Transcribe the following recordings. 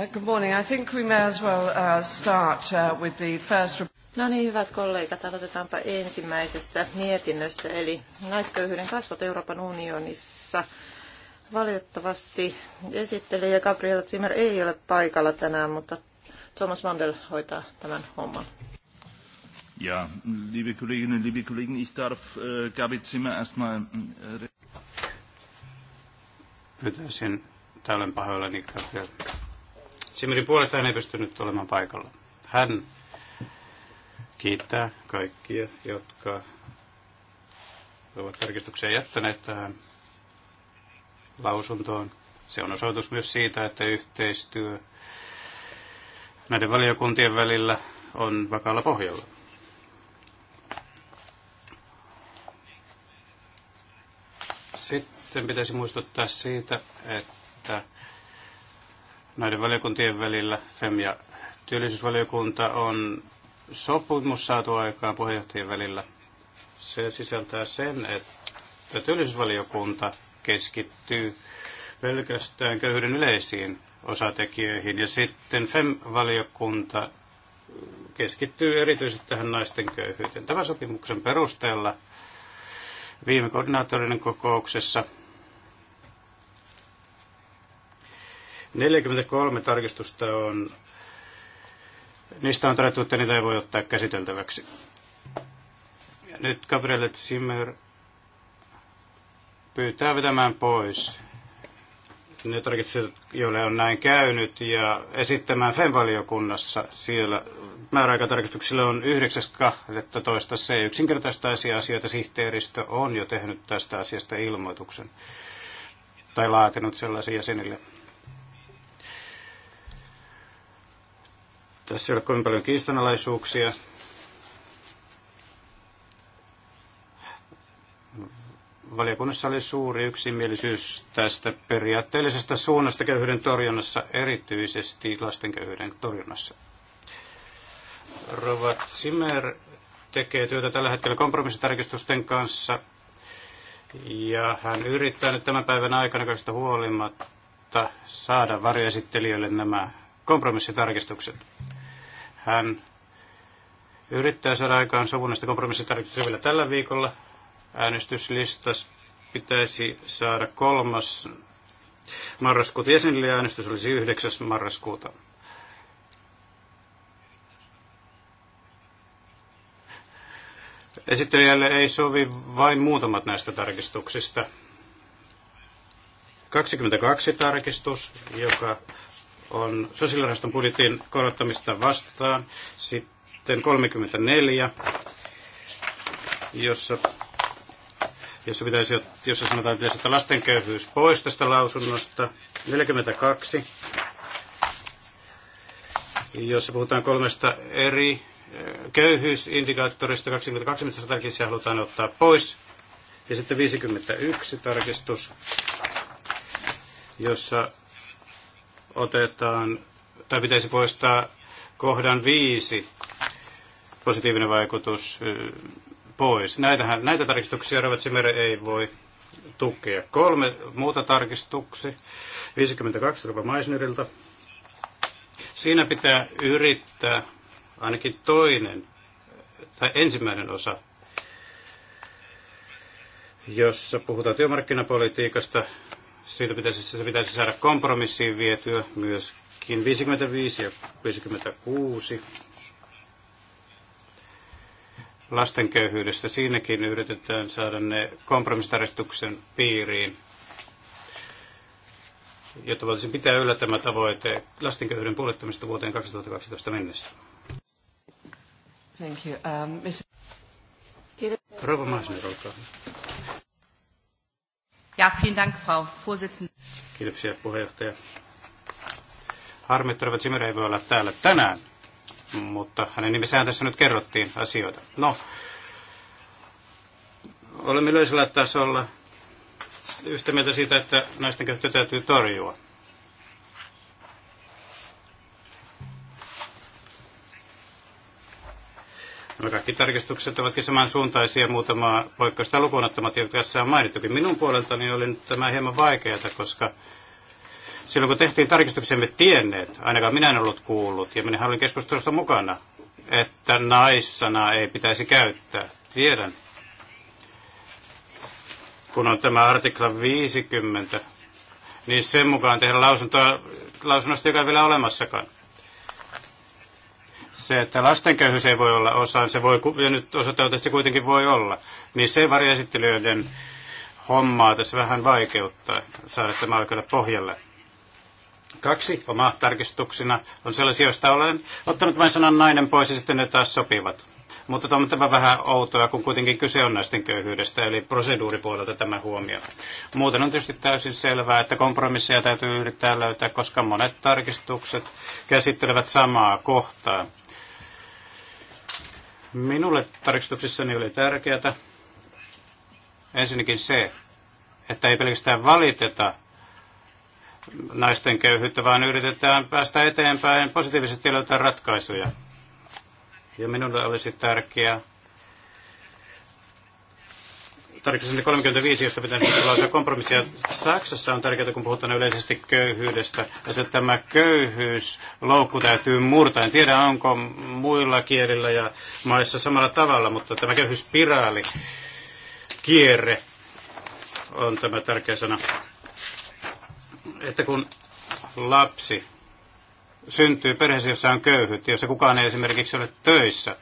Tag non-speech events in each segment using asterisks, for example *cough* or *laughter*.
Uh, good morning. I think we may as well uh, start uh, with the first... No niin, hyvät kollegat, aloitetaanpa ensimmäisestä mietinnöstä, eli naisköyhyyden kasvot Euroopan unionissa. Valitettavasti esittelijä Gabriela Zimmer ei ole paikalla tänään, mutta Thomas Mandel hoitaa tämän homman. Ja, liebe Kolleginnen, liebe Kollegen, ich darf äh, Gabi Zimmer erstmal... Äh, Pyytäisin, tällöin pahoillani Gabriela Simirin puolestaan ei pystynyt olemaan paikalla. Hän kiittää kaikkia, jotka ovat tarkistuksia jättäneet tähän lausuntoon. Se on osoitus myös siitä, että yhteistyö näiden valiokuntien välillä on vakaalla pohjalla. Sitten pitäisi muistuttaa siitä, että näiden valiokuntien välillä, FEM ja työllisyysvaliokunta, on sopimus saatu aikaan puheenjohtajien välillä. Se sisältää sen, että työllisyysvaliokunta keskittyy pelkästään köyhyyden yleisiin osatekijöihin ja sitten FEM-valiokunta keskittyy erityisesti tähän naisten köyhyyteen. Tämän sopimuksen perusteella viime koordinaattorinen kokouksessa – 43 tarkistusta on, niistä on todettu, että niitä ei voi ottaa käsiteltäväksi. Nyt Gabriel Zimmer pyytää vetämään pois ne tarkistukset, joille on näin käynyt, ja esittämään FEM-valiokunnassa siellä määräaikatarkistuksille on 9.12. Se yksinkertaistaisia asioita sihteeristö on jo tehnyt tästä asiasta ilmoituksen tai laatinut sellaisia jäsenille. Tässä ei ole kovin paljon kiistanalaisuuksia. Valiokunnassa oli suuri yksimielisyys tästä periaatteellisesta suunnasta köyhyyden torjunnassa, erityisesti lasten köyhyyden torjunnassa. Rova Zimmer tekee työtä tällä hetkellä kompromissitarkistusten kanssa. Ja hän yrittää nyt tämän päivän aikana kaikesta huolimatta saada varjoesittelijöille nämä kompromissitarkistukset. Hän yrittää saada aikaan sovun näistä kompromissitarkoituksista vielä tällä viikolla. äänestyslista pitäisi saada kolmas marraskuuta jäsenille ja äänestys olisi 9. marraskuuta. Esittelijälle ei sovi vain muutamat näistä tarkistuksista. 22 tarkistus, joka on sosiaalirahaston budjetin korottamista vastaan. Sitten 34, jossa, jossa, pitäisi, jossa sanotaan, pitäisi että lasten köyhyys pois tästä lausunnosta. 42, jossa puhutaan kolmesta eri eh, köyhyysindikaattorista 22, mitä halutaan ottaa pois. Ja sitten 51 tarkistus, jossa otetaan, tai pitäisi poistaa kohdan viisi positiivinen vaikutus pois. Näitähän, näitä tarkistuksia Ravatsimere ei voi tukea. Kolme muuta tarkistuksi. 52 Rova Maisnerilta. Siinä pitää yrittää ainakin toinen tai ensimmäinen osa, jossa puhutaan työmarkkinapolitiikasta siitä pitäisi, se pitäisi saada kompromissiin vietyä myöskin 55 ja 56. Lasten köyhyydestä siinäkin yritetään saada ne kompromistaristuksen piiriin jotta voitaisiin pitää yllä tämä tavoite lastenköyhyyden puolittamista vuoteen 2012 mennessä. Thank you. Um, miss... Kiitos. Rouva Maasner, olkaa hyvä. Ja, vielen Dank, Frau Vorsitzende. Kiitoksia, puheenjohtaja. Harmittava Zimmer ei voi olla täällä tänään, mutta hänen nimissään tässä nyt kerrottiin asioita. No, olemme löysillä tasolla yhtä mieltä siitä, että naisten käyttö täytyy torjua. No kaikki tarkistukset ovatkin samansuuntaisia, muutama poikkeusta lukuun ottamatta, jotka tässä on mainittukin. Minun puoleltani oli nyt tämä hieman vaikeaa, koska silloin kun tehtiin tarkistuksia, me tienneet, ainakaan minä en ollut kuullut, ja minä olin keskustelusta mukana, että naissana ei pitäisi käyttää. Tiedän. Kun on tämä artikla 50, niin sen mukaan tehdä lausuntoa, lausunnosta, joka ei vielä olemassakaan. Se, että lasten köyhyys ei voi olla osa, se voi, ja nyt osoitetaan, että se kuitenkin voi olla, niin se varjoesittelijöiden hommaa tässä vähän vaikeuttaa saada tämä oikealle pohjalle. Kaksi oma tarkistuksina on sellaisia, joista olen ottanut vain sanan nainen pois ja sitten ne taas sopivat. Mutta tämä on tämä vähän outoa, kun kuitenkin kyse on naisten köyhyydestä, eli proseduuripuolelta tämä huomio. Muuten on tietysti täysin selvää, että kompromisseja täytyy yrittää löytää, koska monet tarkistukset käsittelevät samaa kohtaa. Minulle tarkistuksissani oli tärkeää ensinnäkin se, että ei pelkästään valiteta naisten köyhyyttä, vaan yritetään päästä eteenpäin positiivisesti löytää ratkaisuja. Ja minulle olisi tärkeää tarkistus 35, josta pitää lausua kompromissia. Saksassa on tärkeää, kun puhutaan yleisesti köyhyydestä, että tämä köyhyysloukku täytyy murtaa. En tiedä, onko muilla kielillä ja maissa samalla tavalla, mutta tämä köyhyyspiraali, kierre on tämä tärkeä sana. Että kun lapsi syntyy perheessä, jossa on köyhyyttä, jossa kukaan ei esimerkiksi ole töissä,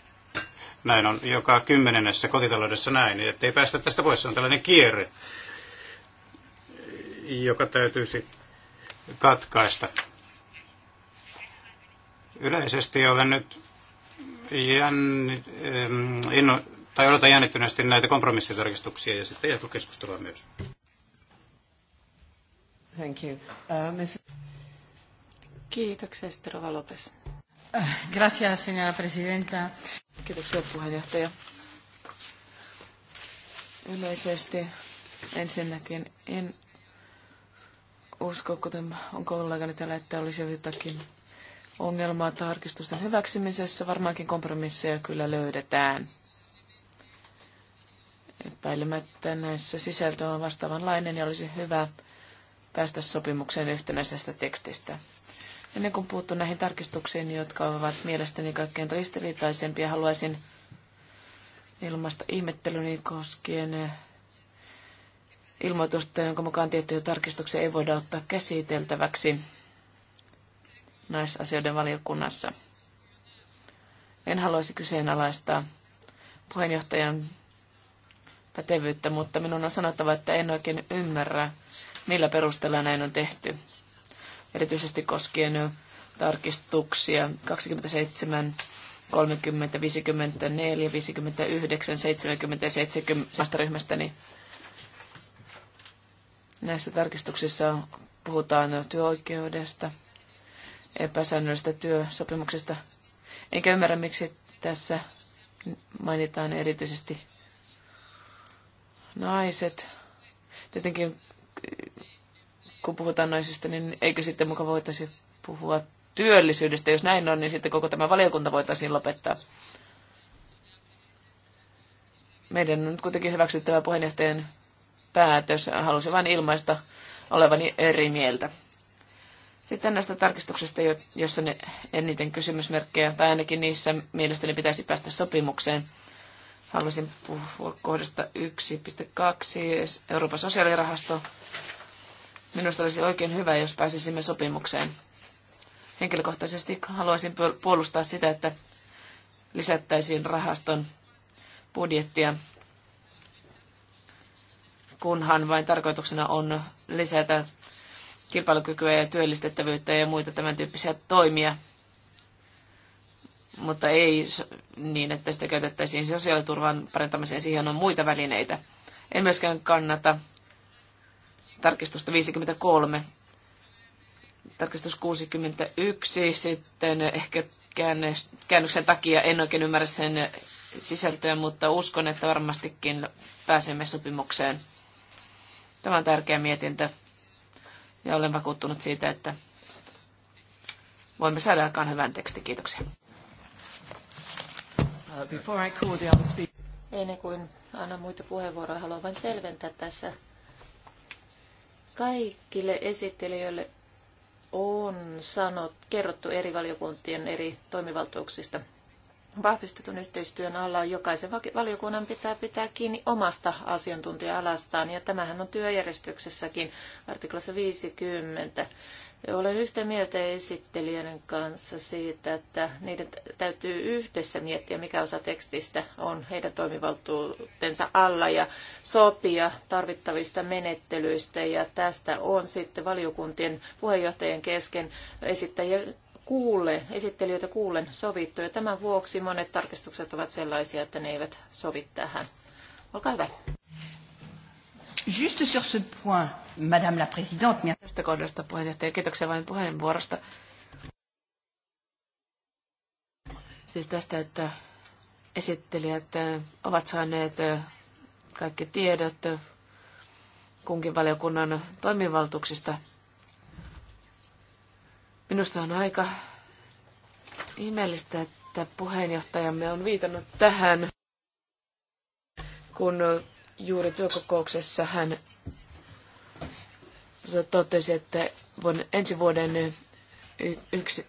näin on joka kymmenennessä kotitaloudessa näin, että ei päästä tästä pois. Se on tällainen kierre, joka täytyisi katkaista. Yleisesti olen nyt jänn, inno, tai odotan jännittyneesti näitä kompromissitarkistuksia ja sitten jatkokeskustelua myös. Thank you. Uh, miss... Kiitoksia, Estero Lopes. Gracias, señora presidenta. Kiitoksia puheenjohtaja. Yleisesti ensinnäkin en usko, kuten on kollegani täällä, että olisi jotakin ongelmaa tarkistusten hyväksymisessä. Varmaankin kompromisseja kyllä löydetään. Epäilemättä näissä sisältö on vastaavanlainen ja olisi hyvä päästä sopimukseen yhtenäisestä tekstistä. Ennen kuin puuttu näihin tarkistuksiin, jotka ovat mielestäni kaikkein ristiriitaisempia, haluaisin ilmaista ihmettelyni koskien eh, ilmoitusta, jonka mukaan tiettyjä tarkistuksia ei voida ottaa käsiteltäväksi naisasioiden valiokunnassa. En haluaisi kyseenalaistaa puheenjohtajan pätevyyttä, mutta minun on sanottava, että en oikein ymmärrä, millä perusteella näin on tehty erityisesti koskien tarkistuksia 27, 30, 54, 59, 70 ja 70 niin Näissä tarkistuksissa puhutaan työoikeudesta, epäsäännöllisestä työsopimuksesta. Enkä ymmärrä, miksi tässä mainitaan erityisesti naiset. Tietenkin kun puhutaan naisista, niin eikö sitten muka voitaisi puhua työllisyydestä? Jos näin on, niin sitten koko tämä valiokunta voitaisiin lopettaa. Meidän on nyt kuitenkin hyväksyttävä puheenjohtajan päätös. Halusin vain ilmaista olevani eri mieltä. Sitten näistä tarkistuksista, jossa ne eniten kysymysmerkkejä, tai ainakin niissä mielestäni pitäisi päästä sopimukseen. Haluaisin puhua kohdasta 1.2, Euroopan sosiaalirahasto, Minusta olisi oikein hyvä, jos pääsisimme sopimukseen. Henkilökohtaisesti haluaisin puolustaa sitä, että lisättäisiin rahaston budjettia, kunhan vain tarkoituksena on lisätä kilpailukykyä ja työllistettävyyttä ja muita tämän tyyppisiä toimia, mutta ei niin, että sitä käytettäisiin sosiaaliturvan parantamiseen. Siihen on muita välineitä. En myöskään kannata tarkistusta 53, tarkistus 61, sitten ehkä käännöksen takia en oikein ymmärrä sen sisältöä, mutta uskon, että varmastikin pääsemme sopimukseen. Tämä on tärkeä mietintö ja olen vakuuttunut siitä, että voimme saada aikaan hyvän tekstin. Kiitoksia. Uh, Ennen kuin annan muita puheenvuoroja, haluan vain selventää tässä Kaikille esittelijöille on sanot, kerrottu eri valiokuntien eri toimivaltuuksista. Vahvistetun yhteistyön alla jokaisen valiokunnan pitää pitää kiinni omasta asiantuntija-alastaan, ja tämähän on työjärjestyksessäkin artiklassa 50. Olen yhtä mieltä esittelijän kanssa siitä, että niiden täytyy yhdessä miettiä, mikä osa tekstistä on heidän toimivaltuutensa alla ja sopia tarvittavista menettelyistä. Ja tästä on sitten valiokuntien puheenjohtajien kesken esittäjä kuulle, esittelijöitä kuulen sovittu. Ja tämän vuoksi monet tarkistukset ovat sellaisia, että ne eivät sovi tähän. Olkaa hyvä. Juste sur ce point, Madame la Présidente. Tästä kohdasta puheenjohtaja, kiitoksia vain puheenvuorosta. Siis tästä, että esittelijät äh, ovat saaneet äh, kaikki tiedot äh, kunkin valiokunnan toimivaltuuksista. Minusta on aika ihmeellistä, että puheenjohtajamme on viitannut tähän, kun juuri työkokouksessa hän totesi, että vuoden, ensi vuoden yksi,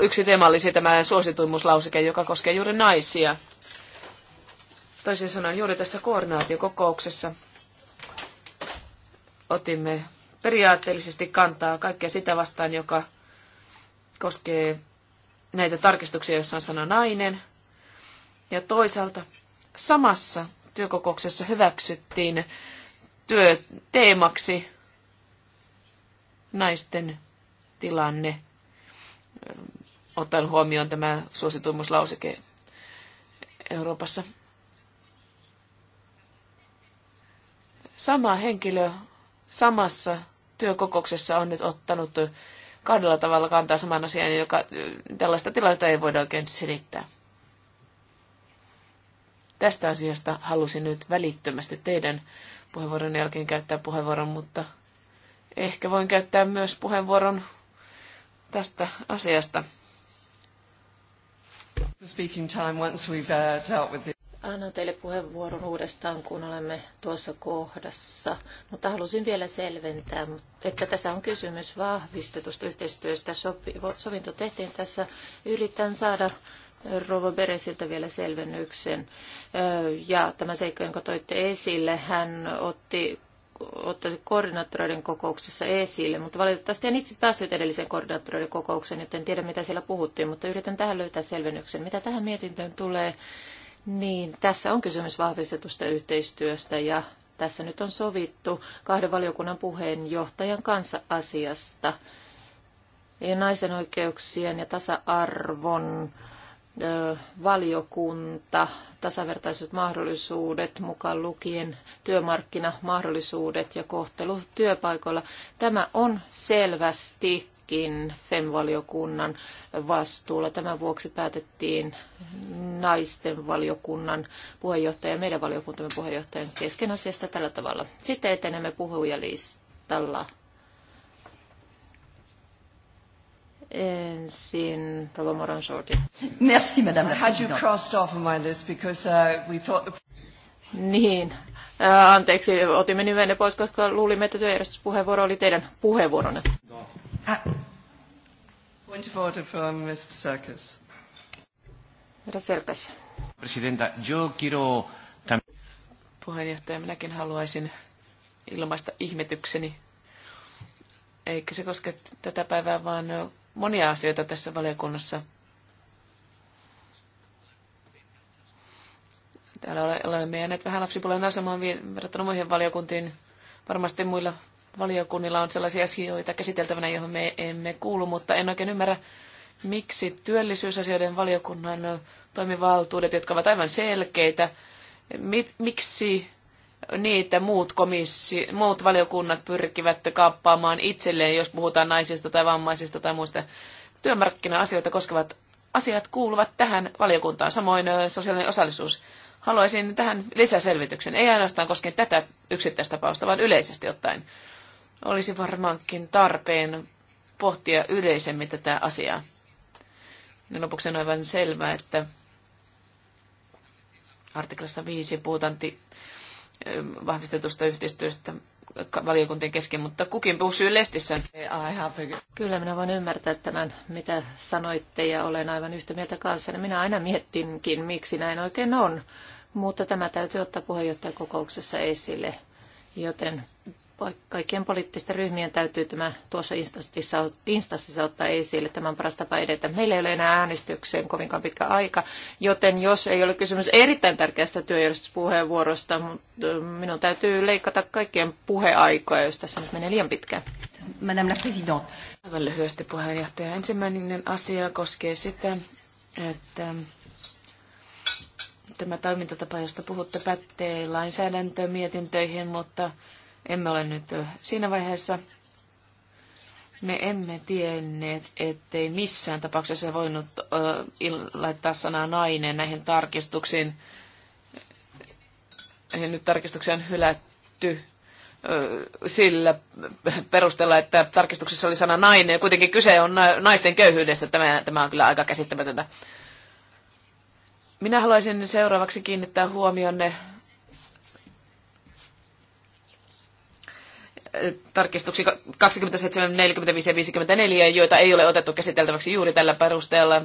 yksi teema olisi tämä suosituimmuuslauseke, joka koskee juuri naisia. Toisin sanoen juuri tässä koordinaatiokokouksessa otimme periaatteellisesti kantaa kaikkea sitä vastaan, joka koskee näitä tarkistuksia, joissa on sana nainen. Ja toisaalta samassa työkokouksessa hyväksyttiin työteemaksi naisten tilanne, ottaen huomioon tämä suosituimmuuslauseke Euroopassa. Sama henkilö samassa työkokouksessa on nyt ottanut kahdella tavalla kantaa saman asian, joka tällaista tilannetta ei voida oikein selittää. Tästä asiasta halusin nyt välittömästi teidän puheenvuoron jälkeen käyttää puheenvuoron, mutta ehkä voin käyttää myös puheenvuoron tästä asiasta. Uh, Annan teille puheenvuoron uudestaan, kun olemme tuossa kohdassa, mutta halusin vielä selventää, että tässä on kysymys vahvistetusta yhteistyöstä. Sovinto tehtiin tässä. Yritän saada Rova Beresiltä vielä selvennyksen. Ja tämä seikka, jonka toitte esille, hän otti ottaisi koordinaattoreiden kokouksessa esille, mutta valitettavasti en itse päässyt edelliseen koordinaattoreiden kokoukseen, joten tiedä mitä siellä puhuttiin, mutta yritän tähän löytää selvennyksen. Mitä tähän mietintöön tulee, niin tässä on kysymys vahvistetusta yhteistyöstä ja tässä nyt on sovittu kahden valiokunnan puheenjohtajan kanssa asiasta. Ja naisen oikeuksien ja tasa-arvon valiokunta, tasavertaiset mahdollisuudet, mukaan lukien työmarkkinamahdollisuudet ja kohtelu työpaikoilla. Tämä on selvästikin FEM-valiokunnan vastuulla. Tämän vuoksi päätettiin naisten valiokunnan puheenjohtajan ja meidän valiokuntamme puheenjohtajan kesken asiasta tällä tavalla. Sitten etenemme puhujalistalla Ensin Rova Moran Merci, madame. la Had you crossed off my list because uh, we thought... The... Niin, Uh, Anteeksi, otimme nimenne pois, koska luulimme, että työjärjestyspuheenvuoro oli teidän puheenvuoronne. Ah. Point of order from Mr. Serkis. Herra Serkis. Presidenta, yo quiero... Puheenjohtaja, minäkin haluaisin ilmaista ihmetykseni. Eikä se koske tätä päivää, vaan monia asioita tässä valiokunnassa. Täällä olemme jääneet vähän lapsipuolen asemaan verrattuna muihin valiokuntiin. Varmasti muilla valiokunnilla on sellaisia asioita käsiteltävänä, joihin me emme kuulu, mutta en oikein ymmärrä, miksi työllisyysasioiden valiokunnan toimivaltuudet, jotka ovat aivan selkeitä, mit, miksi niitä muut, komissi, muut valiokunnat pyrkivät kaappaamaan itselleen, jos puhutaan naisista tai vammaisista tai muista työmarkkina-asioita koskevat asiat kuuluvat tähän valiokuntaan, samoin sosiaalinen osallisuus. Haluaisin tähän lisäselvityksen, ei ainoastaan koskien tätä yksittäistapausta, vaan yleisesti ottaen. Olisi varmaankin tarpeen pohtia yleisemmin tätä asiaa. Ja lopuksi on aivan selvää, että artiklassa 5 puhutaan Eh, vahvistetusta yhteistyöstä valiokuntien kesken, mutta kukin pysyy lestissä. Kyllä minä voin ymmärtää tämän, mitä sanoitte, ja olen aivan yhtä mieltä kanssa. Minä aina miettinkin, miksi näin oikein on, mutta tämä täytyy ottaa puheenjohtajakokouksessa esille, joten kaikkien poliittisten ryhmien täytyy tämä tuossa instanssissa, instanssissa ottaa esille. Tämä on paras tapa edetä. Meillä ei ole enää äänestykseen kovinkaan pitkä aika, joten jos ei ole kysymys erittäin tärkeästä työjärjestyspuheenvuorosta, minun täytyy leikata kaikkien puheaikoja, jos tässä nyt menee liian pitkään. Madame la Présidente. Aivan lyhyesti puheenjohtaja. Ensimmäinen asia koskee sitä, että tämä toimintatapa, josta puhutte, pätee lainsäädäntömietintöihin, mutta emme ole nyt siinä vaiheessa. Me emme tienneet, ettei missään tapauksessa voinut laittaa sanaa nainen näihin tarkistuksiin. Nyt tarkistuksia on hylätty sillä perusteella, että tarkistuksessa oli sana nainen. Kuitenkin kyse on naisten köyhyydestä. Tämä, tämä on kyllä aika käsittämätöntä. Minä haluaisin seuraavaksi kiinnittää huomionne tarkistuksiin 27, 45 ja 54, joita ei ole otettu käsiteltäväksi juuri tällä perusteella.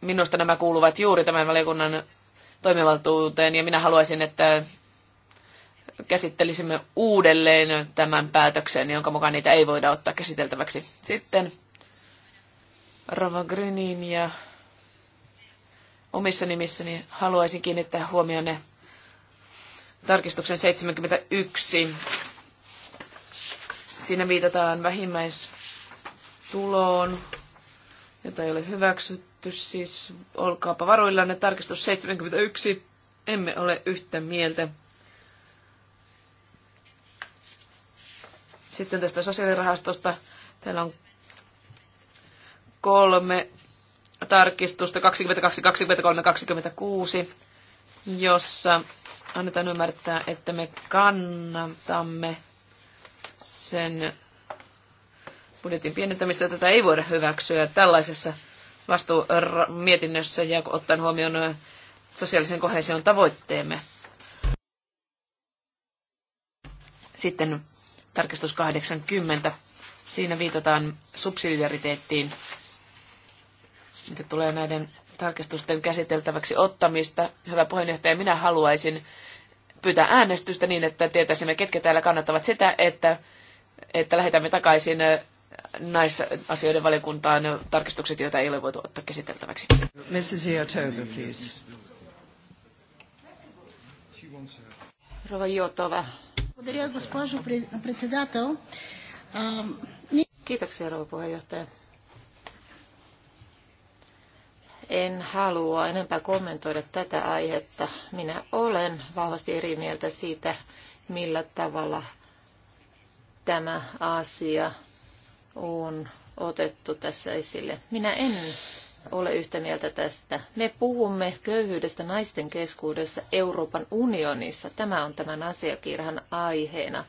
Minusta nämä kuuluvat juuri tämän valiokunnan toimivaltuuteen ja minä haluaisin, että käsittelisimme uudelleen tämän päätöksen, jonka mukaan niitä ei voida ottaa käsiteltäväksi. Sitten Rova Grynin ja omissa nimissäni haluaisin kiinnittää ne tarkistuksen 71 Siinä viitataan vähimmäistuloon, jota ei ole hyväksytty. Siis olkaapa varoillanne, Tarkistus 71. Emme ole yhtä mieltä. Sitten tästä sosiaalirahastosta. Täällä on kolme tarkistusta, 22, 23, 26, jossa annetaan ymmärtää, että me kannatamme sen budjetin pienentämistä. Tätä ei voida hyväksyä tällaisessa vastuumietinnössä ja ottaen huomioon sosiaalisen kohesion tavoitteemme. Sitten tarkistus 80. Siinä viitataan subsidiariteettiin, mitä tulee näiden tarkistusten käsiteltäväksi ottamista. Hyvä puheenjohtaja, minä haluaisin pyytää äänestystä niin, että tietäisimme, ketkä täällä kannattavat sitä, että, että lähetämme takaisin äh, näissä asioiden valiokuntaan tarkistukset, joita ei ole voitu ottaa käsiteltäväksi. Mrs. Iotova, please. Rova Kiitoksia, rouva puheenjohtaja. En halua enempää kommentoida tätä aihetta. Minä olen vahvasti eri mieltä siitä, millä tavalla tämä asia on otettu tässä esille. Minä en ole yhtä mieltä tästä. Me puhumme köyhyydestä naisten keskuudessa Euroopan unionissa. Tämä on tämän asiakirhan aiheena.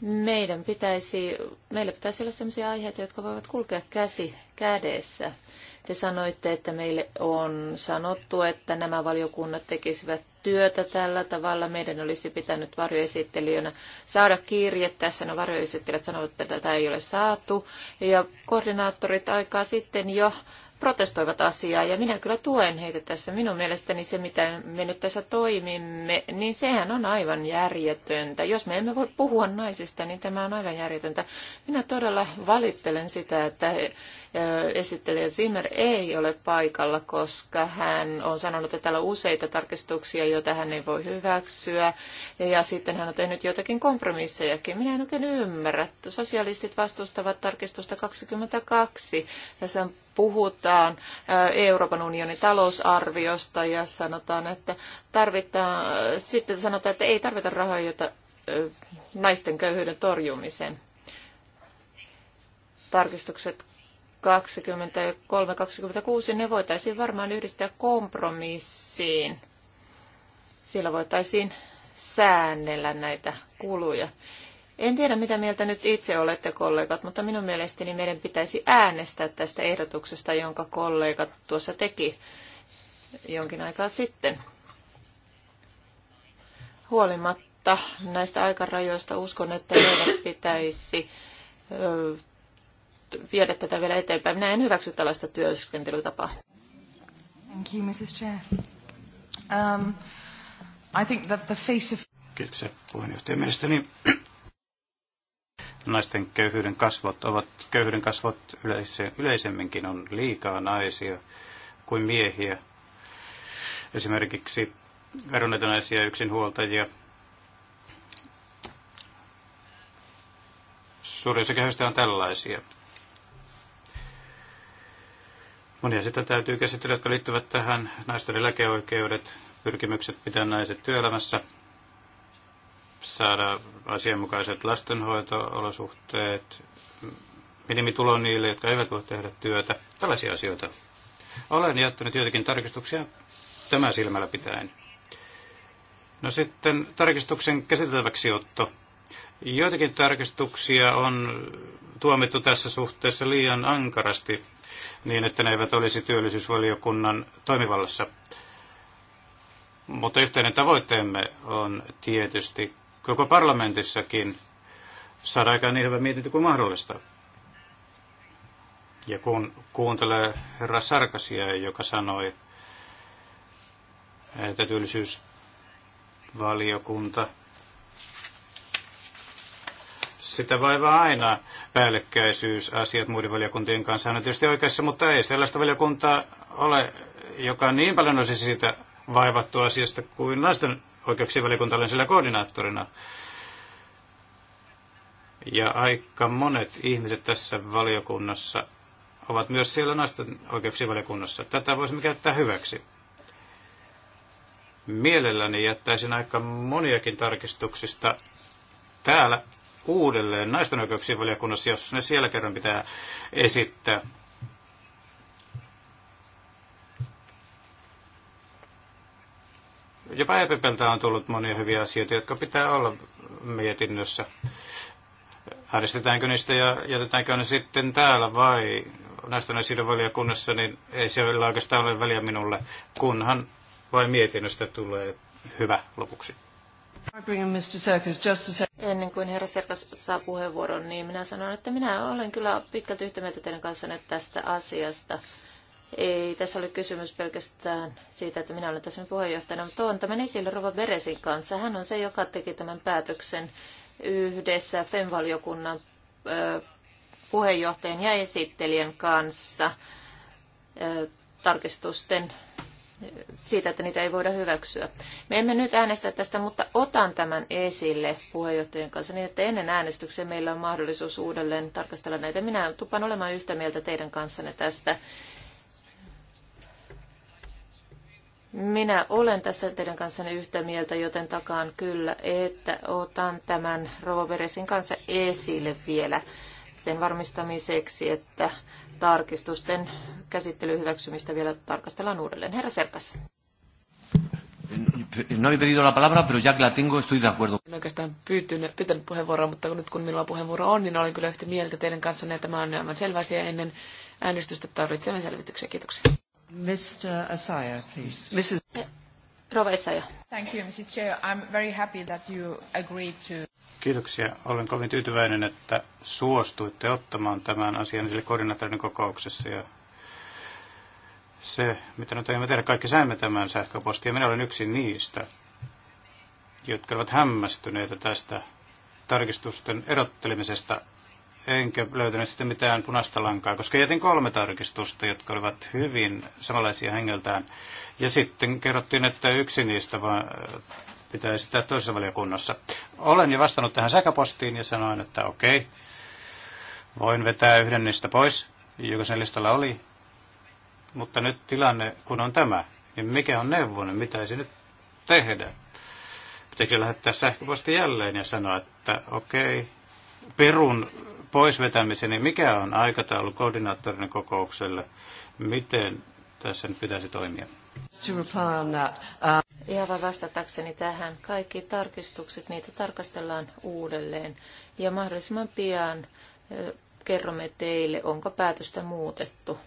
Meidän pitäisi, meillä pitäisi olla sellaisia aiheita, jotka voivat kulkea käsi kädessä. Te sanoitte, että meille on sanottu, että nämä valiokunnat tekisivät työtä tällä tavalla. Meidän olisi pitänyt varjoesittelijönä saada kirje tässä. No varjoesittelijät sanovat, että tätä ei ole saatu. Ja koordinaattorit aikaa sitten jo protestoivat asiaa ja minä kyllä tuen heitä tässä. Minun mielestäni se, mitä me nyt tässä toimimme, niin sehän on aivan järjetöntä. Jos me emme voi puhua naisista, niin tämä on aivan järjetöntä. Minä todella valittelen sitä, että esittelijä Zimmer ei ole paikalla, koska hän on sanonut, että täällä on useita tarkistuksia, joita hän ei voi hyväksyä. Ja sitten hän on tehnyt jotakin kompromissejakin. Minä en oikein ymmärrä. Sosialistit vastustavat tarkistusta 22. Tässä puhutaan Euroopan unionin talousarviosta ja sanotaan, että tarvitaan, sitten sanotaan, että ei tarvita rahoja, jota naisten köyhyyden torjumiseen. Tarkistukset 23-26, ne voitaisiin varmaan yhdistää kompromissiin. Siellä voitaisiin säännellä näitä kuluja. En tiedä, mitä mieltä nyt itse olette, kollegat, mutta minun mielestäni meidän pitäisi äänestää tästä ehdotuksesta, jonka kollegat tuossa teki jonkin aikaa sitten. Huolimatta näistä aikarajoista uskon, että meidän pitäisi viedä tätä vielä eteenpäin. Minä en hyväksy tällaista työskentelytapaa. Thank you, Mrs. Chair. Um, I think that the face of... Kiitoksia puheenjohtaja. Mielestäni *clears throat* naisten köyhyyden kasvot ovat, köyhyyden kasvot yleise, yleisemminkin on liikaa naisia kuin miehiä. Esimerkiksi naisia yksinhuoltajia. Suurin osa on tällaisia. Monia sitten täytyy käsitellä, jotka liittyvät tähän naisten eläkeoikeudet, pyrkimykset pitää naiset työelämässä, saada asianmukaiset lastenhoitoolosuhteet, minimitulo niille, jotka eivät voi tehdä työtä, tällaisia asioita. Olen jättänyt joitakin tarkistuksia tämä silmällä pitäen. No sitten tarkistuksen käsiteltäväksi otto. Joitakin tarkistuksia on tuomittu tässä suhteessa liian ankarasti niin, että ne eivät olisi työllisyysvaliokunnan toimivallassa. Mutta yhteinen tavoitteemme on tietysti koko parlamentissakin saada aikaan niin hyvä mietintö kuin mahdollista. Ja kun kuuntelee herra Sarkasia, joka sanoi, että työllisyysvaliokunta – sitä vaivaa aina päällekkäisyysasiat muiden valiokuntien kanssa. Hän on tietysti oikeassa, mutta ei sellaista valiokuntaa ole, joka niin paljon olisi siitä vaivattu asiasta kuin naisten oikeuksien valiokunta olen sillä koordinaattorina. Ja aika monet ihmiset tässä valiokunnassa ovat myös siellä naisten oikeuksien valiokunnassa. Tätä voisimme käyttää hyväksi. Mielelläni jättäisin aika moniakin tarkistuksista täällä uudelleen naisten oikeuksien valiokunnassa, jos ne siellä kerran pitää esittää. Jopa EPPltä on tullut monia hyviä asioita, jotka pitää olla mietinnössä. Äänestetäänkö niistä ja jätetäänkö ne sitten täällä vai näistä asioiden valiokunnassa, niin ei se oikeastaan ole väliä minulle, kunhan vain mietinnöstä tulee hyvä lopuksi. Ennen kuin herra Serkas saa puheenvuoron, niin minä sanon, että minä olen kyllä pitkälti yhtä mieltä teidän kanssanne tästä asiasta. Ei tässä ole kysymys pelkästään siitä, että minä olen tässä puheenjohtajana, mutta tuon tämän esille Rova Beresin kanssa. Hän on se, joka teki tämän päätöksen yhdessä FEM-valiokunnan puheenjohtajan ja esittelijän kanssa tarkistusten siitä, että niitä ei voida hyväksyä. Me emme nyt äänestä tästä, mutta otan tämän esille puheenjohtajien kanssa niin, että ennen äänestyksiä meillä on mahdollisuus uudelleen tarkastella näitä. Minä tupan olemaan yhtä mieltä teidän kanssanne tästä. Minä olen tästä teidän kanssanne yhtä mieltä, joten takaan kyllä, että otan tämän Roveresin kanssa esille vielä sen varmistamiseksi, että tarkistusten käsittely hyväksymistä vielä tarkastellaan uudelleen. Herra Serkas. Eh, no he pedido la palabra, pero ya que la tengo, estoy de acuerdo. En oikeastaan pyytynyt, pyytänyt puheenvuoroa, mutta nyt kun minulla puheenvuoro on, niin olen kyllä yhtä mieltä teidän kanssa, että tämä on aivan selvä asia ennen äänestystä. Tarvitsemme selvityksiä. Kiitoksia. Mr. Asaya, please. Mrs. Thank you, Mr. Chair. I'm very happy that you agreed to... Kiitoksia. Olen kovin tyytyväinen, että suostuitte ottamaan tämän asian esille koordinaattorin kokouksessa ja se, mitä nyt aiemme tehdä, kaikki saimme tämän sähköpostia. Minä olen yksi niistä, jotka ovat hämmästyneitä tästä tarkistusten erottelemisesta enkä löytänyt sitten mitään punaista lankaa, koska jätin kolme tarkistusta, jotka olivat hyvin samanlaisia hengeltään. Ja sitten kerrottiin, että yksi niistä vaan pitäisi esittää toisessa valiokunnassa. Olen jo vastannut tähän säkäpostiin ja sanoin, että okei, voin vetää yhden niistä pois, joka sen listalla oli. Mutta nyt tilanne, kun on tämä, niin mikä on neuvonen, mitä se nyt tehdä? Pitäisi lähettää sähköposti jälleen ja sanoa, että okei, perun poisvetämisen, niin mikä on aikataulu koordinaattorin kokoukselle? Miten tässä nyt pitäisi toimia? To uh, Ihan vastatakseni tähän. Kaikki tarkistukset, niitä tarkastellaan uudelleen. Ja mahdollisimman pian uh, kerromme teille, onko päätöstä muutettu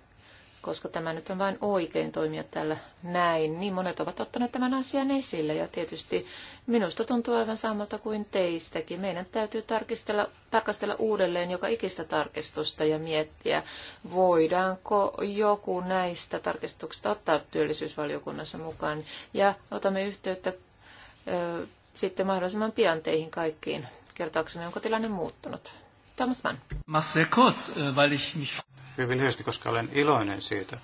koska tämä nyt on vain oikein toimia tällä näin. Niin monet ovat ottaneet tämän asian esille ja tietysti minusta tuntuu aivan samalta kuin teistäkin. Meidän täytyy tarkistella, tarkastella uudelleen joka ikistä tarkistusta ja miettiä, voidaanko joku näistä tarkistuksista ottaa työllisyysvaliokunnassa mukaan ja otamme yhteyttä ö, sitten mahdollisimman pian teihin kaikkiin kertaaksemme, onko tilanne muuttunut. Thomas Mann. Mach sehr kurz, äh, weil ich mich hyvin lyhyesti, koska olen iloinen siitä.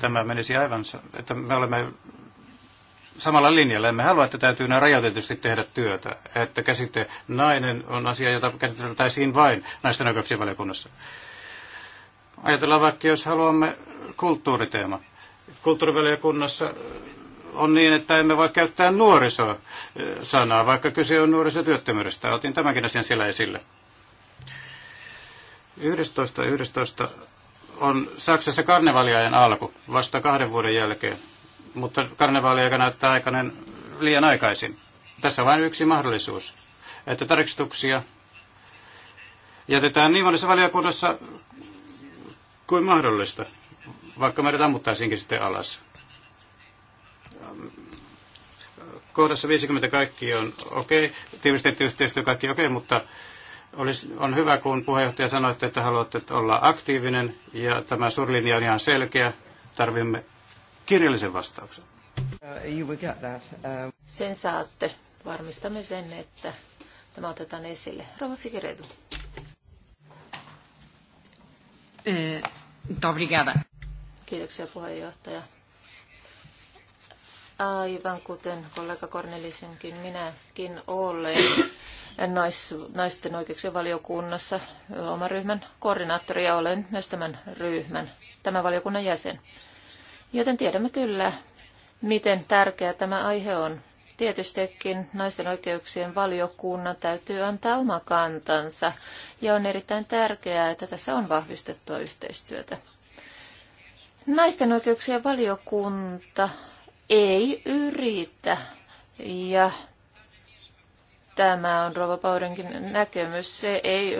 Tämä menisi aivan, että me olemme samalla linjalla. Emme halua, että täytyy näin rajoitetusti tehdä työtä. Että käsite nainen on asia, jota käsiteltäisiin vain naisten oikeuksien valiokunnassa. Ajatellaan vaikka, jos haluamme kulttuuriteema. Kulttuurivaliokunnassa on niin, että emme voi käyttää nuorisosanaa, eh, vaikka kyse on nuorisotyöttömyydestä. Otin tämänkin asian siellä esille. 11.11. 11 on Saksassa karnevaaliajan alku, vasta kahden vuoden jälkeen. Mutta karnevaaliaika näyttää aikainen liian aikaisin. Tässä on vain yksi mahdollisuus, että tarkistuksia jätetään niin monessa valiokunnassa kuin mahdollista, vaikka meidät ammuttaisiinkin sitten alas. Kohdassa 50 kaikki on okei, okay. tiivistetty yhteistyö kaikki okei, okay, mutta olisi, on hyvä, kun puheenjohtaja sanoitte, että haluatte olla aktiivinen ja tämä surlinja on ihan selkeä. Tarvimme kirjallisen vastauksen. Uh, um, sen saatte. Varmistamme sen, että tämä otetaan esille. Rova Figueredo. Eh, Kiitoksia puheenjohtaja. Aivan kuten kollega Kornelisenkin, minäkin olen nais, naisten oikeuksien valiokunnassa oman ryhmän koordinaattori ja olen myös tämän ryhmän, tämän valiokunnan jäsen. Joten tiedämme kyllä, miten tärkeä tämä aihe on. Tietystikin naisten oikeuksien valiokunnan täytyy antaa oma kantansa ja on erittäin tärkeää, että tässä on vahvistettua yhteistyötä. Naisten oikeuksien valiokunta ei yritä ja Tämä on Rova Paudenkin näkemys. Se ei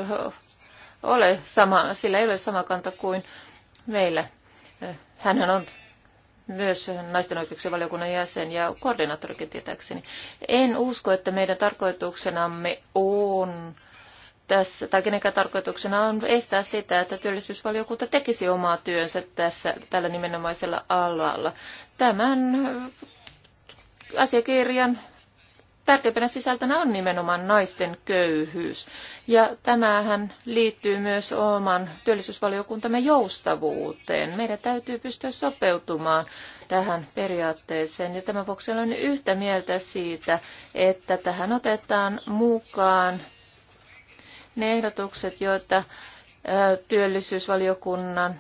ole sama, sillä ei ole sama kanta kuin meillä. Hän on myös naisten oikeuksien valiokunnan jäsen ja koordinaattorikin tietääkseni. En usko, että meidän tarkoituksenamme on tässä, tai kenenkään tarkoituksena on estää sitä, että työllisyysvaliokunta tekisi omaa työnsä tässä, tällä nimenomaisella alalla. Tämän asiakirjan tärkeimpänä sisältönä on nimenomaan naisten köyhyys. Ja tämähän liittyy myös oman työllisyysvaliokuntamme joustavuuteen. Meidän täytyy pystyä sopeutumaan tähän periaatteeseen. Ja tämän vuoksi olen yhtä mieltä siitä, että tähän otetaan mukaan ne ehdotukset, joita työllisyysvaliokunnan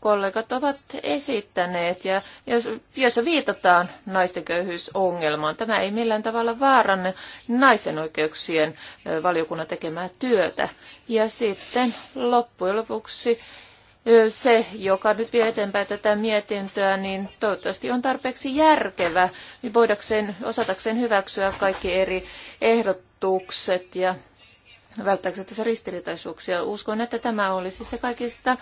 kollegat ovat esittäneet ja jos, jossa viitataan naisten köyhyysongelmaan. Tämä ei millään tavalla vaaranne naisten oikeuksien valiokunnan tekemää työtä. Ja sitten loppujen lopuksi se, joka nyt vie eteenpäin tätä mietintöä, niin toivottavasti on tarpeeksi järkevä, niin voidakseen, osatakseen hyväksyä kaikki eri ehdotukset ja välttääkseen tässä ristiriitaisuuksia. Uskon, että tämä olisi se kaikista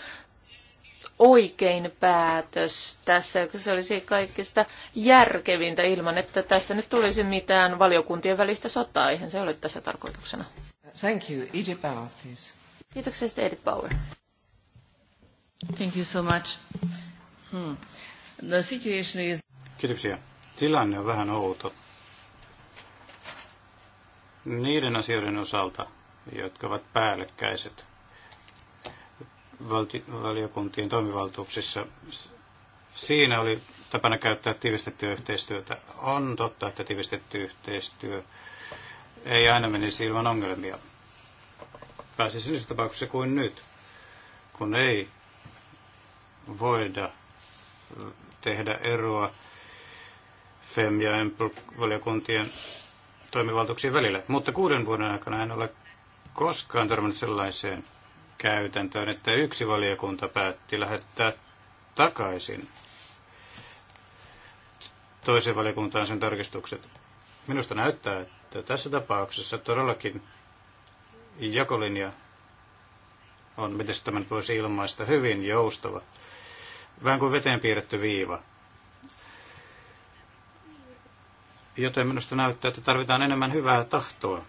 oikein päätös tässä. koska Se olisi kaikista järkevintä ilman, että tässä nyt tulisi mitään valiokuntien välistä sotaa. Eihän se ole tässä tarkoituksena. Thank you, Edith Bauer, please. Kiitoksia sitten Edith Bauer. Thank you so much. Hmm. The situation is... Kiitoksia. Tilanne on vähän outo. Niiden asioiden osalta, jotka ovat päällekkäiset, valiokuntien toimivaltuuksissa. Siinä oli tapana käyttää tiivistettyä yhteistyötä. On totta, että tiivistetty yhteistyö ei aina menisi ilman ongelmia. Pääsisi niissä tapauksessa kuin nyt, kun ei voida tehdä eroa FEM- ja EMPL-valiokuntien toimivaltuuksien välillä. Mutta kuuden vuoden aikana en ole koskaan törmännyt sellaiseen käytäntöön, että yksi valiokunta päätti lähettää takaisin toisen valiokuntaan sen tarkistukset. Minusta näyttää, että tässä tapauksessa todellakin jakolinja on, miten tämän voisi ilmaista, hyvin joustava. Vähän kuin veteen piirretty viiva. Joten minusta näyttää, että tarvitaan enemmän hyvää tahtoa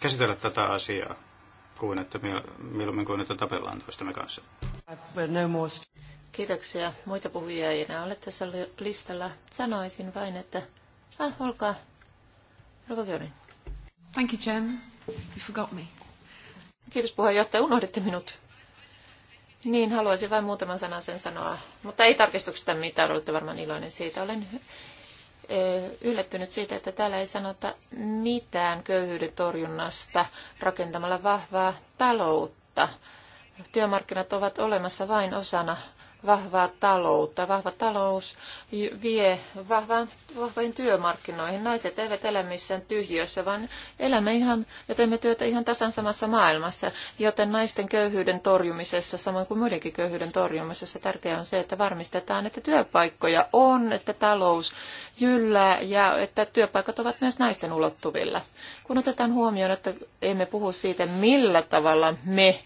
käsitellä tätä asiaa kuin että mieluummin kuin että tapellaan toistemme kanssa. No Kiitoksia. Muita puhujia ei enää ole tässä listalla. Sanoisin vain, että ah, olkaa. Rova Thank you, Jen. You forgot me. Kiitos puheenjohtaja, unohditte minut. Niin, haluaisin vain muutaman sanan sen sanoa, mutta ei tarkistuksesta mitään, olette varmaan iloinen siitä. Olen yllättynyt siitä, että täällä ei sanota mitään köyhyyden torjunnasta rakentamalla vahvaa taloutta. Työmarkkinat ovat olemassa vain osana vahvaa taloutta. Vahva talous vie vahvaan, vahvoihin työmarkkinoihin. Naiset eivät elä missään tyhjössä, vaan elämme ihan ja teemme työtä ihan tasan samassa maailmassa. Joten naisten köyhyyden torjumisessa, samoin kuin muidenkin köyhyyden torjumisessa, tärkeää on se, että varmistetaan, että työpaikkoja on, että talous jyllää ja että työpaikat ovat myös naisten ulottuvilla. Kun otetaan huomioon, että emme puhu siitä, millä tavalla me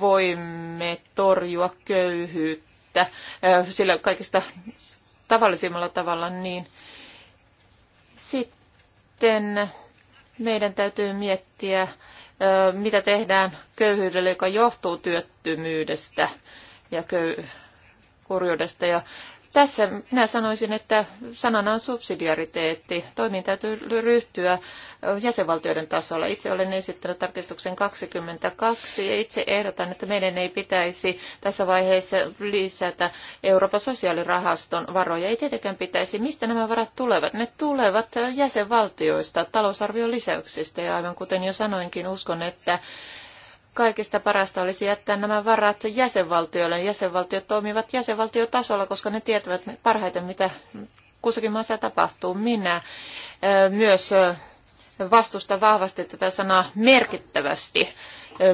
voimme torjua köyhyyttä, että sillä kaikista tavallisimmalla tavalla, niin sitten meidän täytyy miettiä, mitä tehdään köyhyydelle, joka johtuu työttömyydestä ja köy- kurjuudesta. Ja tässä minä sanoisin, että sanana on subsidiariteetti. Toimiin täytyy ryhtyä jäsenvaltioiden tasolla. Itse olen esittänyt tarkistuksen 22 ja itse ehdotan, että meidän ei pitäisi tässä vaiheessa lisätä Euroopan sosiaalirahaston varoja. Ei tietenkään pitäisi. Mistä nämä varat tulevat? Ne tulevat jäsenvaltioista, talousarvion lisäyksistä ja aivan kuten jo sanoinkin, uskon, että kaikista parasta olisi jättää nämä varat jäsenvaltioille. Jäsenvaltiot toimivat jäsenvaltiotasolla, koska ne tietävät parhaiten, mitä kussakin maassa tapahtuu. Minä myös vastustan vahvasti tätä sanaa merkittävästi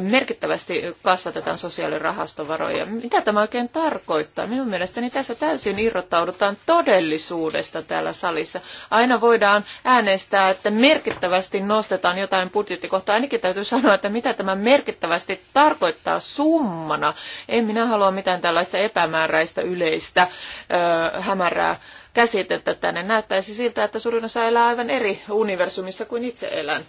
merkittävästi kasvatetaan sosiaalirahastovaroja. Mitä tämä oikein tarkoittaa? Minun mielestäni tässä täysin irrottaudutaan todellisuudesta täällä salissa. Aina voidaan äänestää, että merkittävästi nostetaan jotain budjettikohtaa. Ainakin täytyy sanoa, että mitä tämä merkittävästi tarkoittaa summana. En minä halua mitään tällaista epämääräistä yleistä ö, hämärää käsitettä tänne. Näyttäisi siltä, että suurin osa elää aivan eri universumissa kuin itse elän.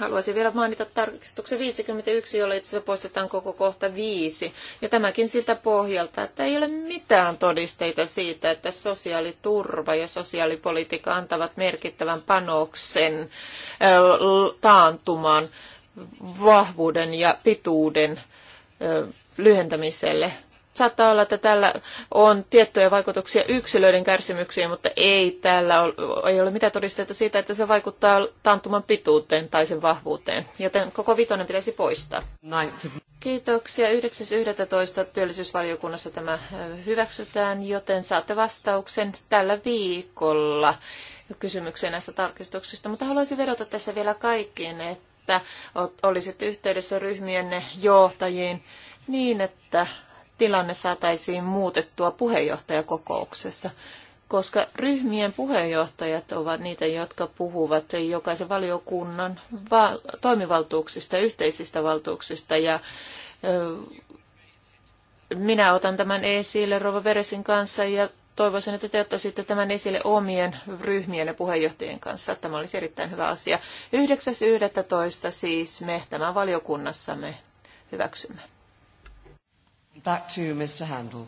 Haluaisin vielä mainita tarkistuksen 51, jolla itse asiassa poistetaan koko kohta 5. Ja tämäkin siltä pohjalta, että ei ole mitään todisteita siitä, että sosiaaliturva ja sosiaalipolitiikka antavat merkittävän panoksen taantuman vahvuuden ja pituuden lyhentämiselle. Saattaa olla, että tällä on tiettyjä vaikutuksia yksilöiden kärsimyksiin, mutta ei tällä ole, ei ole mitään todisteita siitä, että se vaikuttaa taantuman pituuteen tai sen vahvuuteen. Joten koko vitonen pitäisi poistaa. Näin. Kiitoksia. 9.11. työllisyysvaliokunnassa tämä hyväksytään, joten saatte vastauksen tällä viikolla kysymykseen näistä tarkistuksista. Mutta haluaisin vedota tässä vielä kaikkiin, että olisitte yhteydessä ryhmienne johtajiin niin, että tilanne saataisiin muutettua puheenjohtajakokouksessa, koska ryhmien puheenjohtajat ovat niitä, jotka puhuvat jokaisen valiokunnan val- toimivaltuuksista, yhteisistä valtuuksista ja minä otan tämän esille Rova Veresin kanssa ja toivoisin, että te ottaisitte tämän esille omien ryhmien ja puheenjohtajien kanssa. Tämä olisi erittäin hyvä asia. 9.11. siis me tämän valiokunnassamme hyväksymme. Back to you, Mr. Handel.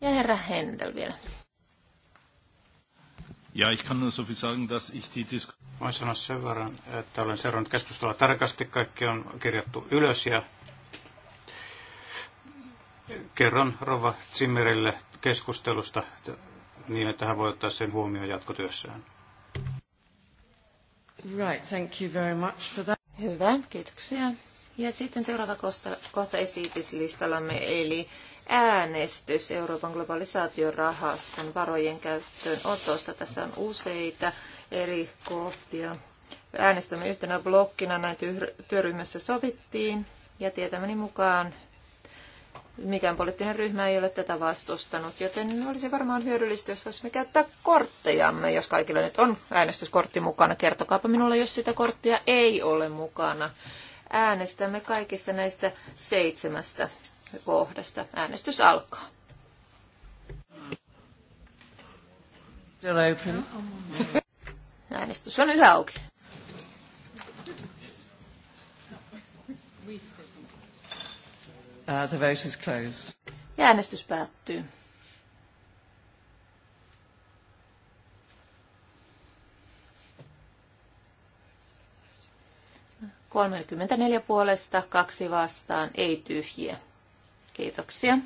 Ja Herr Händel vielä. Ja ich kann nur so viel sagen, dass ich die Diskussion... Voin sanoa sen verran, että olen seurannut keskustelua tarkasti. Kaikki on kirjattu ylös ja kerron Rova Zimmerille keskustelusta niin, että hän voi ottaa sen huomioon jatkotyössään. Right, thank you very much for that. Hyvä, kiitoksia ja sitten seuraava kohta, kohta esityslistallamme, eli äänestys Euroopan globalisaatiorahaston varojen käyttöön otosta. Tässä on useita eri kohtia. Äänestämme yhtenä blokkina, näin työryhmässä sovittiin, ja tietämäni mukaan mikään poliittinen ryhmä ei ole tätä vastustanut, joten olisi varmaan hyödyllistä, jos voisimme käyttää korttejamme, jos kaikilla nyt on äänestyskortti mukana. Kertokaapa minulle, jos sitä korttia ei ole mukana. Äänestämme kaikista näistä seitsemästä kohdasta. Äänestys alkaa. Still open. Äänestys on yhä auki. Uh, the vote is closed. Ja äänestys päättyy. 34 puolesta, kaksi vastaan, ei tyhjiä. Kiitoksia.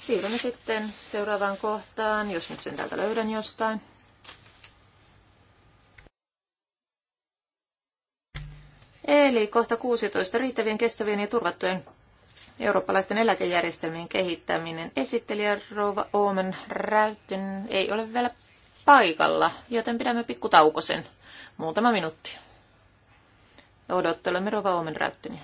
Siirrymme sitten seuraavaan kohtaan, jos nyt sen täältä löydän jostain. Eli kohta 16. Riittävien, kestävien ja turvattujen eurooppalaisten eläkejärjestelmien kehittäminen. Esittelijä Rova Omen Räytten ei ole vielä paikalla, joten pidämme pikku sen Muutama minuutti. Odottelemme Rova Omen Räyttyniä.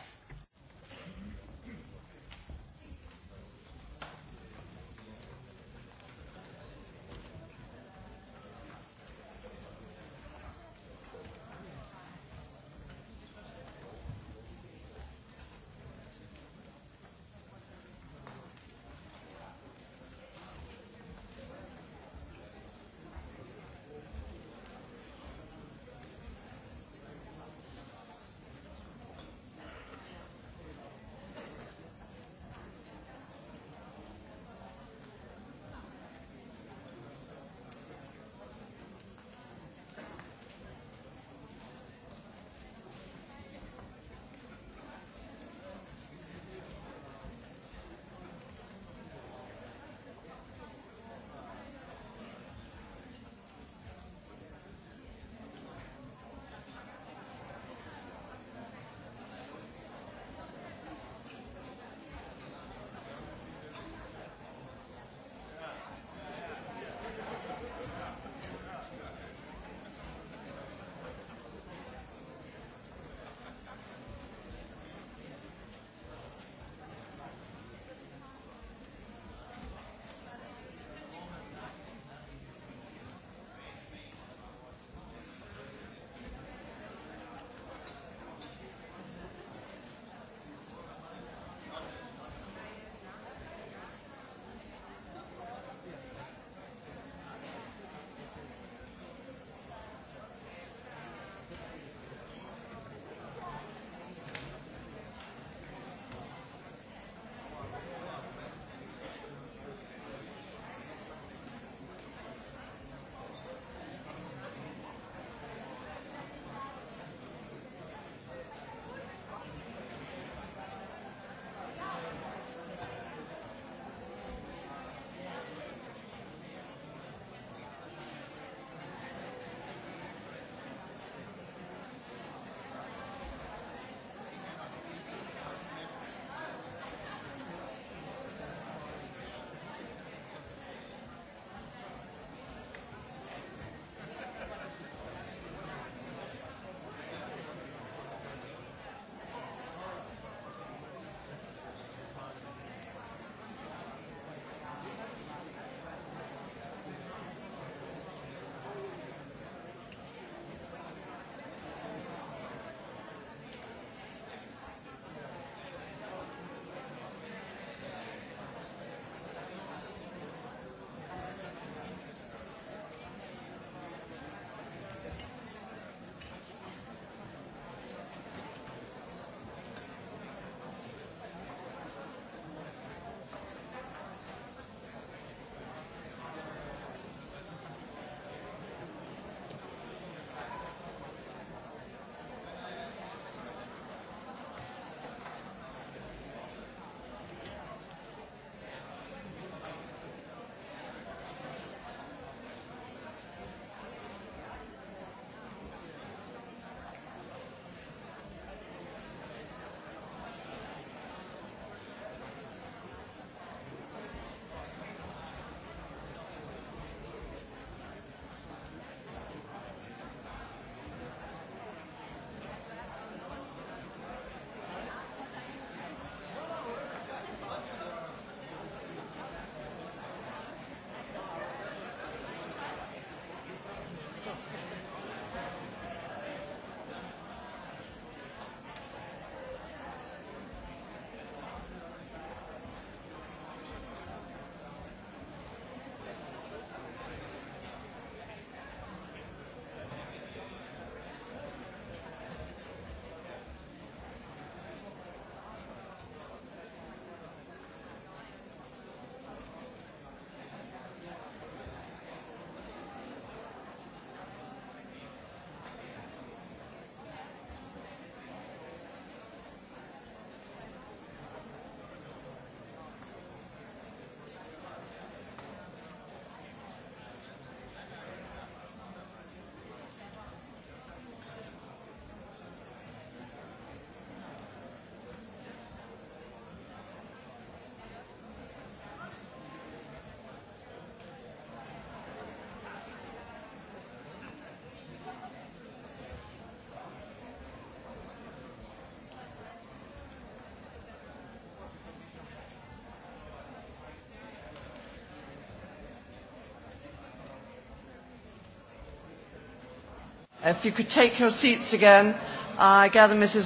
If you could take your seats again, I gather Mrs.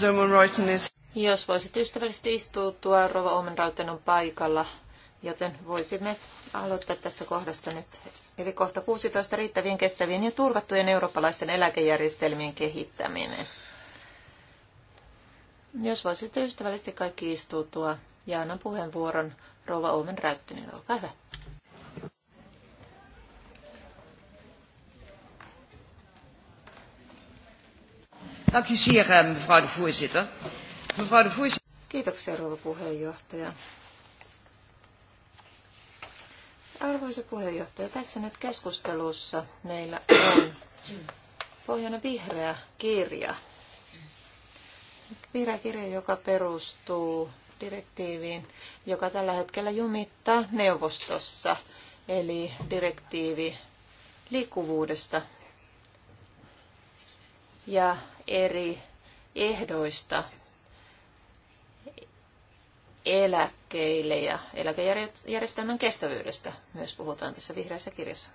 is... Jos voisit ystävällisesti istuutua, Rova Omenreuten on paikalla, joten voisimme aloittaa tästä kohdasta nyt. Eli kohta 16 riittävien, kestävien ja turvattujen eurooppalaisten eläkejärjestelmien kehittäminen. Jos voisitte ystävällisesti kaikki istuutua ja annan puheenvuoron Rova Omen Räyttinen, olkaa hyvä. Dank u zeer, eh, mevrouw de voorzitter. Mevrouw de voorzitter. Kiitoksia, rouva puheenjohtaja. Arvoisa puheenjohtaja, tässä nyt keskustelussa meillä on pohjana vihreä kirja. Vihreä kirja, joka perustuu direktiiviin, joka tällä hetkellä jumittaa neuvostossa, eli direktiivi liikkuvuudesta ja eri ehdoista eläkkeille ja eläkejärjestelmän kestävyydestä myös puhutaan tässä vihreässä kirjassa.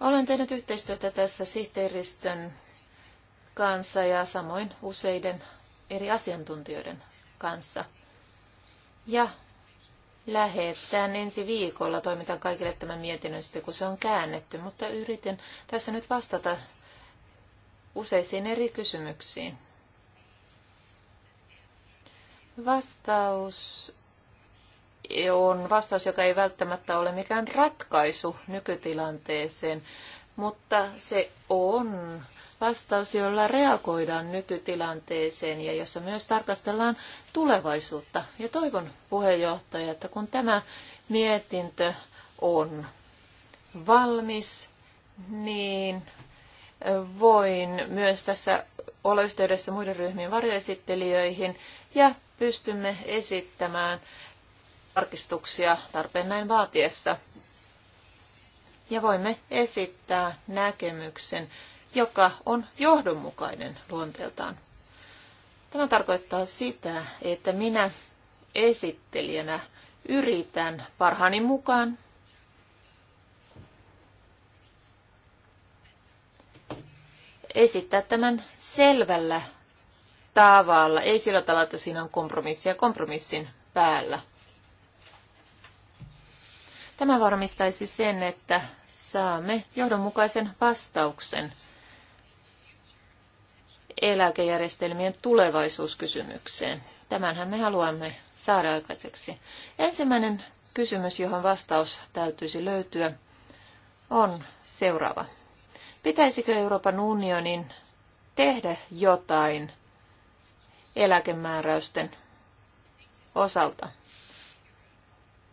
Olen tehnyt yhteistyötä tässä sihteeristön kanssa ja samoin useiden eri asiantuntijoiden kanssa. Ja lähetään ensi viikolla. Toimitan kaikille tämän mietinnön sitten, kun se on käännetty, mutta yritin tässä nyt vastata useisiin eri kysymyksiin. Vastaus on vastaus, joka ei välttämättä ole mikään ratkaisu nykytilanteeseen, mutta se on vastaus, jolla reagoidaan nykytilanteeseen ja jossa myös tarkastellaan tulevaisuutta. Ja toivon puheenjohtaja, että kun tämä mietintö on valmis, niin voin myös tässä olla yhteydessä muiden ryhmien varjoesittelijöihin ja pystymme esittämään tarkistuksia tarpeen näin vaatiessa. Ja voimme esittää näkemyksen joka on johdonmukainen luonteeltaan. Tämä tarkoittaa sitä, että minä esittelijänä yritän parhaani mukaan esittää tämän selvällä tavalla, ei sillä tavalla, että siinä on kompromissia kompromissin päällä. Tämä varmistaisi sen, että saamme johdonmukaisen vastauksen – eläkejärjestelmien tulevaisuuskysymykseen. Tämänhän me haluamme saada aikaiseksi. Ensimmäinen kysymys, johon vastaus täytyisi löytyä, on seuraava. Pitäisikö Euroopan unionin tehdä jotain eläkemääräysten osalta?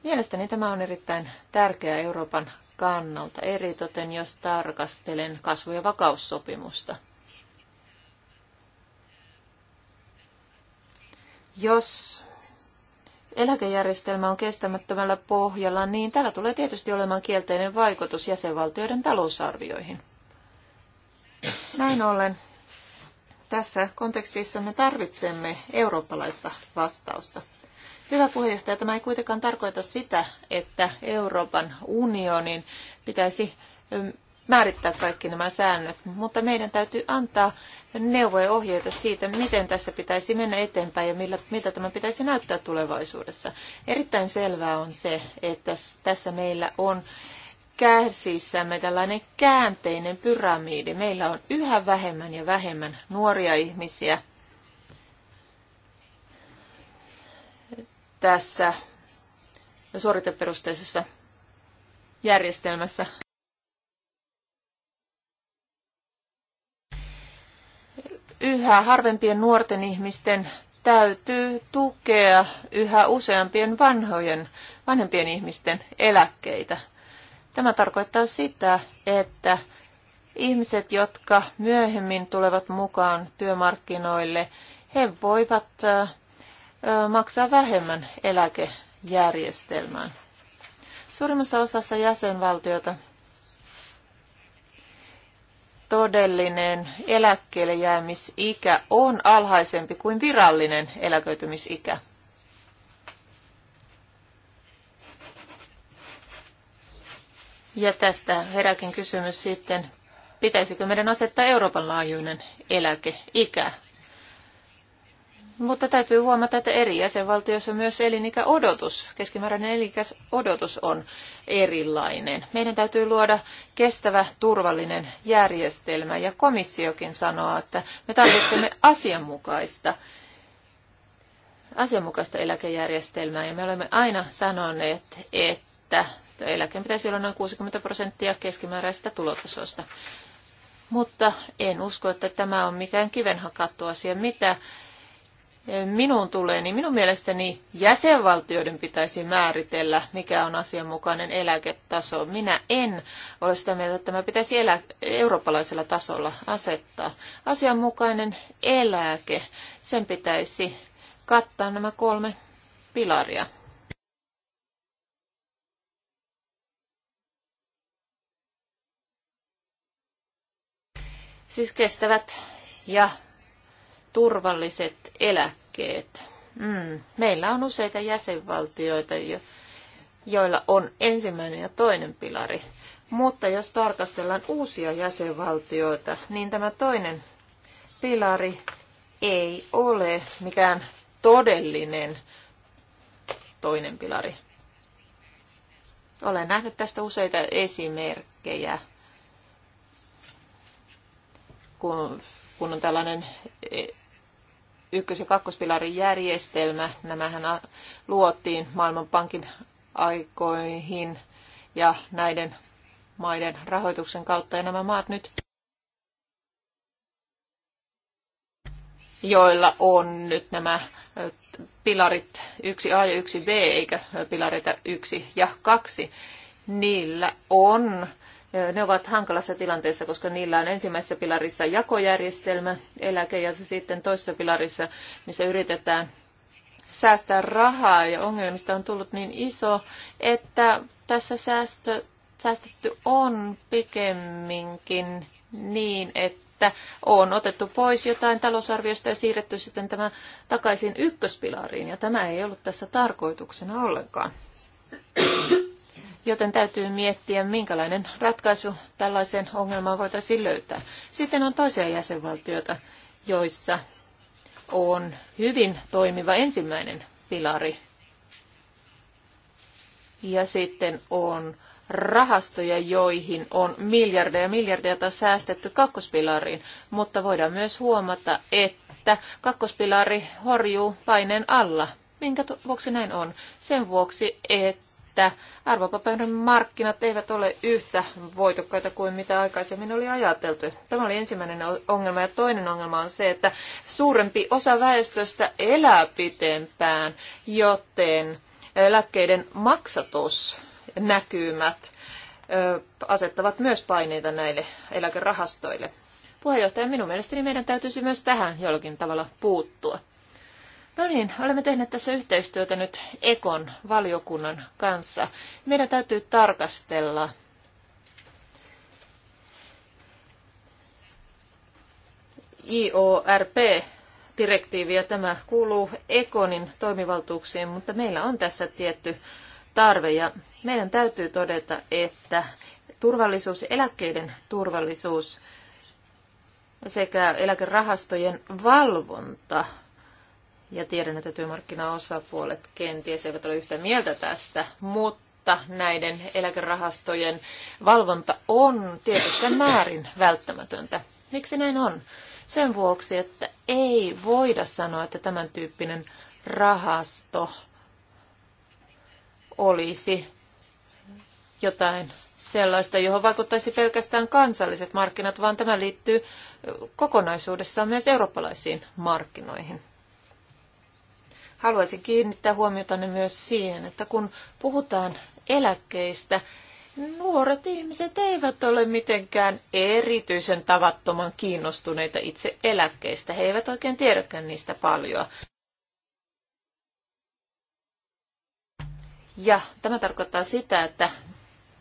Mielestäni tämä on erittäin tärkeää Euroopan kannalta, eritoten jos tarkastelen kasvu- ja vakaussopimusta – Jos eläkejärjestelmä on kestämättömällä pohjalla, niin tällä tulee tietysti olemaan kielteinen vaikutus jäsenvaltioiden talousarvioihin. Näin ollen tässä kontekstissa me tarvitsemme eurooppalaista vastausta. Hyvä puheenjohtaja, tämä ei kuitenkaan tarkoita sitä, että Euroopan unionin pitäisi määrittää kaikki nämä säännöt, mutta meidän täytyy antaa neuvoja ohjeita siitä, miten tässä pitäisi mennä eteenpäin ja millä, miltä tämä pitäisi näyttää tulevaisuudessa. Erittäin selvää on se, että tässä meillä on käsissämme tällainen käänteinen pyramiidi. Meillä on yhä vähemmän ja vähemmän nuoria ihmisiä tässä suoriteperusteisessa järjestelmässä yhä harvempien nuorten ihmisten täytyy tukea yhä useampien vanhojen, vanhempien ihmisten eläkkeitä. Tämä tarkoittaa sitä, että ihmiset, jotka myöhemmin tulevat mukaan työmarkkinoille, he voivat maksaa vähemmän eläkejärjestelmään. Suurimmassa osassa jäsenvaltioita todellinen eläkkeelle jäämisikä on alhaisempi kuin virallinen eläköitymisikä. Ja tästä heräkin kysymys sitten, pitäisikö meidän asettaa Euroopan laajuinen eläkeikä? Mutta täytyy huomata, että eri jäsenvaltioissa myös elinikäodotus, keskimääräinen elinikäodotus odotus on erilainen. Meidän täytyy luoda kestävä, turvallinen järjestelmä ja komissiokin sanoo, että me tarvitsemme asianmukaista asianmukaista eläkejärjestelmää ja me olemme aina sanoneet, että eläke pitäisi olla noin 60 prosenttia keskimääräisestä tulotasosta. Mutta en usko, että tämä on mikään kiven hakattu asia. Mitä Minuun tulee, niin minun mielestäni jäsenvaltioiden pitäisi määritellä, mikä on asianmukainen eläketaso. Minä en ole sitä mieltä, että tämä pitäisi elä, eurooppalaisella tasolla asettaa. Asianmukainen eläke, sen pitäisi kattaa nämä kolme pilaria. Siis kestävät ja turvalliset eläkkeet. Mm. Meillä on useita jäsenvaltioita, joilla on ensimmäinen ja toinen pilari. Mutta jos tarkastellaan uusia jäsenvaltioita, niin tämä toinen pilari ei ole mikään todellinen toinen pilari. Olen nähnyt tästä useita esimerkkejä, kun, kun on tällainen ykkös- ja kakkospilarin järjestelmä, nämähän luotiin Maailmanpankin aikoihin ja näiden maiden rahoituksen kautta. Ja nämä maat nyt, joilla on nyt nämä pilarit 1A ja 1B, eikä pilareita 1 ja 2, niillä on ne ovat hankalassa tilanteessa, koska niillä on ensimmäisessä pilarissa jakojärjestelmä, eläke ja sitten toisessa pilarissa, missä yritetään säästää rahaa ja ongelmista on tullut niin iso, että tässä säästö, säästetty on pikemminkin niin, että on otettu pois jotain talousarviosta ja siirretty sitten tämä takaisin ykköspilariin ja tämä ei ollut tässä tarkoituksena ollenkaan joten täytyy miettiä, minkälainen ratkaisu tällaiseen ongelmaan voitaisiin löytää. Sitten on toisia jäsenvaltioita, joissa on hyvin toimiva ensimmäinen pilari. Ja sitten on rahastoja, joihin on miljardeja miljardeja taas säästetty kakkospilariin, mutta voidaan myös huomata, että kakkospilari horjuu paineen alla. Minkä vuoksi näin on? Sen vuoksi, että että arvopaperin markkinat eivät ole yhtä voitokkaita kuin mitä aikaisemmin oli ajateltu. Tämä oli ensimmäinen ongelma ja toinen ongelma on se, että suurempi osa väestöstä elää pitempään, joten eläkkeiden maksatusnäkymät asettavat myös paineita näille eläkerahastoille. Puheenjohtaja, minun mielestäni meidän täytyisi myös tähän jollakin tavalla puuttua. No niin, olemme tehneet tässä yhteistyötä nyt Ekon valiokunnan kanssa. Meidän täytyy tarkastella IORP-direktiivi ja tämä kuuluu Ekonin toimivaltuuksiin, mutta meillä on tässä tietty tarve ja meidän täytyy todeta, että turvallisuus, eläkkeiden turvallisuus sekä eläkerahastojen valvonta ja tiedän, että työmarkkinaosapuolet kenties eivät ole yhtä mieltä tästä, mutta näiden eläkerahastojen valvonta on tietyssä määrin välttämätöntä. Miksi näin on? Sen vuoksi, että ei voida sanoa, että tämän tyyppinen rahasto olisi jotain sellaista, johon vaikuttaisi pelkästään kansalliset markkinat, vaan tämä liittyy kokonaisuudessaan myös eurooppalaisiin markkinoihin. Haluaisin kiinnittää huomiota myös siihen, että kun puhutaan eläkkeistä, nuoret ihmiset eivät ole mitenkään erityisen tavattoman kiinnostuneita itse eläkkeistä. He eivät oikein tiedäkään niistä paljon. Ja tämä tarkoittaa sitä, että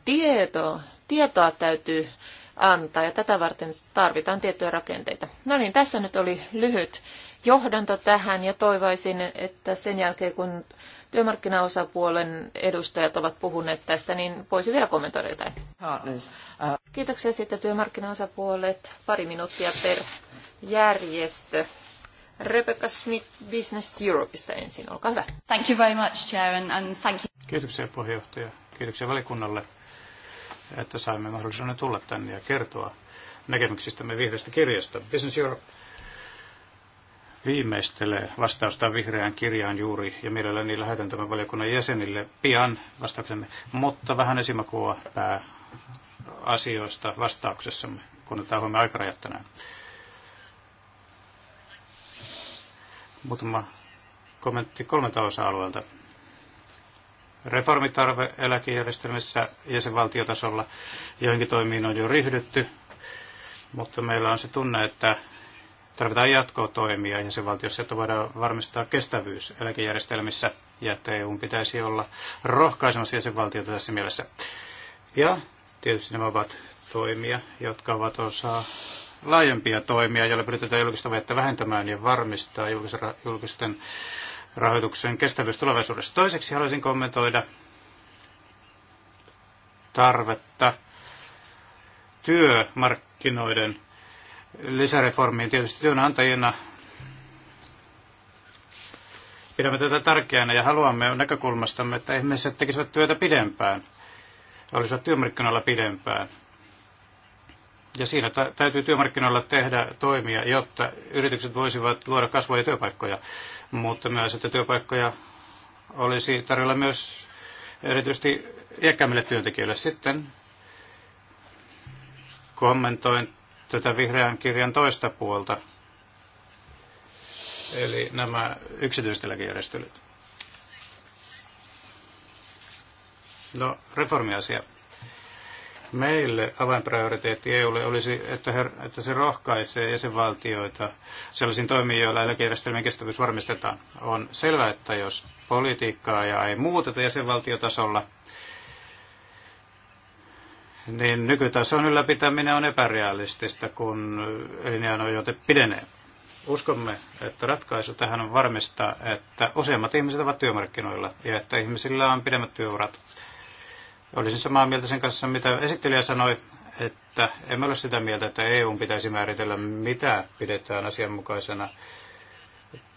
tieto, tietoa täytyy antaa ja tätä varten tarvitaan tiettyjä rakenteita. No niin, tässä nyt oli lyhyt johdanto tähän ja toivoisin, että sen jälkeen kun työmarkkinaosapuolen edustajat ovat puhuneet tästä, niin voisi vielä kommentoida jotain. Uh, Kiitoksia sitten työmarkkinaosapuolet. Pari minuuttia per järjestö. Rebecca Smith Business Europeista ensin, olkaa hyvä. Thank you very much, Chair, and thank you. Kiitoksia puheenjohtaja. Kiitoksia valikunnalle, että saimme mahdollisuuden tulla tänne ja kertoa näkemyksistämme vihreästä kirjasta. Business Europe viimeistelee vastausta vihreään kirjaan juuri, ja mielelläni lähetän tämän valiokunnan jäsenille pian vastauksemme, mutta vähän esimakua asioista vastauksessamme, kun tämä huomioon aikarajat tänään. Muutama kommentti kolmelta osa-alueelta. Reformitarve eläkejärjestelmissä jäsenvaltiotasolla, joihinkin toimiin on jo ryhdytty, mutta meillä on se tunne, että tarvitaan jatkotoimia jäsenvaltiossa, jotta voidaan varmistaa kestävyys eläkejärjestelmissä ja että EU pitäisi olla rohkaisemassa jäsenvaltiota tässä mielessä. Ja tietysti nämä ovat toimia, jotka ovat osa laajempia toimia, joilla pyritään julkista vettä vähentämään ja varmistaa julkisten rahoituksen kestävyys tulevaisuudessa. Toiseksi haluaisin kommentoida tarvetta työmarkkinoiden lisäreformiin tietysti työnantajina. Pidämme tätä tärkeänä ja haluamme näkökulmastamme, että ihmiset tekisivät työtä pidempään, olisivat työmarkkinoilla pidempään. Ja siinä täytyy työmarkkinoilla tehdä toimia, jotta yritykset voisivat luoda kasvua ja työpaikkoja, mutta myös, että työpaikkoja olisi tarjolla myös erityisesti iäkkäämmille työntekijöille. Sitten kommentoin tätä vihreän kirjan toista puolta, eli nämä yksityiset eläkejärjestelyt. No, reformiasia. Meille avainprioriteetti EUlle olisi, että, her, että se rohkaisee jäsenvaltioita sellaisiin toimiin, joilla eläkejärjestelmien kestävyys varmistetaan. On selvää, että jos politiikkaa ja ei muuteta jäsenvaltiotasolla, niin nykytason ylläpitäminen on epärealistista, kun elinajanojate pidenee. Uskomme, että ratkaisu tähän on varmistaa, että useimmat ihmiset ovat työmarkkinoilla ja että ihmisillä on pidemmät työurat. Olisin samaa mieltä sen kanssa, mitä esittelijä sanoi, että emme ole sitä mieltä, että EU pitäisi määritellä, mitä pidetään asianmukaisena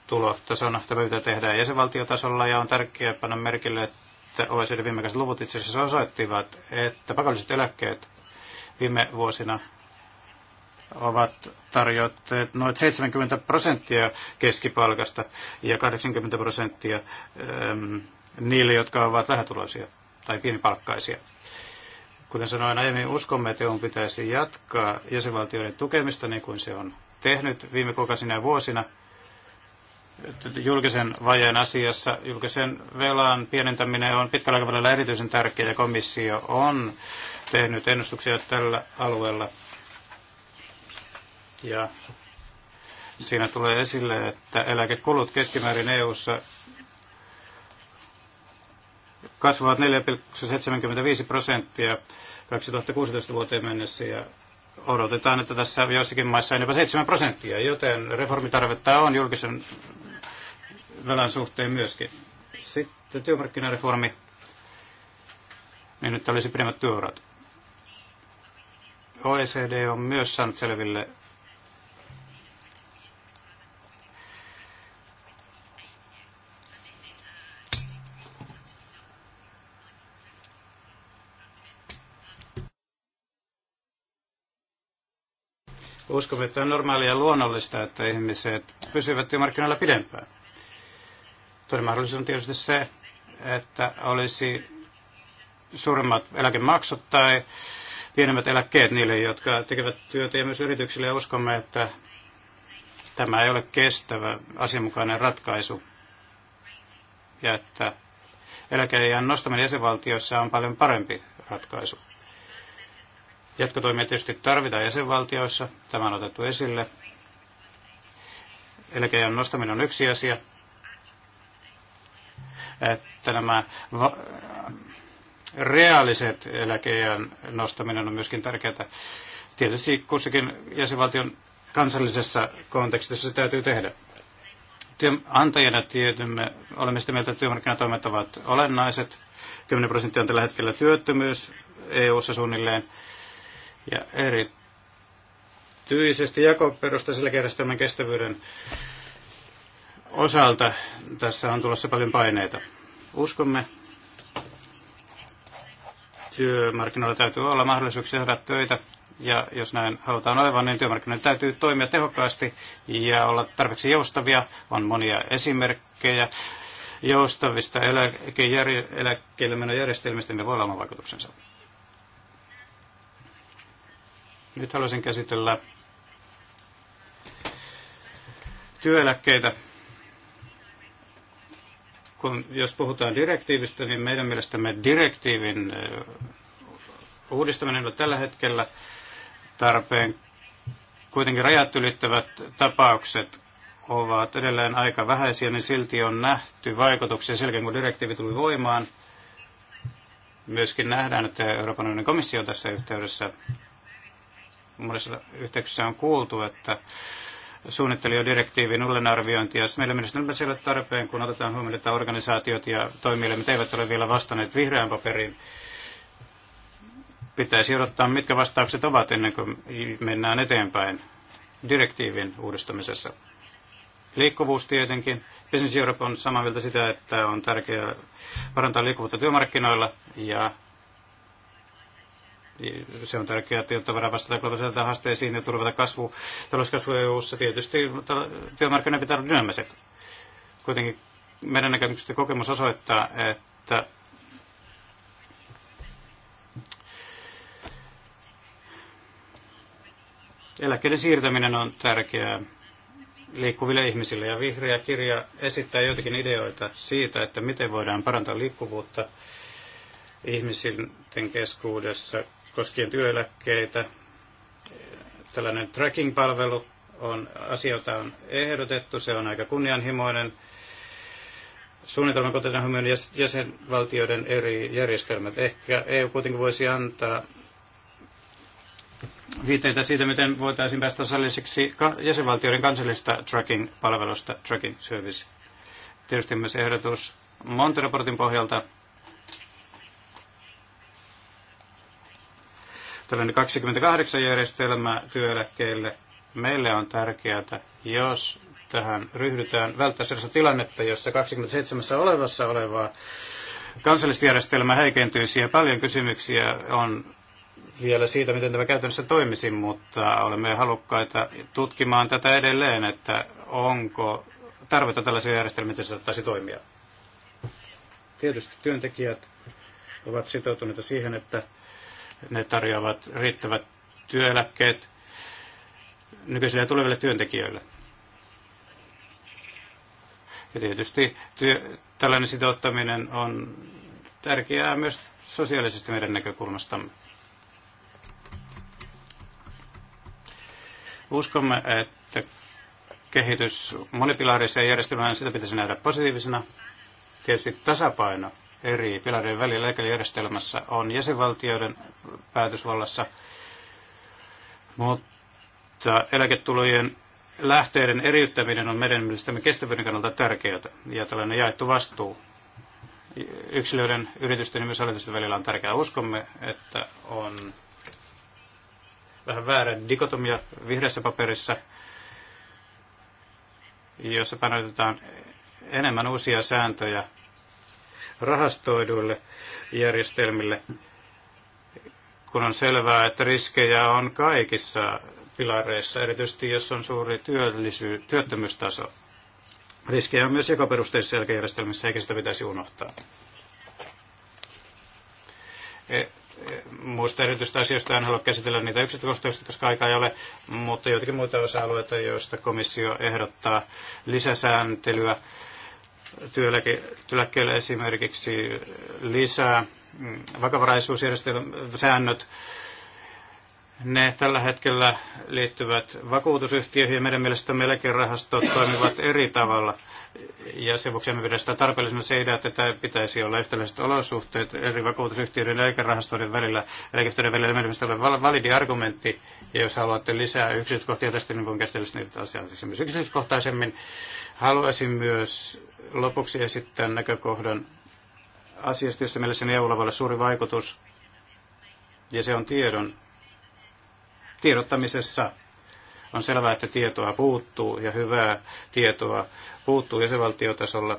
tulotasona. Tämä pitää tehdä jäsenvaltiotasolla ja on tärkeää panna merkille, että että OECD viimekäiset luvut itse asiassa osoittivat, että pakolliset eläkkeet viime vuosina ovat tarjoitteet noin 70 prosenttia keskipalkasta ja 80 prosenttia ähm, niille, jotka ovat vähätuloisia tai pienipalkkaisia. Kuten sanoin aiemmin, uskomme, että EU pitäisi jatkaa jäsenvaltioiden tukemista niin kuin se on tehnyt viime kuukausina ja vuosina – julkisen vajeen asiassa julkisen velan pienentäminen on pitkällä aikavälillä erityisen tärkeä ja komissio on tehnyt ennustuksia tällä alueella. Ja siinä tulee esille, että eläkekulut keskimäärin EU-ssa kasvavat 4,75 prosenttia 2016 vuoteen mennessä ja odotetaan, että tässä joissakin maissa on jopa 7 prosenttia, joten reformitarvetta on julkisen velan suhteen myöskin. Sitten työmarkkinareformi, niin nyt olisi pidemmät työurat. OECD on myös saanut selville uskomme, että on normaalia ja luonnollista, että ihmiset pysyvät työmarkkinoilla pidempään. Toinen mahdollisuus on tietysti se, että olisi suuremmat eläkemaksut tai pienemmät eläkkeet niille, jotka tekevät työtä ja myös yrityksille. Ja uskomme, että tämä ei ole kestävä asianmukainen ratkaisu ja että eläkeajan nostaminen jäsenvaltioissa on paljon parempi ratkaisu. Jatkotoimia tietysti tarvitaan jäsenvaltioissa. Tämä on otettu esille. eläkeajan nostaminen on yksi asia että nämä va- reaaliset eläkeiän nostaminen on myöskin tärkeää. Tietysti kussakin jäsenvaltion kansallisessa kontekstissa se täytyy tehdä. Työnantajana tietymme, olemme sitä mieltä, että työmarkkinatoimet ovat olennaiset. 10 prosenttia on tällä hetkellä työttömyys EU-ssa suunnilleen. Ja erityisesti jakoperustaisella järjestelmän kestävyyden osalta tässä on tulossa paljon paineita. Uskomme, työmarkkinoilla täytyy olla mahdollisuuksia saada töitä, ja jos näin halutaan olevan, niin työmarkkinoiden täytyy toimia tehokkaasti ja olla tarpeeksi joustavia. On monia esimerkkejä joustavista eläkkeelle menojärjestelmistä, niin voi olla oma vaikutuksensa. Nyt haluaisin käsitellä työeläkkeitä kun, jos puhutaan direktiivistä, niin meidän mielestämme direktiivin uudistaminen on tällä hetkellä tarpeen. Kuitenkin rajat ylittävät tapaukset ovat edelleen aika vähäisiä, niin silti on nähty vaikutuksia selkeän, kun direktiivi tuli voimaan. Myöskin nähdään, että Euroopan unionin komissio tässä yhteydessä monessa yhteyksessä on kuultu, että suunnittelijadirektiivin uudelleenarviointia. Meillä mielestäni se ei ole tarpeen, kun otetaan huomioon, että organisaatiot ja toimielimet eivät ole vielä vastanneet vihreään paperiin. Pitäisi odottaa, mitkä vastaukset ovat ennen kuin mennään eteenpäin direktiivin uudistamisessa. Liikkuvuus tietenkin. Business Europe on samaa mieltä sitä, että on tärkeää parantaa liikkuvuutta työmarkkinoilla ja niin, se on tärkeää, jotta voidaan vastata globaalisiin haasteisiin ja turvata kasvu, talouskasvu EU-ssa. Tietysti työmarkkinoiden pitää olla dynaamiset. Kuitenkin meidän näkemyksestä kokemus osoittaa, että eläkkeiden siirtäminen on tärkeää liikkuville ihmisille. Ja vihreä kirja esittää joitakin ideoita siitä, että miten voidaan parantaa liikkuvuutta ihmisten keskuudessa koskien työeläkkeitä. Tällainen tracking-palvelu on, asioita on ehdotettu, se on aika kunnianhimoinen suunnitelman kotihoidon jäsenvaltioiden eri järjestelmät. Ehkä EU kuitenkin voisi antaa viitteitä siitä, miten voitaisiin päästä osalliseksi jäsenvaltioiden kansallista tracking-palvelusta, tracking service. Tietysti myös ehdotus Monteraportin pohjalta tällainen 28 järjestelmä työeläkkeelle. Meille on tärkeää, jos tähän ryhdytään välttää sellaista tilannetta, jossa 27 olevassa olevaa kansallisjärjestelmä heikentyisi ja paljon kysymyksiä on vielä siitä, miten tämä käytännössä toimisi, mutta olemme halukkaita tutkimaan tätä edelleen, että onko tarvetta tällaisia järjestelmiä, miten se saattaisi toimia. Tietysti työntekijät ovat sitoutuneita siihen, että ne tarjoavat riittävät työeläkkeet nykyisille ja tuleville työntekijöille. Ja tietysti työ, tällainen sitouttaminen on tärkeää myös sosiaalisesti meidän näkökulmastamme. Uskomme, että kehitys monipilaariseen järjestelmään sitä pitäisi nähdä positiivisena. Tietysti tasapaino eri pilarien välillä eläkejärjestelmässä on jäsenvaltioiden päätösvallassa, mutta eläketulojen lähteiden eriyttäminen on meidän mielestämme kestävyyden kannalta tärkeää ja tällainen jaettu vastuu yksilöiden, yritysten ja myös hallitusten välillä on tärkeää. Uskomme, että on vähän väärä dikotomia vihreässä paperissa, jossa painotetaan enemmän uusia sääntöjä rahastoiduille järjestelmille, kun on selvää, että riskejä on kaikissa pilareissa, erityisesti jos on suuri työllisy- työttömyystaso. Riskejä on myös jakaperusteisissa eläkejärjestelmissä, eikä sitä pitäisi unohtaa. E, e- muista erityistä asioista en halua käsitellä niitä yksityiskohtaisesti, koska aika ei ole, mutta joitakin muita osa-alueita, joista komissio ehdottaa lisäsääntelyä työeläkkeelle esimerkiksi lisää vakavaraisuusjärjestelmäsäännöt. Ne tällä hetkellä liittyvät vakuutusyhtiöihin ja meidän mielestämme eläkerahastot toimivat eri tavalla – ja sen vuoksi emme pidä sitä tarpeellisena idea, että tämä pitäisi olla yhtäläiset olosuhteet eri vakuutusyhtiöiden ja eläkerahastoiden välillä, eläkeyhtiöiden välillä. Niin mielestäni ole validi argumentti, ja jos haluatte lisää yksityiskohtia tästä, niin voin käsitellä niitä asiaa siis myös yksityiskohtaisemmin. Haluaisin myös lopuksi esittää näkökohdan asiasta, jossa mielestäni EUlla voi olla suuri vaikutus, ja se on tiedon tiedottamisessa on selvää, että tietoa puuttuu ja hyvää tietoa puuttuu jäsenvaltiotasolla,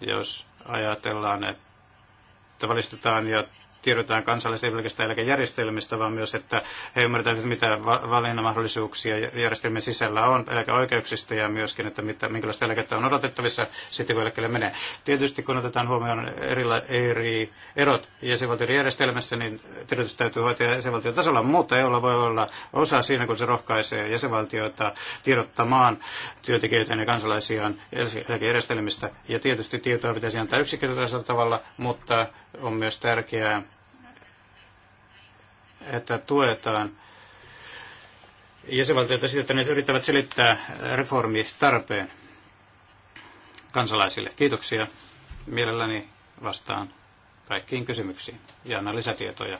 jos ajatellaan, että valistetaan ja tiedotaan kansallisesti pelkästään eläkejärjestelmistä, vaan myös, että he ymmärtävät, mitä valinnanmahdollisuuksia järjestelmien sisällä on eläkeoikeuksista ja myöskin, että mitä, minkälaista eläkettä on odotettavissa sitten, kun eläkkeelle menee. Tietysti kun otetaan huomioon erila, eri erot jäsenvaltioiden järjestelmässä, niin tietysti täytyy hoitaa jäsenvaltion tasolla, mutta EUlla voi olla osa siinä, kun se rohkaisee jäsenvaltioita tiedottamaan työntekijöitä ja kansalaisiaan eläkejärjestelmistä. Ja tietysti tietoa pitäisi antaa yksinkertaisella tavalla, mutta on myös tärkeää, että tuetaan jäsenvaltioita siitä, että ne yrittävät selittää reformitarpeen kansalaisille. Kiitoksia. Mielelläni vastaan kaikkiin kysymyksiin ja annan lisätietoja.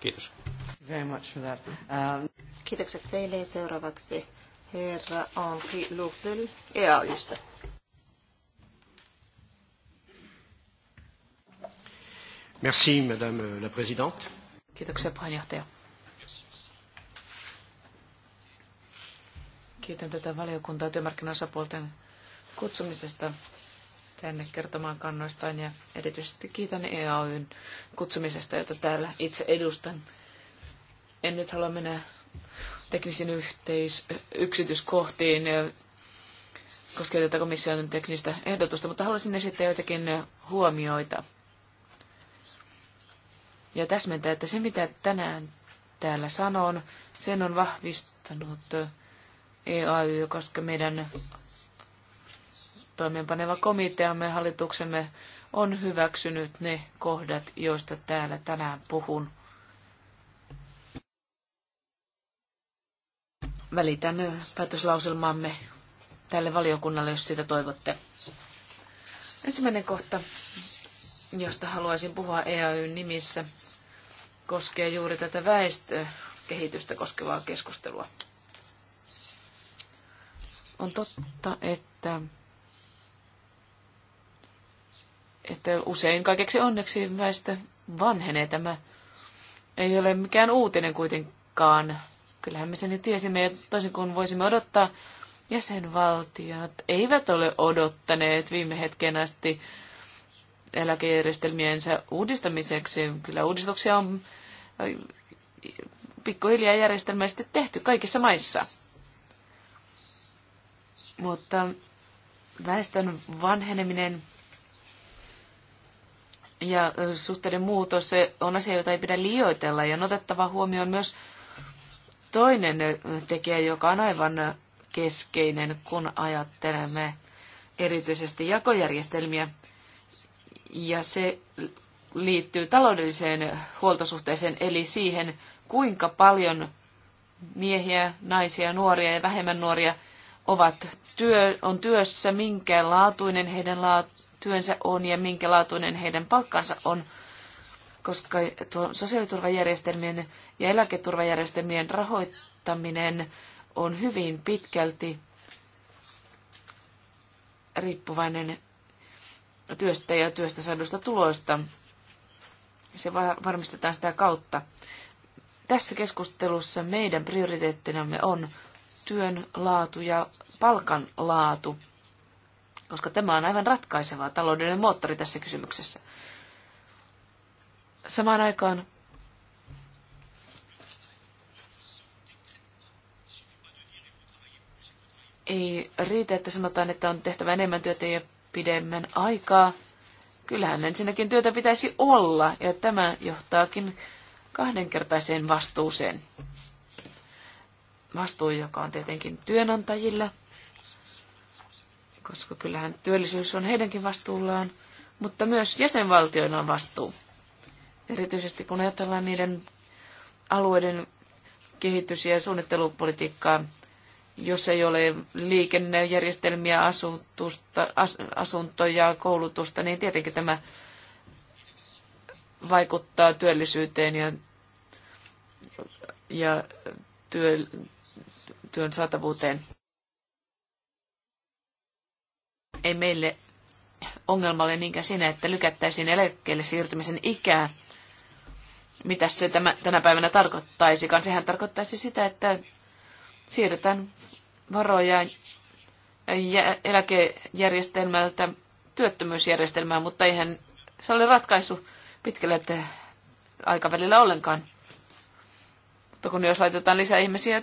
Kiitos. Very much for that. Um... Kiitokset teille seuraavaksi herra Anki Luftel EAYstä. Merci, Madame la Présidente. Kiitoksia puheenjohtaja. Kiitän tätä valiokuntaa työmarkkinaosapuolten kutsumisesta tänne kertomaan kannoistaan ja erityisesti kiitän EAYn kutsumisesta, jota täällä itse edustan. En nyt halua mennä teknisiin yhteis- yksityiskohtiin koskee tätä komission teknistä ehdotusta, mutta haluaisin esittää joitakin huomioita ja täsmentää, että se mitä tänään täällä sanon, sen on vahvistanut EAY, koska meidän toimeenpaneva komiteamme, hallituksemme on hyväksynyt ne kohdat, joista täällä tänään puhun. Välitän päätöslauselmaamme tälle valiokunnalle, jos sitä toivotte. Ensimmäinen kohta, josta haluaisin puhua EAYn nimissä, koskee juuri tätä väestökehitystä koskevaa keskustelua. On totta, että, että usein kaikeksi onneksi väestö vanhenee. Tämä ei ole mikään uutinen kuitenkaan. Kyllähän me sen jo tiesimme, ja toisin kuin voisimme odottaa, jäsenvaltiot eivät ole odottaneet viime hetken asti eläkejärjestelmiensä uudistamiseksi. Kyllä uudistuksia on äh, pikkuhiljaa järjestelmällisesti tehty kaikissa maissa. Mutta väestön vanheneminen ja äh, suhteiden muutos se on asia, jota ei pidä liioitella. Ja on otettava huomioon myös toinen äh, tekijä, joka on aivan keskeinen, kun ajattelemme erityisesti jakojärjestelmiä ja se liittyy taloudelliseen huoltosuhteeseen, eli siihen, kuinka paljon miehiä, naisia, nuoria ja vähemmän nuoria ovat työ, on työssä, minkä laatuinen heidän laat, työnsä on ja minkä laatuinen heidän palkkansa on, koska tuo sosiaaliturvajärjestelmien ja eläketurvajärjestelmien rahoittaminen on hyvin pitkälti riippuvainen työstä ja työstä saadusta tuloista. Se varmistetaan sitä kautta. Tässä keskustelussa meidän prioriteettinamme on työn laatu ja palkan laatu, koska tämä on aivan ratkaiseva taloudellinen moottori tässä kysymyksessä. Samaan aikaan ei riitä, että sanotaan, että on tehtävä enemmän työtä ja pidemmän aikaa. Kyllähän ensinnäkin työtä pitäisi olla, ja tämä johtaakin kahdenkertaiseen vastuuseen. Vastuu, joka on tietenkin työnantajilla, koska kyllähän työllisyys on heidänkin vastuullaan, mutta myös jäsenvaltioilla on vastuu. Erityisesti kun ajatellaan niiden alueiden kehitys- ja suunnittelupolitiikkaa, jos ei ole liikennejärjestelmiä, asutusta, as, asuntoja, koulutusta, niin tietenkin tämä vaikuttaa työllisyyteen ja, ja työ, työn saatavuuteen. Ei meille ongelma ole niinkään siinä, että lykättäisiin eläkkeelle siirtymisen ikää. Mitä se tämä, tänä päivänä tarkoittaisikaan? Sehän tarkoittaisi sitä, että siirretään varoja eläkejärjestelmältä työttömyysjärjestelmään, mutta eihän se ole ratkaisu pitkällä aikavälillä ollenkaan. Mutta kun jos laitetaan lisää ihmisiä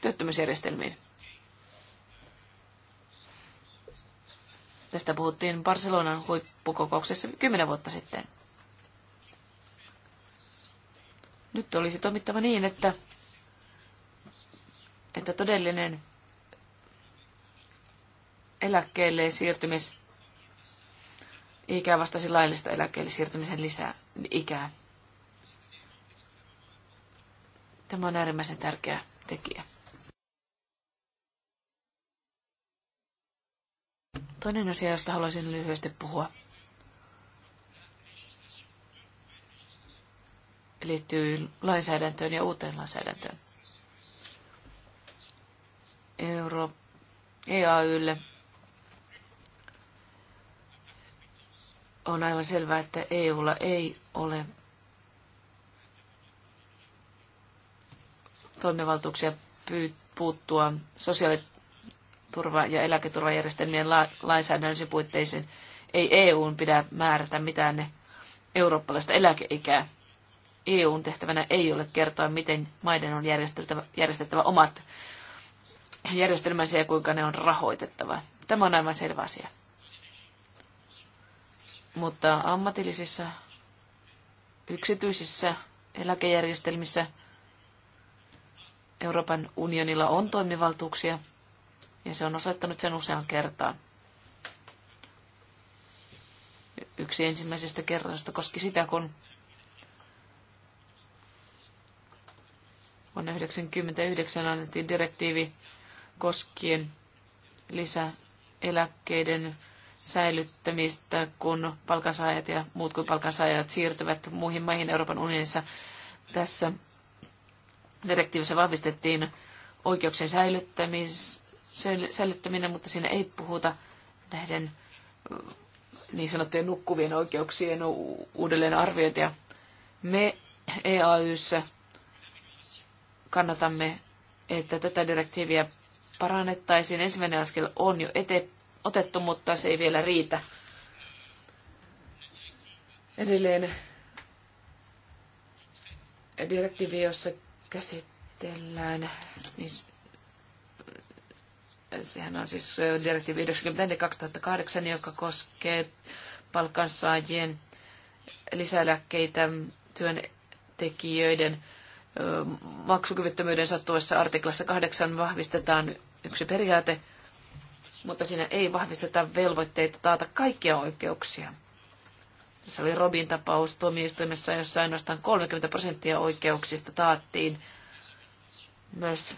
työttömyysjärjestelmiin. Tästä puhuttiin Barcelonan huippukokouksessa kymmenen vuotta sitten. Nyt olisi toimittava niin, että että todellinen eläkkeelle siirtymis ikä vastasi laillista eläkkeelle siirtymisen lisää ikää. Tämä on äärimmäisen tärkeä tekijä. Toinen asia, josta haluaisin lyhyesti puhua, liittyy lainsäädäntöön ja uuteen lainsäädäntöön. Euro, EAYlle. On aivan selvää, että EUlla ei ole toimivaltuuksia puuttua sosiaaliturva- ja eläketurvajärjestelmien lainsäädännöllisiin puitteisiin. Ei EUn pidä määrätä mitään ne eurooppalaista eläkeikää. EUn tehtävänä ei ole kertoa, miten maiden on järjestettävä, järjestettävä omat järjestelmänsä ja kuinka ne on rahoitettava. Tämä on aivan selvä asia. Mutta ammatillisissa, yksityisissä eläkejärjestelmissä Euroopan unionilla on toimivaltuuksia, ja se on osoittanut sen usean kertaan. Yksi ensimmäisestä kerrasta koski sitä, kun vuonna 1999 annettiin direktiivi koskien lisäeläkkeiden säilyttämistä, kun palkansaajat ja muut kuin palkansaajat siirtyvät muihin maihin Euroopan unionissa. Tässä direktiivissä vahvistettiin oikeuksien säilyttäminen, mutta siinä ei puhuta näiden niin sanottujen nukkuvien oikeuksien uudelleen arviointia. Me EAYssä kannatamme, että tätä direktiiviä parannettaisiin. Ensimmäinen askel on jo ete, otettu, mutta se ei vielä riitä. Edelleen direktiivi, jossa käsitellään, niin sehän on siis direktiivi 94-2008, joka koskee palkansaajien lisäeläkkeitä työntekijöiden maksukyvyttömyyden sattuessa artiklassa 8 vahvistetaan yksi periaate, mutta siinä ei vahvisteta velvoitteita taata kaikkia oikeuksia. Tässä oli Robin tapaus tuomioistuimessa, jossa ainoastaan 30 prosenttia oikeuksista taattiin. Myös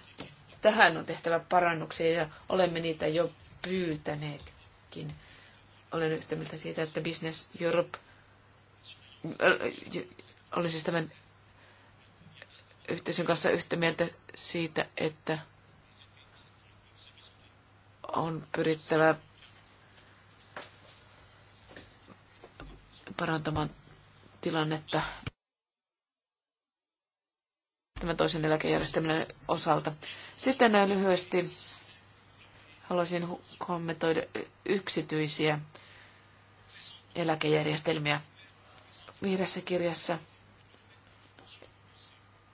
tähän on tehtävä parannuksia ja olemme niitä jo pyytäneetkin. Olen yhtä mieltä siitä, että Business Europe olisi siis tämän yhteisön kanssa yhtä mieltä siitä, että on pyrittävä parantamaan tilannetta tämän toisen eläkejärjestelmän osalta. Sitten näin lyhyesti haluaisin kommentoida yksityisiä eläkejärjestelmiä. Vihreässä kirjassa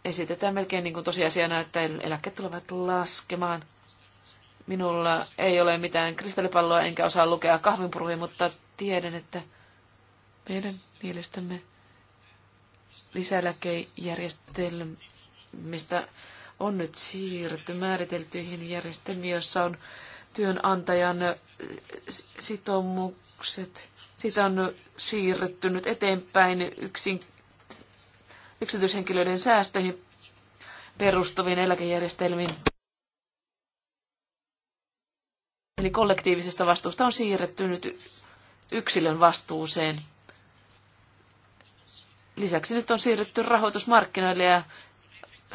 esitetään melkein niin kuin tosiasiana, että eläkkeet tulevat laskemaan. Minulla ei ole mitään kristallipalloa enkä osaa lukea kahvinpurvia, mutta tiedän, että meidän mielestämme lisäeläkejärjestelmistä on nyt siirretty määriteltyihin järjestelmiin, joissa on työnantajan sitoumukset. Siitä on siirretty nyt eteenpäin yksin yksityishenkilöiden säästöihin perustuviin eläkejärjestelmiin. Eli kollektiivisesta vastuusta on siirretty nyt yksilön vastuuseen. Lisäksi nyt on siirretty rahoitusmarkkinoille ja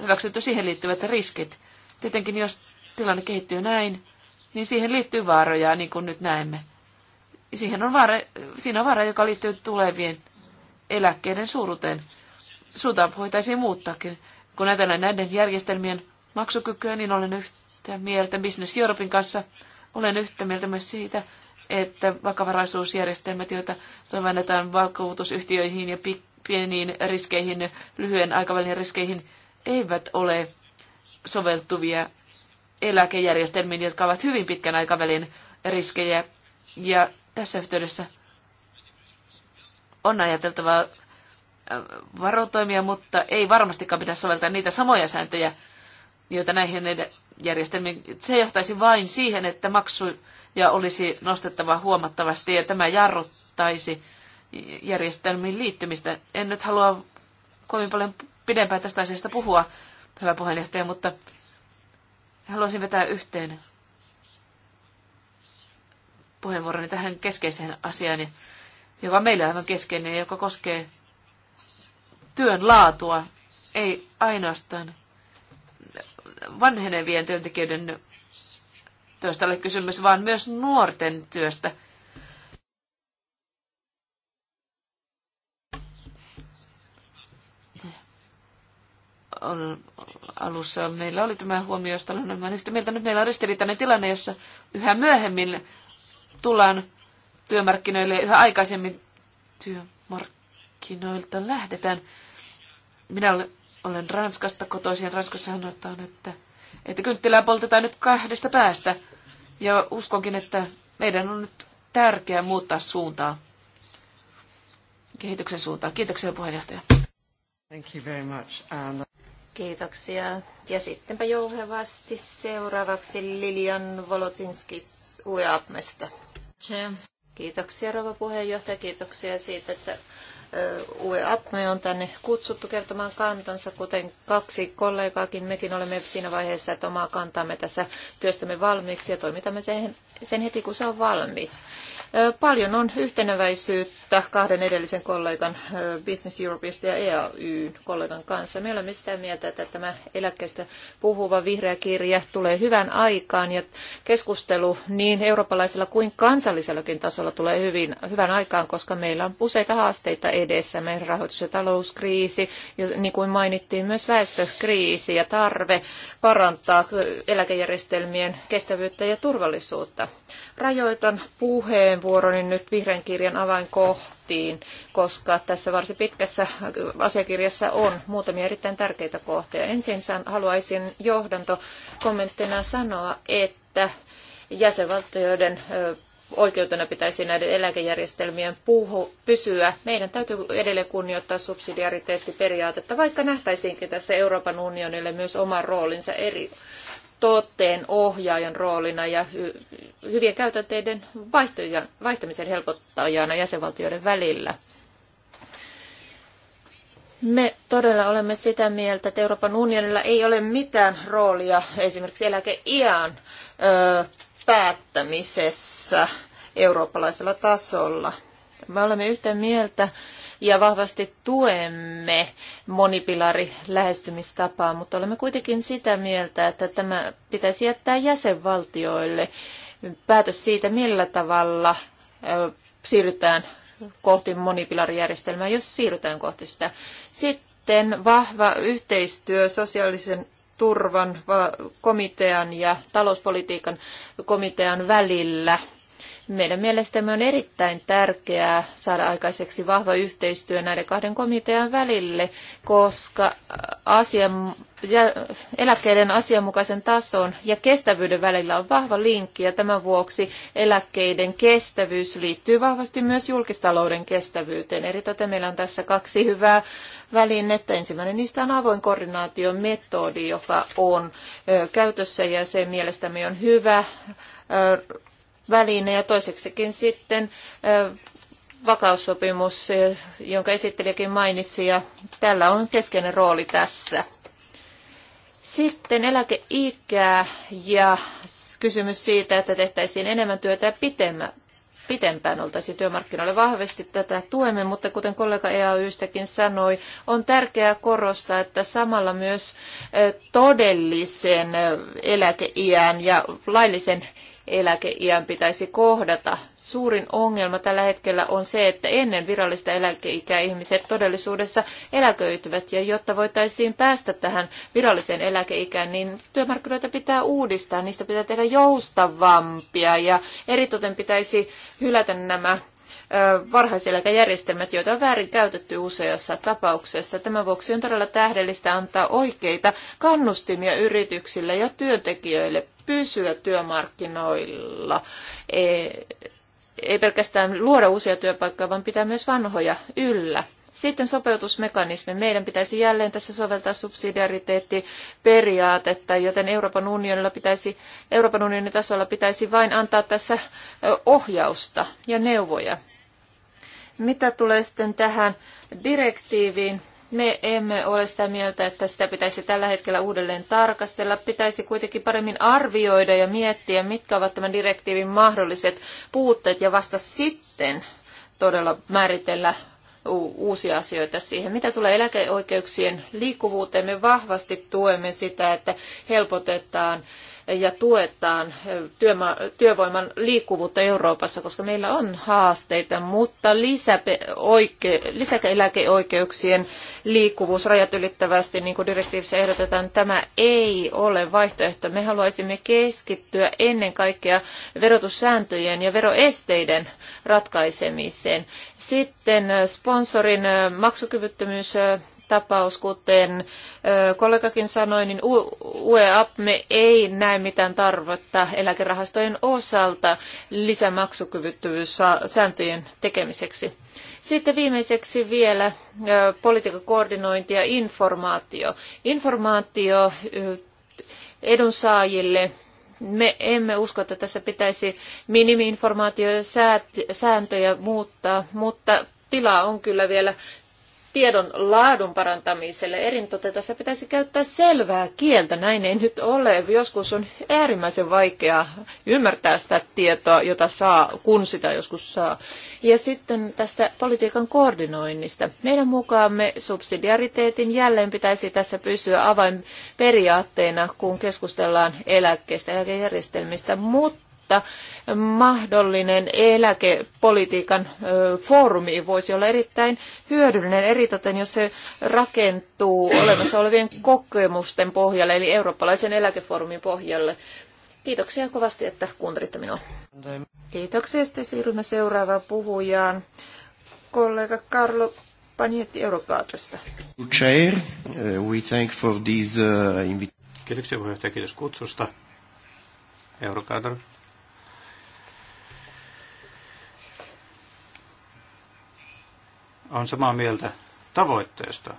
hyväksytty siihen liittyvät riskit. Tietenkin jos tilanne kehittyy näin, niin siihen liittyy vaaroja, niin kuin nyt näemme. Siihen on vaara, siinä on vaara, joka liittyy tulevien eläkkeiden suuruuteen suuntaa voitaisiin muuttaakin. Kun ajatellaan näiden järjestelmien maksukykyä, niin olen yhtä mieltä Business Europein kanssa. Olen yhtä mieltä myös siitä, että vakavaraisuusjärjestelmät, joita sovelletaan vakuutusyhtiöihin ja pieniin riskeihin, lyhyen aikavälin riskeihin, eivät ole soveltuvia eläkejärjestelmiin, jotka ovat hyvin pitkän aikavälin riskejä. Ja tässä yhteydessä on ajateltava varotoimia, mutta ei varmastikaan pidä soveltaa niitä samoja sääntöjä, joita näihin järjestelmiin. Se johtaisi vain siihen, että maksuja olisi nostettava huomattavasti ja tämä jarruttaisi järjestelmiin liittymistä. En nyt halua kovin paljon pidempään tästä asiasta puhua, hyvä puheenjohtaja, mutta haluaisin vetää yhteen puheenvuoroni tähän keskeiseen asiaan, joka meillä on keskeinen ja joka koskee työn laatua, ei ainoastaan vanhenevien työntekijöiden työstä ole kysymys, vaan myös nuorten työstä. On, alussa meillä oli tämä huomio, josta olen yhtä mieltä. Nyt meillä on ristiriitainen tilanne, jossa yhä myöhemmin tullaan työmarkkinoille ja yhä aikaisemmin työmarkkinoille markkinoilta lähdetään. Minä olen Ranskasta kotoisin. Ranskassa sanotaan, että, että kynttilää poltetaan nyt kahdesta päästä. Ja uskonkin, että meidän on nyt tärkeää muuttaa suuntaa, kehityksen suuntaa. Kiitoksia puheenjohtaja. Thank you very much, Anna. Kiitoksia. Ja sittenpä jouhevasti seuraavaksi Lilian Volotsinskis UEAPMesta. James. Kiitoksia rouva puheenjohtaja, kiitoksia siitä, että UE Apme on tänne kutsuttu kertomaan kantansa, kuten kaksi kollegaakin. Mekin olemme siinä vaiheessa, että omaa kantamme tässä työstämme valmiiksi ja toimitamme sen heti, kun se on valmis. Paljon on yhteneväisyyttä kahden edellisen kollegan Business Europeista ja EAYn kollegan kanssa. Me olemme sitä mieltä, että tämä eläkkeestä puhuva vihreä kirja tulee hyvän aikaan ja keskustelu niin eurooppalaisella kuin kansallisellakin tasolla tulee hyvin, hyvän aikaan, koska meillä on useita haasteita edessä. Meidän rahoitus- ja talouskriisi ja niin kuin mainittiin myös väestökriisi ja tarve parantaa eläkejärjestelmien kestävyyttä ja turvallisuutta. Rajoitan puheen puheenvuoroni niin nyt vihreän kirjan avainkohtiin, koska tässä varsin pitkässä asiakirjassa on muutamia erittäin tärkeitä kohtia. Ensin haluaisin johdanto kommenttina sanoa, että jäsenvaltioiden oikeutena pitäisi näiden eläkejärjestelmien puhu, pysyä. Meidän täytyy edelleen kunnioittaa subsidiariteettiperiaatetta, vaikka nähtäisiinkin tässä Euroopan unionille myös oma roolinsa eri tuotteen ohjaajan roolina ja hyvien käytänteiden vaihtamisen helpottajana jäsenvaltioiden välillä. Me todella olemme sitä mieltä, että Euroopan unionilla ei ole mitään roolia esimerkiksi eläkeiän ö, päättämisessä eurooppalaisella tasolla. Me olemme yhtä mieltä ja vahvasti tuemme monipilari lähestymistapaa, mutta olemme kuitenkin sitä mieltä, että tämä pitäisi jättää jäsenvaltioille päätös siitä, millä tavalla siirrytään kohti monipilarijärjestelmää, jos siirrytään kohti sitä. Sitten vahva yhteistyö sosiaalisen turvan komitean ja talouspolitiikan komitean välillä – meidän mielestämme on erittäin tärkeää saada aikaiseksi vahva yhteistyö näiden kahden komitean välille, koska asian, ja eläkkeiden asianmukaisen tason ja kestävyyden välillä on vahva linkki ja tämän vuoksi eläkkeiden kestävyys liittyy vahvasti myös julkistalouden kestävyyteen. Eritoten meillä on tässä kaksi hyvää välinettä. Ensimmäinen niistä on avoin koordinaation metodi, joka on käytössä ja se mielestämme on hyvä väline ja toiseksikin sitten vakaussopimus, jonka esittelijäkin mainitsi, ja tällä on keskeinen rooli tässä. Sitten eläkeikää ja kysymys siitä, että tehtäisiin enemmän työtä ja pitemmän pitempään oltaisiin työmarkkinoille vahvasti tätä tuemme, mutta kuten kollega EAYstäkin sanoi, on tärkeää korostaa, että samalla myös todellisen eläkeiän ja laillisen eläkeiän pitäisi kohdata. Suurin ongelma tällä hetkellä on se, että ennen virallista eläkeikää ihmiset todellisuudessa eläköityvät. Ja jotta voitaisiin päästä tähän viralliseen eläkeikään, niin työmarkkinoita pitää uudistaa, niistä pitää tehdä joustavampia ja eritoten pitäisi hylätä nämä varhaiseläkejärjestelmät, joita on väärin käytetty useassa tapauksessa. Tämän vuoksi on todella tähdellistä antaa oikeita kannustimia yrityksille ja työntekijöille pysyä työmarkkinoilla. E, ei pelkästään luoda uusia työpaikkoja, vaan pitää myös vanhoja yllä. Sitten sopeutusmekanismi. Meidän pitäisi jälleen tässä soveltaa subsidiariteettiperiaatetta, joten Euroopan, unionilla pitäisi, Euroopan unionin tasolla pitäisi vain antaa tässä ohjausta ja neuvoja. Mitä tulee sitten tähän direktiiviin, me emme ole sitä mieltä, että sitä pitäisi tällä hetkellä uudelleen tarkastella. Pitäisi kuitenkin paremmin arvioida ja miettiä, mitkä ovat tämän direktiivin mahdolliset puutteet ja vasta sitten todella määritellä uusia asioita siihen. Mitä tulee eläkeoikeuksien liikkuvuuteen, me vahvasti tuemme sitä, että helpotetaan ja tuetaan työvoiman liikkuvuutta Euroopassa, koska meillä on haasteita, mutta lisäeläkeoikeuksien liikkuvuus rajat ylittävästi, niin kuin direktiivissä ehdotetaan, tämä ei ole vaihtoehto. Me haluaisimme keskittyä ennen kaikkea verotussääntöjen ja veroesteiden ratkaisemiseen. Sitten sponsorin maksukyvyttömyys tapaus, kuten kollegakin sanoi, niin UEAPME ei näe mitään tarvetta eläkerahastojen osalta lisämaksukyvyttövyyssääntöjen tekemiseksi. Sitten viimeiseksi vielä politiikan koordinointi ja informaatio. Informaatio edunsaajille me emme usko, että tässä pitäisi sääntöjä muuttaa, mutta tilaa on kyllä vielä tiedon laadun parantamiselle. Erintote tässä pitäisi käyttää selvää kieltä. Näin ei nyt ole. Joskus on äärimmäisen vaikea ymmärtää sitä tietoa, jota saa, kun sitä joskus saa. Ja sitten tästä politiikan koordinoinnista. Meidän mukaamme subsidiariteetin jälleen pitäisi tässä pysyä avainperiaatteena, kun keskustellaan eläkkeistä, ja eläkejärjestelmistä, mutta että mahdollinen eläkepolitiikan foorumi voisi olla erittäin hyödyllinen, eritoten jos se rakentuu olemassa olevien kokemusten pohjalle, eli eurooppalaisen eläkefoorumin pohjalle. Kiitoksia kovasti, että kuuntelitte minua. Kiitoksia. Sitten siirrymme seuraavaan puhujaan. Kollega Carlo Panietti Eurokaatesta. Chair, uh, we thank for uh, invitation. Kiitoksia puheenjohtaja, kiitos kutsusta. Eurokaator on samaa mieltä tavoitteesta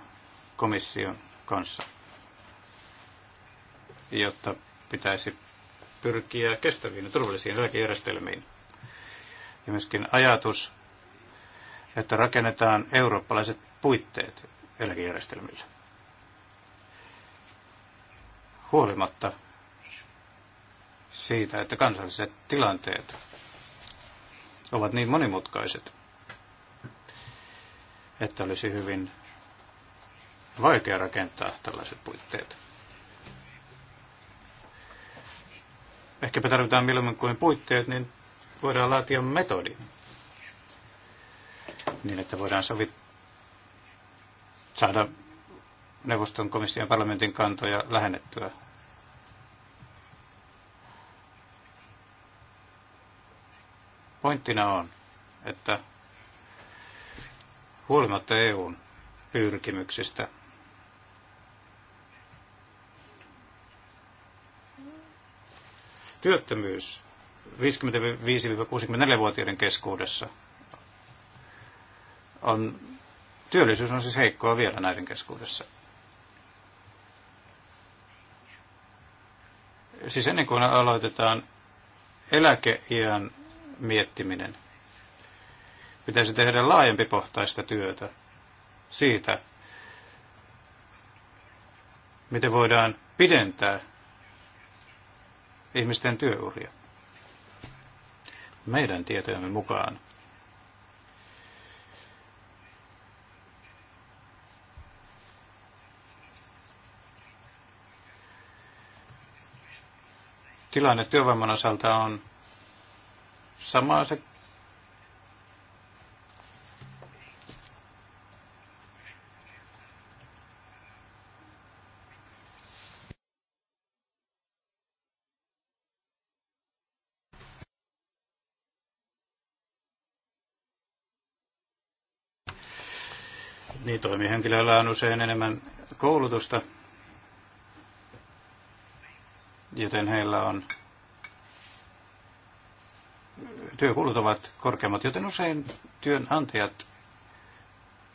komission kanssa, jotta pitäisi pyrkiä kestäviin ja turvallisiin eläkejärjestelmiin. Ja myöskin ajatus, että rakennetaan eurooppalaiset puitteet eläkejärjestelmille. Huolimatta siitä, että kansalliset tilanteet ovat niin monimutkaiset – että olisi hyvin vaikea rakentaa tällaiset puitteet. Ehkäpä tarvitaan mieluummin kuin puitteet, niin voidaan laatia metodi niin, että voidaan sovit saada neuvoston komission parlamentin kantoja lähennettyä pointtina on, että huolimatta EUn pyrkimyksistä. Työttömyys 55-64-vuotiaiden keskuudessa on, työllisyys on siis heikkoa vielä näiden keskuudessa. Siis ennen kuin aloitetaan eläkeiän miettiminen – Pitäisi tehdä laajempi pohtaista työtä siitä, miten voidaan pidentää ihmisten työuria. Meidän tietojemme mukaan tilanne työvoiman osalta on sama se Eli toimihenkilöllä on usein enemmän koulutusta, joten heillä on työkulut ovat korkeammat, joten usein työnantajat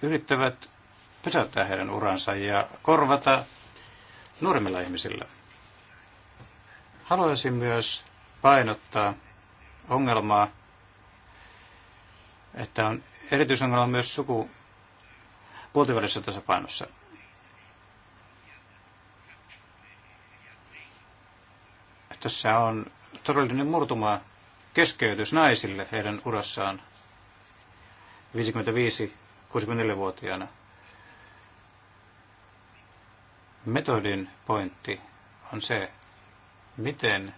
yrittävät pysäyttää heidän uransa ja korvata nuoremmilla ihmisillä. Haluaisin myös painottaa ongelmaa, että on erityisongelma myös suku, puolivälisessä tasapainossa. Tässä on todellinen murtuma keskeytys naisille heidän urassaan 55-64-vuotiaana. Metodin pointti on se, miten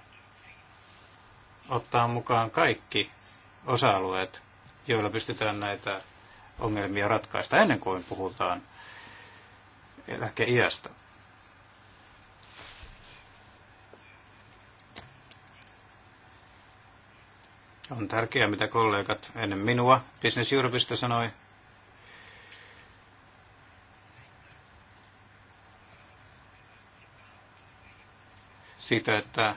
ottaa mukaan kaikki osa-alueet, joilla pystytään näitä ongelmia ratkaista ennen kuin puhutaan eläkeiästä. On tärkeää, mitä kollegat ennen minua Business Europeista sanoi. Siitä, että,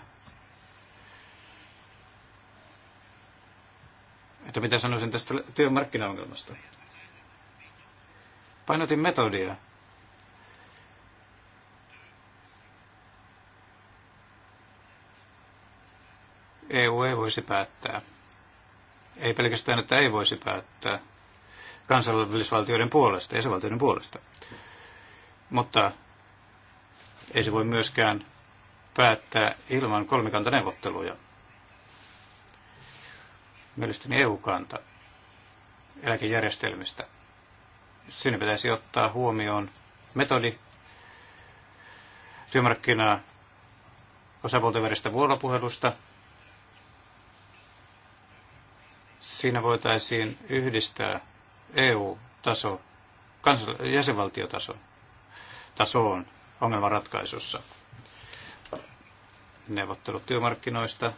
että mitä sanoisin tästä työmarkkinaongelmasta. Painotin metodia. EU ei voisi päättää. Ei pelkästään, että ei voisi päättää kansallisvaltioiden puolesta, jäsenvaltioiden puolesta. Mutta ei se voi myöskään päättää ilman kolmikantaneuvotteluja. Mielestäni EU-kanta eläkejärjestelmistä – siinä pitäisi ottaa huomioon metodi työmarkkinaa osapuolten välistä vuoropuhelusta. Siinä voitaisiin yhdistää EU-taso kansal- jäsenvaltiotaso tasoon ongelmanratkaisussa. Neuvottelut työmarkkinoista,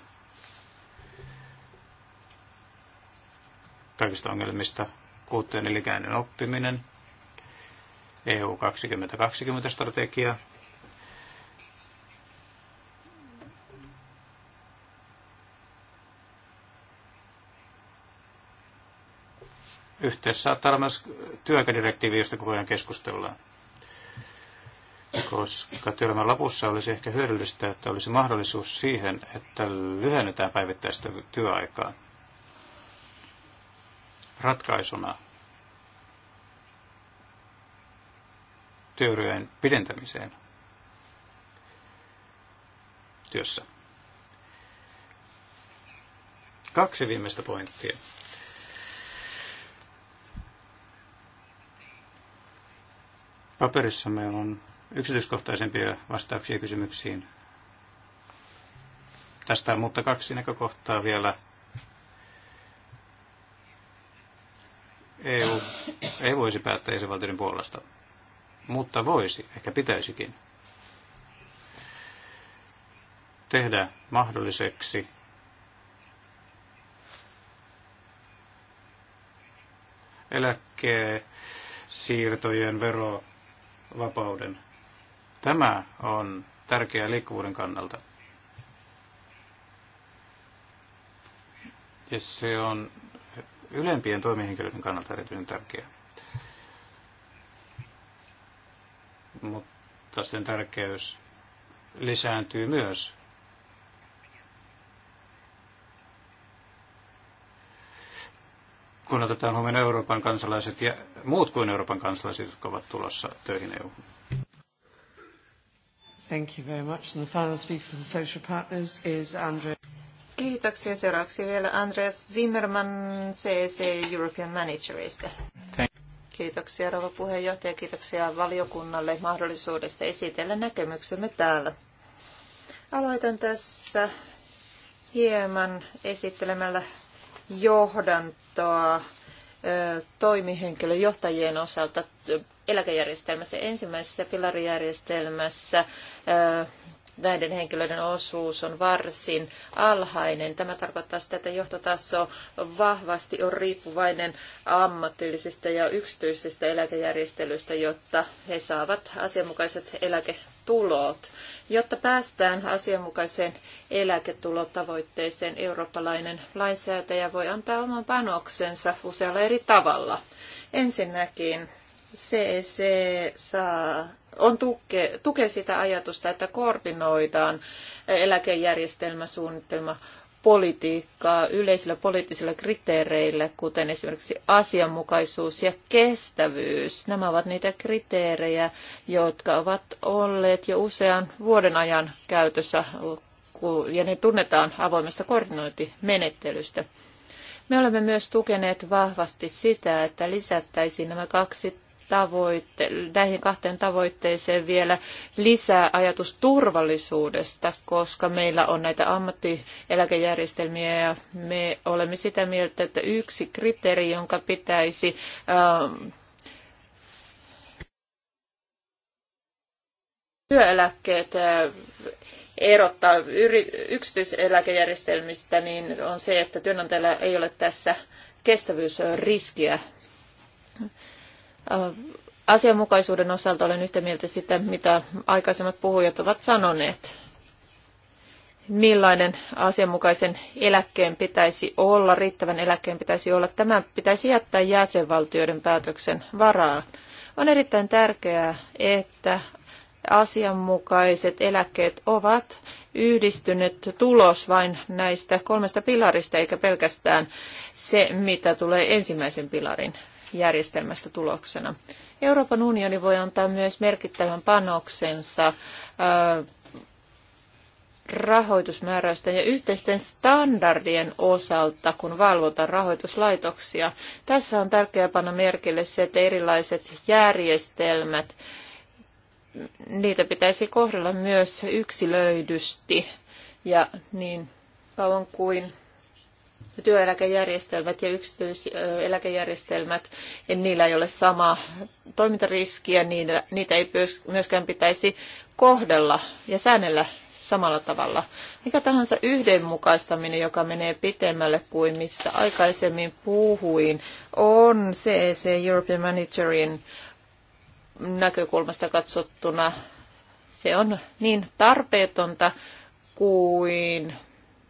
kaikista ongelmista tehokkuuteen, käännön oppiminen, EU 2020-strategia, Yhteessä saattaa olla myös työaikadirektiivi, josta koko ajan keskustellaan. Koska työelämän lopussa olisi ehkä hyödyllistä, että olisi mahdollisuus siihen, että lyhennetään päivittäistä työaikaa ratkaisuna työurien pidentämiseen työssä. Kaksi viimeistä pointtia. Paperissamme on yksityiskohtaisempia vastauksia kysymyksiin tästä, mutta kaksi näkökohtaa vielä EU ei voisi päättää jäsenvaltioiden puolesta, mutta voisi, ehkä pitäisikin, tehdä mahdolliseksi eläkkeen siirtojen verovapauden. Tämä on tärkeää liikkuvuuden kannalta. Ja se on ylempien toimihenkilöiden kannalta erityisen tärkeää. Mutta sen tärkeys lisääntyy myös kun otetaan huomioon Euroopan kansalaiset ja muut kuin Euroopan kansalaiset, jotka ovat tulossa töihin EU. Thank you very much. And the final speaker for the social partners is Andrew. Kiitoksia. Seuraavaksi vielä Andreas Zimmerman, CEC European Managerista. Kiitoksia rouva puheenjohtaja, kiitoksia valiokunnalle mahdollisuudesta esitellä näkemyksemme täällä. Aloitan tässä hieman esittelemällä johdantoa toimihenkilöjohtajien osalta eläkejärjestelmässä, ensimmäisessä pilarijärjestelmässä näiden henkilöiden osuus on varsin alhainen. Tämä tarkoittaa sitä, että johtotaso vahvasti on riippuvainen ammatillisista ja yksityisistä eläkejärjestelyistä, jotta he saavat asianmukaiset eläketulot. Jotta päästään asianmukaiseen eläketulotavoitteeseen, eurooppalainen lainsäätäjä voi antaa oman panoksensa usealla eri tavalla. Ensinnäkin CEC saa on tuke, tuke sitä ajatusta, että koordinoidaan eläkejärjestelmäsuunnitelma politiikkaa yleisillä poliittisilla kriteereillä, kuten esimerkiksi asianmukaisuus ja kestävyys. Nämä ovat niitä kriteerejä, jotka ovat olleet jo usean vuoden ajan käytössä ja ne tunnetaan avoimesta koordinointimenettelystä. Me olemme myös tukeneet vahvasti sitä, että lisättäisiin nämä kaksi tavoitte, näihin kahteen tavoitteeseen vielä lisää ajatus turvallisuudesta, koska meillä on näitä ammattieläkejärjestelmiä ja me olemme sitä mieltä, että yksi kriteeri, jonka pitäisi ähm, työeläkkeet äh, erottaa yksityiseläkejärjestelmistä, niin on se, että työnantajalla ei ole tässä kestävyysriskiä asianmukaisuuden osalta olen yhtä mieltä sitä, mitä aikaisemmat puhujat ovat sanoneet. Millainen asianmukaisen eläkkeen pitäisi olla, riittävän eläkkeen pitäisi olla, tämä pitäisi jättää jäsenvaltioiden päätöksen varaan. On erittäin tärkeää, että asianmukaiset eläkkeet ovat yhdistynyt tulos vain näistä kolmesta pilarista, eikä pelkästään se, mitä tulee ensimmäisen pilarin järjestelmästä tuloksena. Euroopan unioni voi antaa myös merkittävän panoksensa rahoitusmääräysten ja yhteisten standardien osalta, kun valvotaan rahoituslaitoksia. Tässä on tärkeää panna merkille se, että erilaiset järjestelmät, niitä pitäisi kohdella myös yksilöidysti ja niin kauan kuin työeläkejärjestelmät ja yksityiseläkejärjestelmät, niillä ei ole sama ja niitä ei myöskään pitäisi kohdella ja säännellä samalla tavalla. Mikä tahansa yhdenmukaistaminen, joka menee pitemmälle kuin mistä aikaisemmin puhuin, on CEC European Managerin näkökulmasta katsottuna. Se on niin tarpeetonta kuin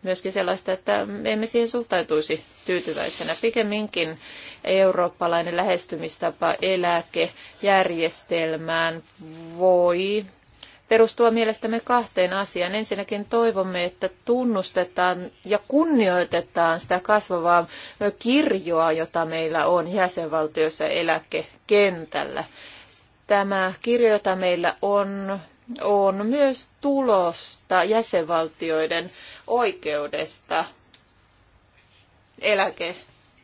myöskin sellaista, että emme siihen suhtautuisi tyytyväisenä. Pikemminkin eurooppalainen lähestymistapa eläkejärjestelmään voi perustua mielestämme kahteen asiaan. Ensinnäkin toivomme, että tunnustetaan ja kunnioitetaan sitä kasvavaa kirjoa, jota meillä on jäsenvaltioissa eläkekentällä. Tämä kirjo, jota meillä on, on myös tulosta jäsenvaltioiden oikeudesta eläke,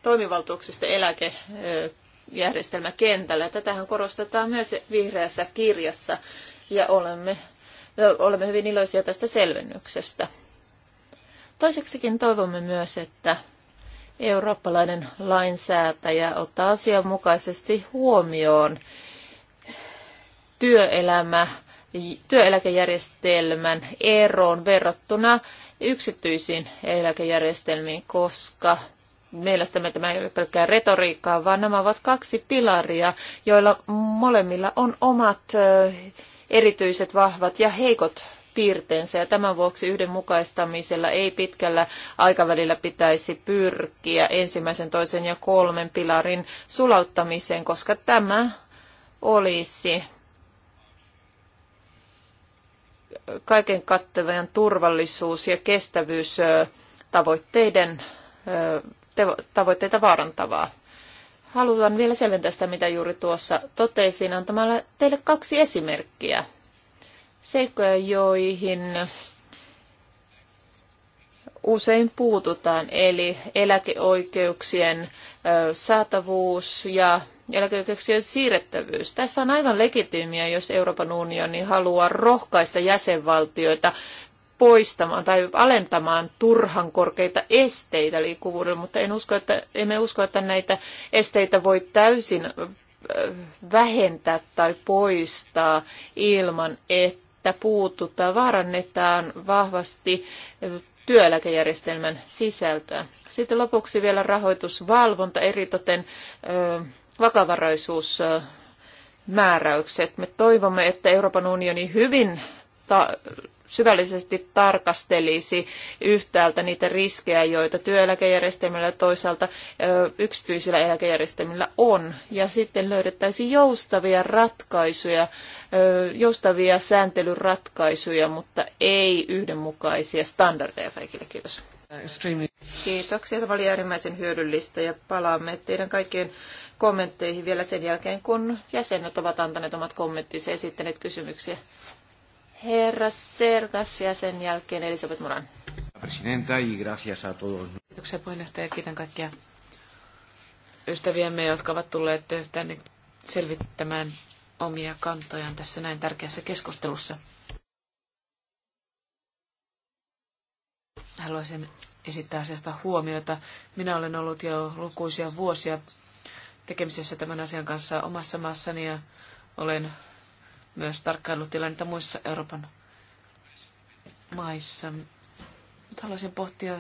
toimivaltuuksista eläkejärjestelmäkentällä. Tätähän korostetaan myös vihreässä kirjassa ja olemme, no, olemme hyvin iloisia tästä selvennyksestä. Toiseksikin toivomme myös, että eurooppalainen lainsäätäjä ottaa asianmukaisesti huomioon työelämä, työeläkejärjestelmän eroon verrattuna yksityisiin eläkejärjestelmiin, koska mielestämme tämä ei ole pelkkää retoriikkaa, vaan nämä ovat kaksi pilaria, joilla molemmilla on omat erityiset vahvat ja heikot piirteensä ja tämän vuoksi yhdenmukaistamisella ei pitkällä aikavälillä pitäisi pyrkiä ensimmäisen, toisen ja kolmen pilarin sulauttamiseen, koska tämä olisi kaiken kattavien turvallisuus- ja kestävyystavoitteiden tavoitteita vaarantavaa. Haluan vielä selventää sitä, mitä juuri tuossa totesin, antamalla teille kaksi esimerkkiä. Seikkoja, joihin usein puututaan, eli eläkeoikeuksien saatavuus ja eläkeyhteyksien siirrettävyys. Tässä on aivan legitiimiä, jos Euroopan unioni haluaa rohkaista jäsenvaltioita poistamaan tai alentamaan turhan korkeita esteitä liikkuvuudelle, mutta en usko, että, emme usko, että näitä esteitä voi täysin vähentää tai poistaa ilman, että puututaan, vaarannetaan vahvasti työeläkejärjestelmän sisältöä. Sitten lopuksi vielä rahoitusvalvonta, eritoten vakavaraisuusmääräykset. Me toivomme, että Euroopan unioni hyvin syvällisesti tarkastelisi yhtäältä niitä riskejä, joita työeläkejärjestelmillä ja toisaalta yksityisillä eläkejärjestelmillä on. Ja sitten löydettäisiin joustavia ratkaisuja, joustavia sääntelyratkaisuja, mutta ei yhdenmukaisia standardeja kaikille. Kiitos. Kiitoksia. Tämä oli äärimmäisen hyödyllistä ja palaamme teidän kaikkien kommentteihin vielä sen jälkeen, kun jäsenet ovat antaneet omat kommenttinsa ja esittäneet kysymyksiä. Herra Sergas ja sen jälkeen Elisabeth Moran. Presidenta Kiitoksia puheenjohtaja. Kiitän kaikkia ystäviämme, jotka ovat tulleet tänne selvittämään omia kantojaan tässä näin tärkeässä keskustelussa. Haluaisin esittää asiasta huomiota. Minä olen ollut jo lukuisia vuosia tekemisessä tämän asian kanssa omassa maassani ja olen myös tarkkaillut tilannetta muissa Euroopan maissa. Mutta haluaisin pohtia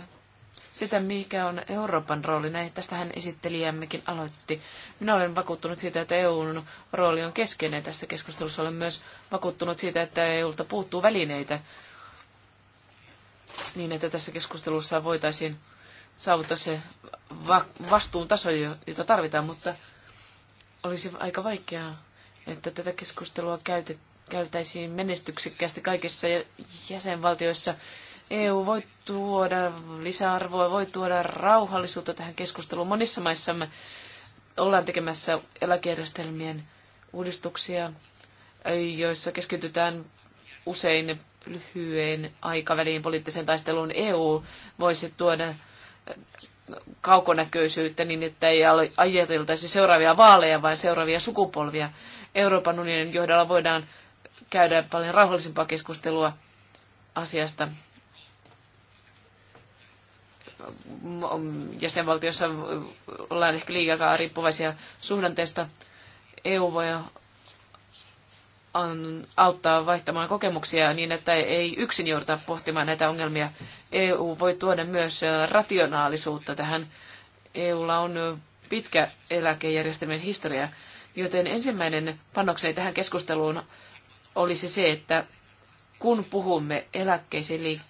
sitä, mikä on Euroopan rooli. Näin, tästähän esittelijämmekin aloitti. Minä olen vakuuttunut siitä, että EUn rooli on keskeinen tässä keskustelussa. Olen myös vakuuttunut siitä, että EUlta puuttuu välineitä niin, että tässä keskustelussa voitaisiin saavuttaa se va- vastuun taso, jota tarvitaan, mutta olisi aika vaikeaa, että tätä keskustelua käytet, käytäisiin menestyksekkäästi kaikissa jäsenvaltioissa. EU voi tuoda lisäarvoa, voi tuoda rauhallisuutta tähän keskusteluun. Monissa maissa me ollaan tekemässä eläkejärjestelmien uudistuksia, joissa keskitytään usein lyhyen aikaväliin poliittiseen taisteluun. EU voisi tuoda kaukonäköisyyttä niin, että ei ajateltaisi seuraavia vaaleja, vaan seuraavia sukupolvia. Euroopan unionin johdolla voidaan käydä paljon rauhallisempaa keskustelua asiasta. Jäsenvaltiossa ollaan ehkä liikaa riippuvaisia suhdanteista. EU voi auttaa vaihtamaan kokemuksia niin, että ei yksin jouduta pohtimaan näitä ongelmia EU voi tuoda myös rationaalisuutta tähän. EUlla on pitkä eläkejärjestelmän historia, joten ensimmäinen panokseni tähän keskusteluun olisi se, että kun puhumme eläkkeisiin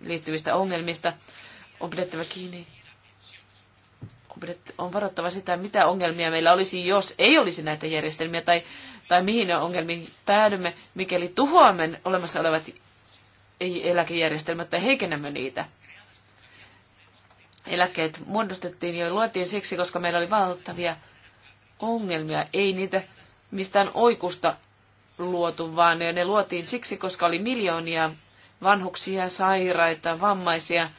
liittyvistä ongelmista, on pidettävä kiinni on varattava sitä, mitä ongelmia meillä olisi, jos ei olisi näitä järjestelmiä, tai, tai mihin ongelmiin päädymme, mikäli tuhoamme olemassa olevat eläkejärjestelmät tai heikennämme niitä. Eläkkeet muodostettiin ja luotiin siksi, koska meillä oli valtavia ongelmia. Ei niitä mistään oikusta luotu, vaan ne luotiin siksi, koska oli miljoonia vanhuksia, sairaita, vammaisia,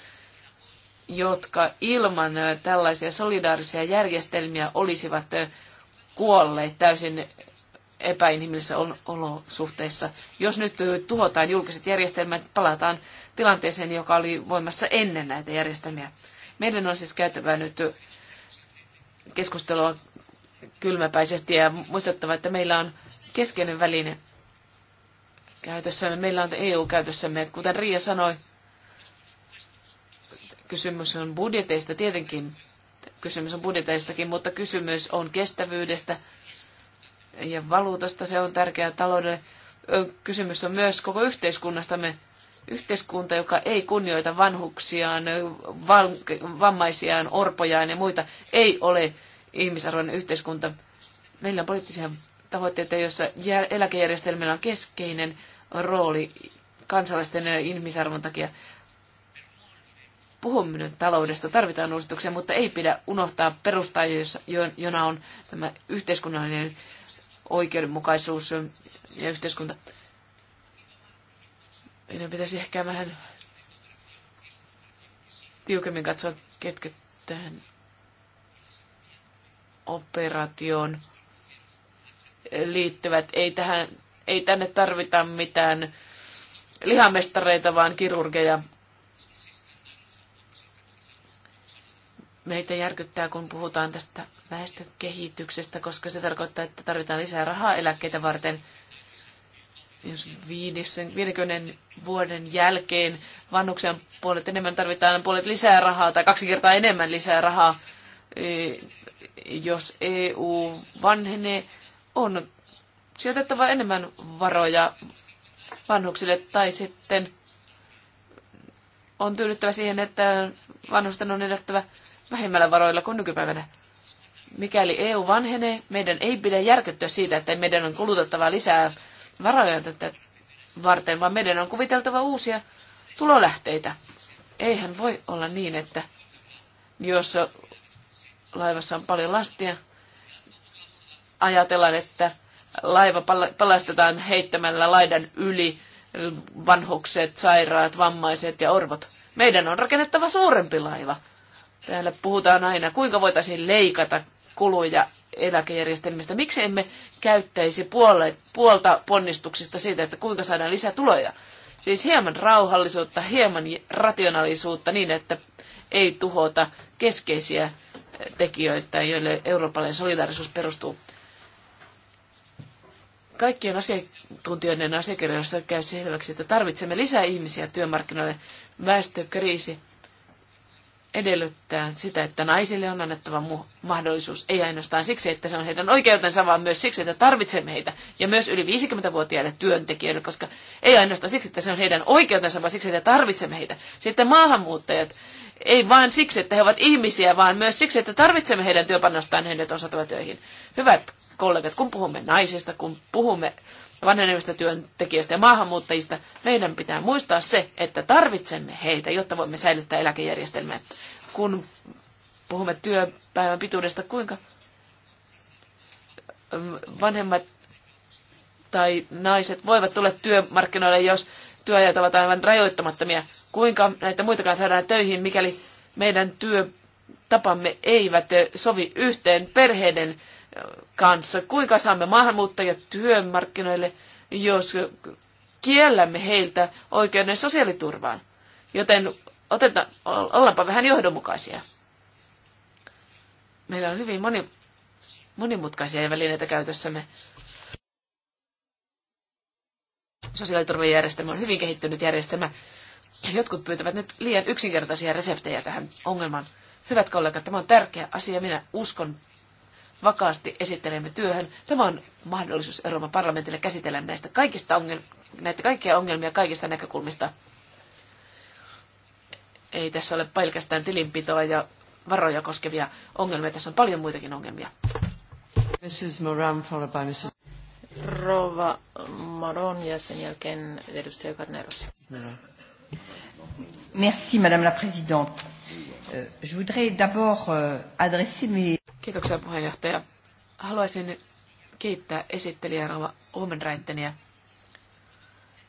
jotka ilman äh, tällaisia solidaarisia järjestelmiä olisivat äh, kuolleet täysin epäinhimillisissä olosuhteissa. Jos nyt tuhotaan julkiset järjestelmät, palataan tilanteeseen, joka oli voimassa ennen näitä järjestelmiä. Meidän on siis käytävä nyt keskustelua kylmäpäisesti ja muistettava, että meillä on keskeinen väline käytössämme. Meillä on EU-käytössämme, kuten Riia sanoi, kysymys on budjeteista tietenkin. Kysymys on budjeteistakin, mutta kysymys on kestävyydestä ja valuutasta. Se on tärkeää taloudelle. Kysymys on myös koko yhteiskunnastamme. Yhteiskunta, joka ei kunnioita vanhuksiaan, vammaisiaan, orpojaan ja muita, ei ole ihmisarvoinen yhteiskunta. Meillä on poliittisia tavoitteita, joissa eläkejärjestelmällä on keskeinen rooli kansalaisten ihmisarvon takia. Puhumme nyt taloudesta, tarvitaan uudistuksia, mutta ei pidä unohtaa perustajia, jona on tämä yhteiskunnallinen oikeudenmukaisuus ja yhteiskunta. Meidän pitäisi ehkä vähän tiukemmin katsoa, ketkä tähän operaatioon liittyvät. Ei, tähän, ei tänne tarvita mitään lihamestareita, vaan kirurgeja. Meitä järkyttää, kun puhutaan tästä väestökehityksestä, koska se tarkoittaa, että tarvitaan lisää rahaa eläkkeitä varten. Jos 50 vuoden jälkeen vannuksen puolet enemmän tarvitaan puolet lisää rahaa tai kaksi kertaa enemmän lisää rahaa, e, jos EU vanhenee, on sijoitettava enemmän varoja vanhuksille tai sitten on tyydyttävä siihen, että vanhusten on edettävä vähemmällä varoilla kuin nykypäivänä. Mikäli EU vanhenee, meidän ei pidä järkyttyä siitä, että meidän on kulutettava lisää varoja tätä varten, vaan meidän on kuviteltava uusia tulolähteitä. Eihän voi olla niin, että jos laivassa on paljon lastia, ajatellaan, että laiva palastetaan heittämällä laidan yli vanhukset, sairaat, vammaiset ja orvot. Meidän on rakennettava suurempi laiva – Täällä puhutaan aina, kuinka voitaisiin leikata kuluja eläkejärjestelmistä. Miksi emme käyttäisi puole, puolta ponnistuksista siitä, että kuinka saadaan lisää tuloja? Siis hieman rauhallisuutta, hieman rationaalisuutta niin, että ei tuhota keskeisiä tekijöitä, joille eurooppalainen solidaarisuus perustuu. Kaikkien asiantuntijoiden asiakirjoissa käy selväksi, että tarvitsemme lisää ihmisiä työmarkkinoille. Väestökriisi edellyttää sitä, että naisille on annettava mahdollisuus, ei ainoastaan siksi, että se on heidän oikeutensa, vaan myös siksi, että tarvitsemme heitä. Ja myös yli 50-vuotiaille työntekijöille, koska ei ainoastaan siksi, että se on heidän oikeutensa, vaan siksi, että tarvitsemme heitä. Sitten maahanmuuttajat, ei vain siksi, että he ovat ihmisiä, vaan myös siksi, että tarvitsemme heidän työpanostaan heidät saatava töihin. Hyvät kollegat, kun puhumme naisista, kun puhumme vanhenevista työntekijöistä ja maahanmuuttajista, meidän pitää muistaa se, että tarvitsemme heitä, jotta voimme säilyttää eläkejärjestelmää. Kun puhumme työpäivän pituudesta, kuinka vanhemmat tai naiset voivat tulla työmarkkinoille, jos työajat ovat aivan rajoittamattomia. Kuinka näitä muitakaan saadaan töihin, mikäli meidän työtapamme eivät sovi yhteen perheiden kanssa. Kuinka saamme maahanmuuttajat työmarkkinoille, jos kiellämme heiltä oikeuden sosiaaliturvaan? Joten oteta, ollaanpa vähän johdonmukaisia. Meillä on hyvin moni, monimutkaisia välineitä käytössämme. Sosiaaliturvajärjestelmä on hyvin kehittynyt järjestelmä. Jotkut pyytävät nyt liian yksinkertaisia reseptejä tähän ongelmaan. Hyvät kollegat, tämä on tärkeä asia. Minä uskon vakaasti esittelemme työhön. Tämä on mahdollisuus Euroopan parlamentille käsitellä näistä kaikista ongelmista, näitä kaikkia ongelmia kaikista näkökulmista. Ei tässä ole pelkästään tilinpitoa ja varoja koskevia ongelmia, tässä on paljon muitakin ongelmia. Mrs. Moran, by Mrs. Rova Maron ja sen jälkeen edustaja Karneros. Merci, Madame la Présidente. Euh, je voudrais d'abord euh, adresser mes... Kiitoksia puheenjohtaja. Haluaisin kiittää esittelijä Rova Omenreitteniä,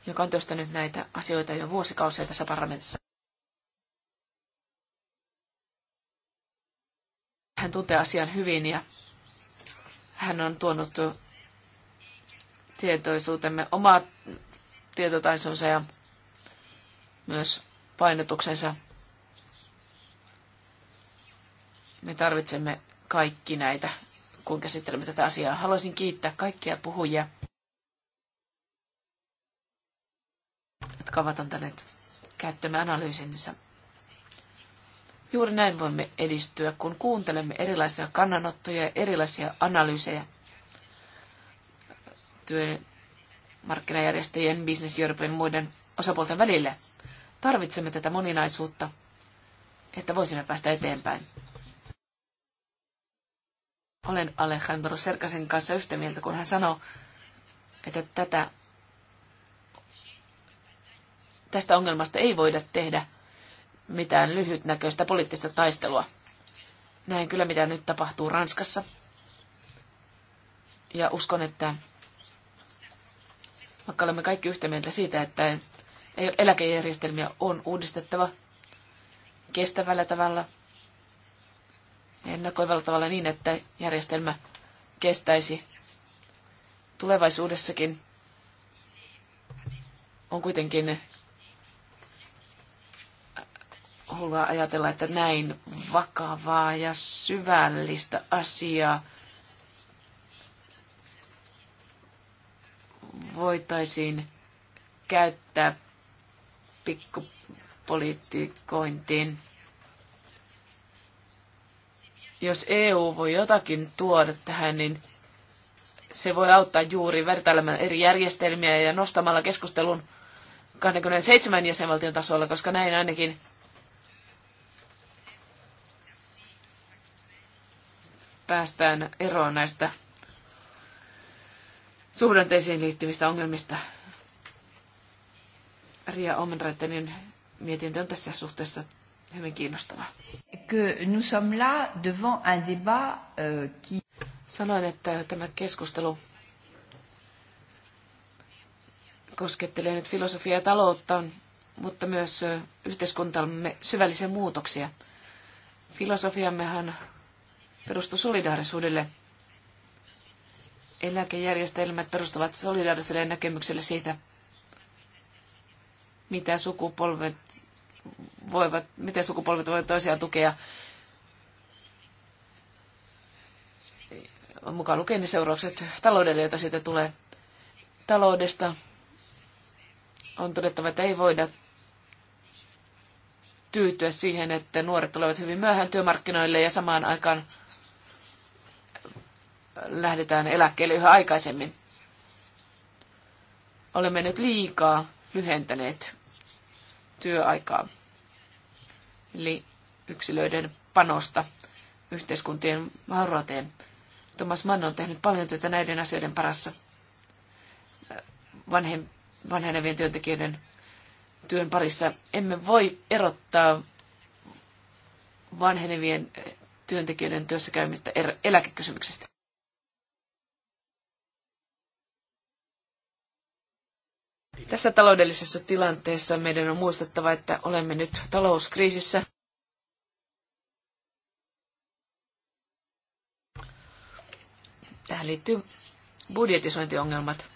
joka on työstänyt näitä asioita jo vuosikausia tässä parlamentissa. Hän tuntee asian hyvin ja hän on tuonut tietoisuutemme omaa tietotaisonsa ja myös painotuksensa. Me tarvitsemme kaikki näitä, kun käsittelemme tätä asiaa. Haluaisin kiittää kaikkia puhujia, jotka ovat antaneet käyttämään analyysinsä. Juuri näin voimme edistyä, kun kuuntelemme erilaisia kannanottoja ja erilaisia analyysejä työmarkkinajärjestöjen, Business Europein muiden osapuolten välille. Tarvitsemme tätä moninaisuutta, että voisimme päästä eteenpäin. Olen Alejandro Serkasen kanssa yhtä mieltä, kun hän sanoo, että tätä, tästä ongelmasta ei voida tehdä mitään lyhytnäköistä poliittista taistelua. Näen kyllä, mitä nyt tapahtuu Ranskassa. Ja uskon, että vaikka olemme kaikki yhtä mieltä siitä, että eläkejärjestelmiä on uudistettava kestävällä tavalla – ennakoivalla tavalla niin, että järjestelmä kestäisi tulevaisuudessakin. On kuitenkin hullua ajatella, että näin vakavaa ja syvällistä asiaa voitaisiin käyttää pikkupoliittikointiin. Jos EU voi jotakin tuoda tähän, niin se voi auttaa juuri vertailemaan eri järjestelmiä ja nostamalla keskustelun 27 jäsenvaltion tasolla, koska näin ainakin päästään eroon näistä suhdanteisiin liittyvistä ongelmista. Ria Omenraittenin mietintö on tässä suhteessa hyvin kiinnostavaa. Que nous sommes là devant un débat, euh, qui... Sanoin, että tämä keskustelu koskettelee nyt filosofiaa ja taloutta, mutta myös yhteiskuntamme syvällisiä muutoksia. Filosofiammehan perustuu solidaarisuudelle. Eläkejärjestelmät perustuvat solidaariselle näkemykselle siitä, mitä sukupolvet voivat, miten sukupolvet voivat toisiaan tukea mukaan lukien ne seuraukset taloudelle, joita siitä tulee. Taloudesta on todettava, että ei voida tyytyä siihen, että nuoret tulevat hyvin myöhään työmarkkinoille ja samaan aikaan lähdetään eläkkeelle yhä aikaisemmin. Olemme nyt liikaa lyhentäneet työaikaa, eli yksilöiden panosta yhteiskuntien haurauteen. Thomas Mann on tehnyt paljon työtä näiden asioiden parassa vanhem, vanhenevien työntekijöiden työn parissa. Emme voi erottaa vanhenevien työntekijöiden työssäkäymistä er-, eläkekysymyksestä. Tässä taloudellisessa tilanteessa meidän on muistettava, että olemme nyt talouskriisissä. Tähän liittyy budjetisointiongelmat.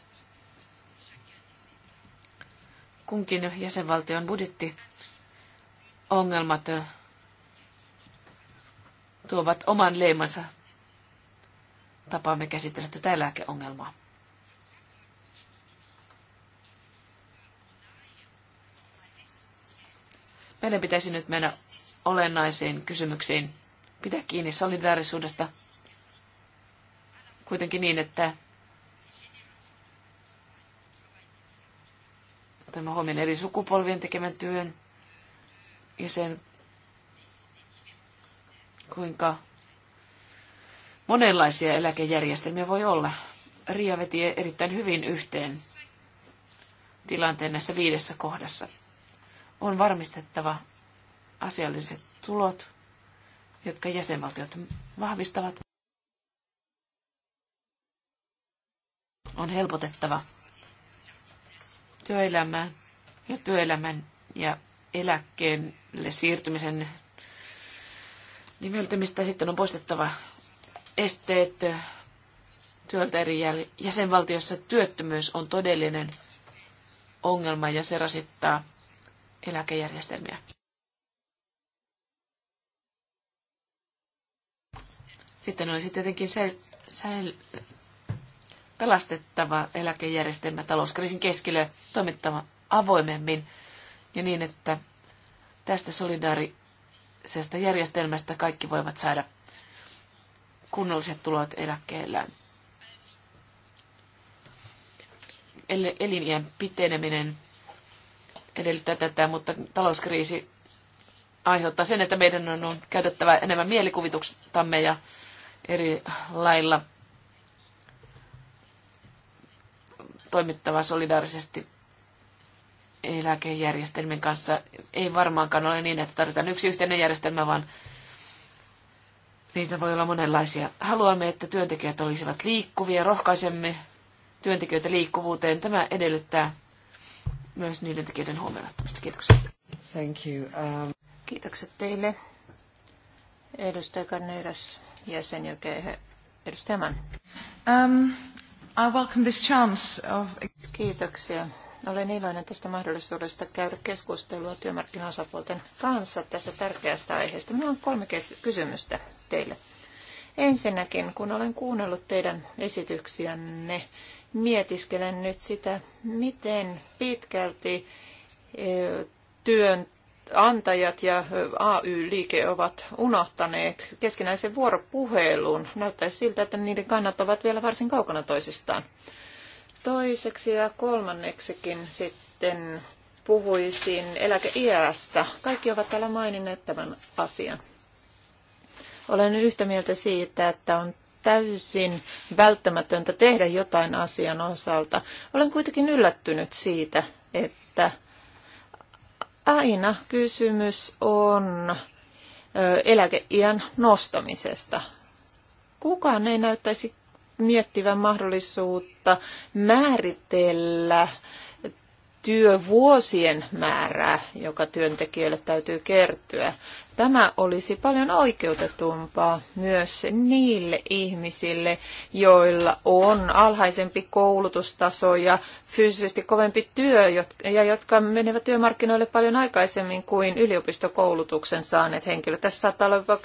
Kunkin jäsenvaltion budjettiongelmat tuovat oman leimansa tapaamme käsitellä tätä eläkeongelmaa. Meidän pitäisi nyt mennä olennaisiin kysymyksiin, pitää kiinni solidaarisuudesta, kuitenkin niin, että otamme huomioon eri sukupolvien tekemän työn ja sen, kuinka monenlaisia eläkejärjestelmiä voi olla. Ria veti erittäin hyvin yhteen tilanteen näissä viidessä kohdassa on varmistettava asialliset tulot, jotka jäsenvaltiot vahvistavat. On helpotettava työelämää ja työelämän ja eläkkeelle siirtymisen nimeltämistä. Sitten on poistettava esteet työltä eri jäsenvaltiossa. Työttömyys on todellinen ongelma ja se rasittaa eläkejärjestelmiä. Sitten olisi tietenkin se, sel, pelastettava eläkejärjestelmä talouskriisin keskellä toimittava avoimemmin ja niin, että tästä solidaarisesta järjestelmästä kaikki voivat saada kunnolliset tulot eläkkeellään. Elinien piteneminen edellyttää tätä, mutta talouskriisi aiheuttaa sen, että meidän on käytettävä enemmän mielikuvituksetamme ja eri lailla toimittava solidaarisesti eläkejärjestelmien kanssa. Ei varmaankaan ole niin, että tarvitaan yksi yhteinen järjestelmä, vaan niitä voi olla monenlaisia. Haluamme, että työntekijät olisivat liikkuvia, rohkaisemme työntekijöitä liikkuvuuteen. Tämä edellyttää myös niiden tekijöiden huomioon ottamista. Kiitoksia. Thank you. Um... Kiitokset teille. Edustaja Kaneiras ja sen jälkeen edustaja Mann. Um, I welcome this chance of... Kiitoksia. Olen iloinen tästä mahdollisuudesta käydä keskustelua työmarkkinaosapuolten kanssa tästä tärkeästä aiheesta. Minulla on kolme kysymystä teille. Ensinnäkin, kun olen kuunnellut teidän esityksiänne mietiskelen nyt sitä, miten pitkälti työnantajat ja AY-liike ovat unohtaneet keskinäisen vuoropuhelun. Näyttää siltä, että niiden kannat ovat vielä varsin kaukana toisistaan. Toiseksi ja kolmanneksikin sitten puhuisin eläkeiästä. Kaikki ovat täällä maininneet tämän asian. Olen yhtä mieltä siitä, että on täysin välttämätöntä tehdä jotain asian osalta. Olen kuitenkin yllättynyt siitä, että aina kysymys on eläkeiän nostamisesta. Kukaan ei näyttäisi miettivän mahdollisuutta määritellä työvuosien määrää, joka työntekijöille täytyy kertyä. Tämä olisi paljon oikeutetumpaa myös niille ihmisille, joilla on alhaisempi koulutustaso ja fyysisesti kovempi työ ja jotka menevät työmarkkinoille paljon aikaisemmin kuin yliopistokoulutuksen saaneet henkilöt. Tässä saattaa olla jopa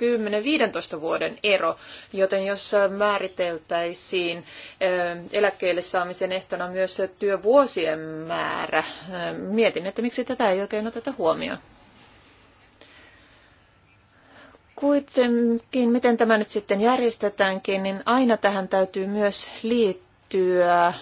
10-15 vuoden ero, joten jos määriteltäisiin eh, eläkkeelle saamisen ehtona myös työvuosien määrä, eh, mietin, että miksi tätä ei oikein oteta huomioon. Kuitenkin, miten tämä nyt sitten järjestetäänkin, niin aina tähän täytyy myös liittyä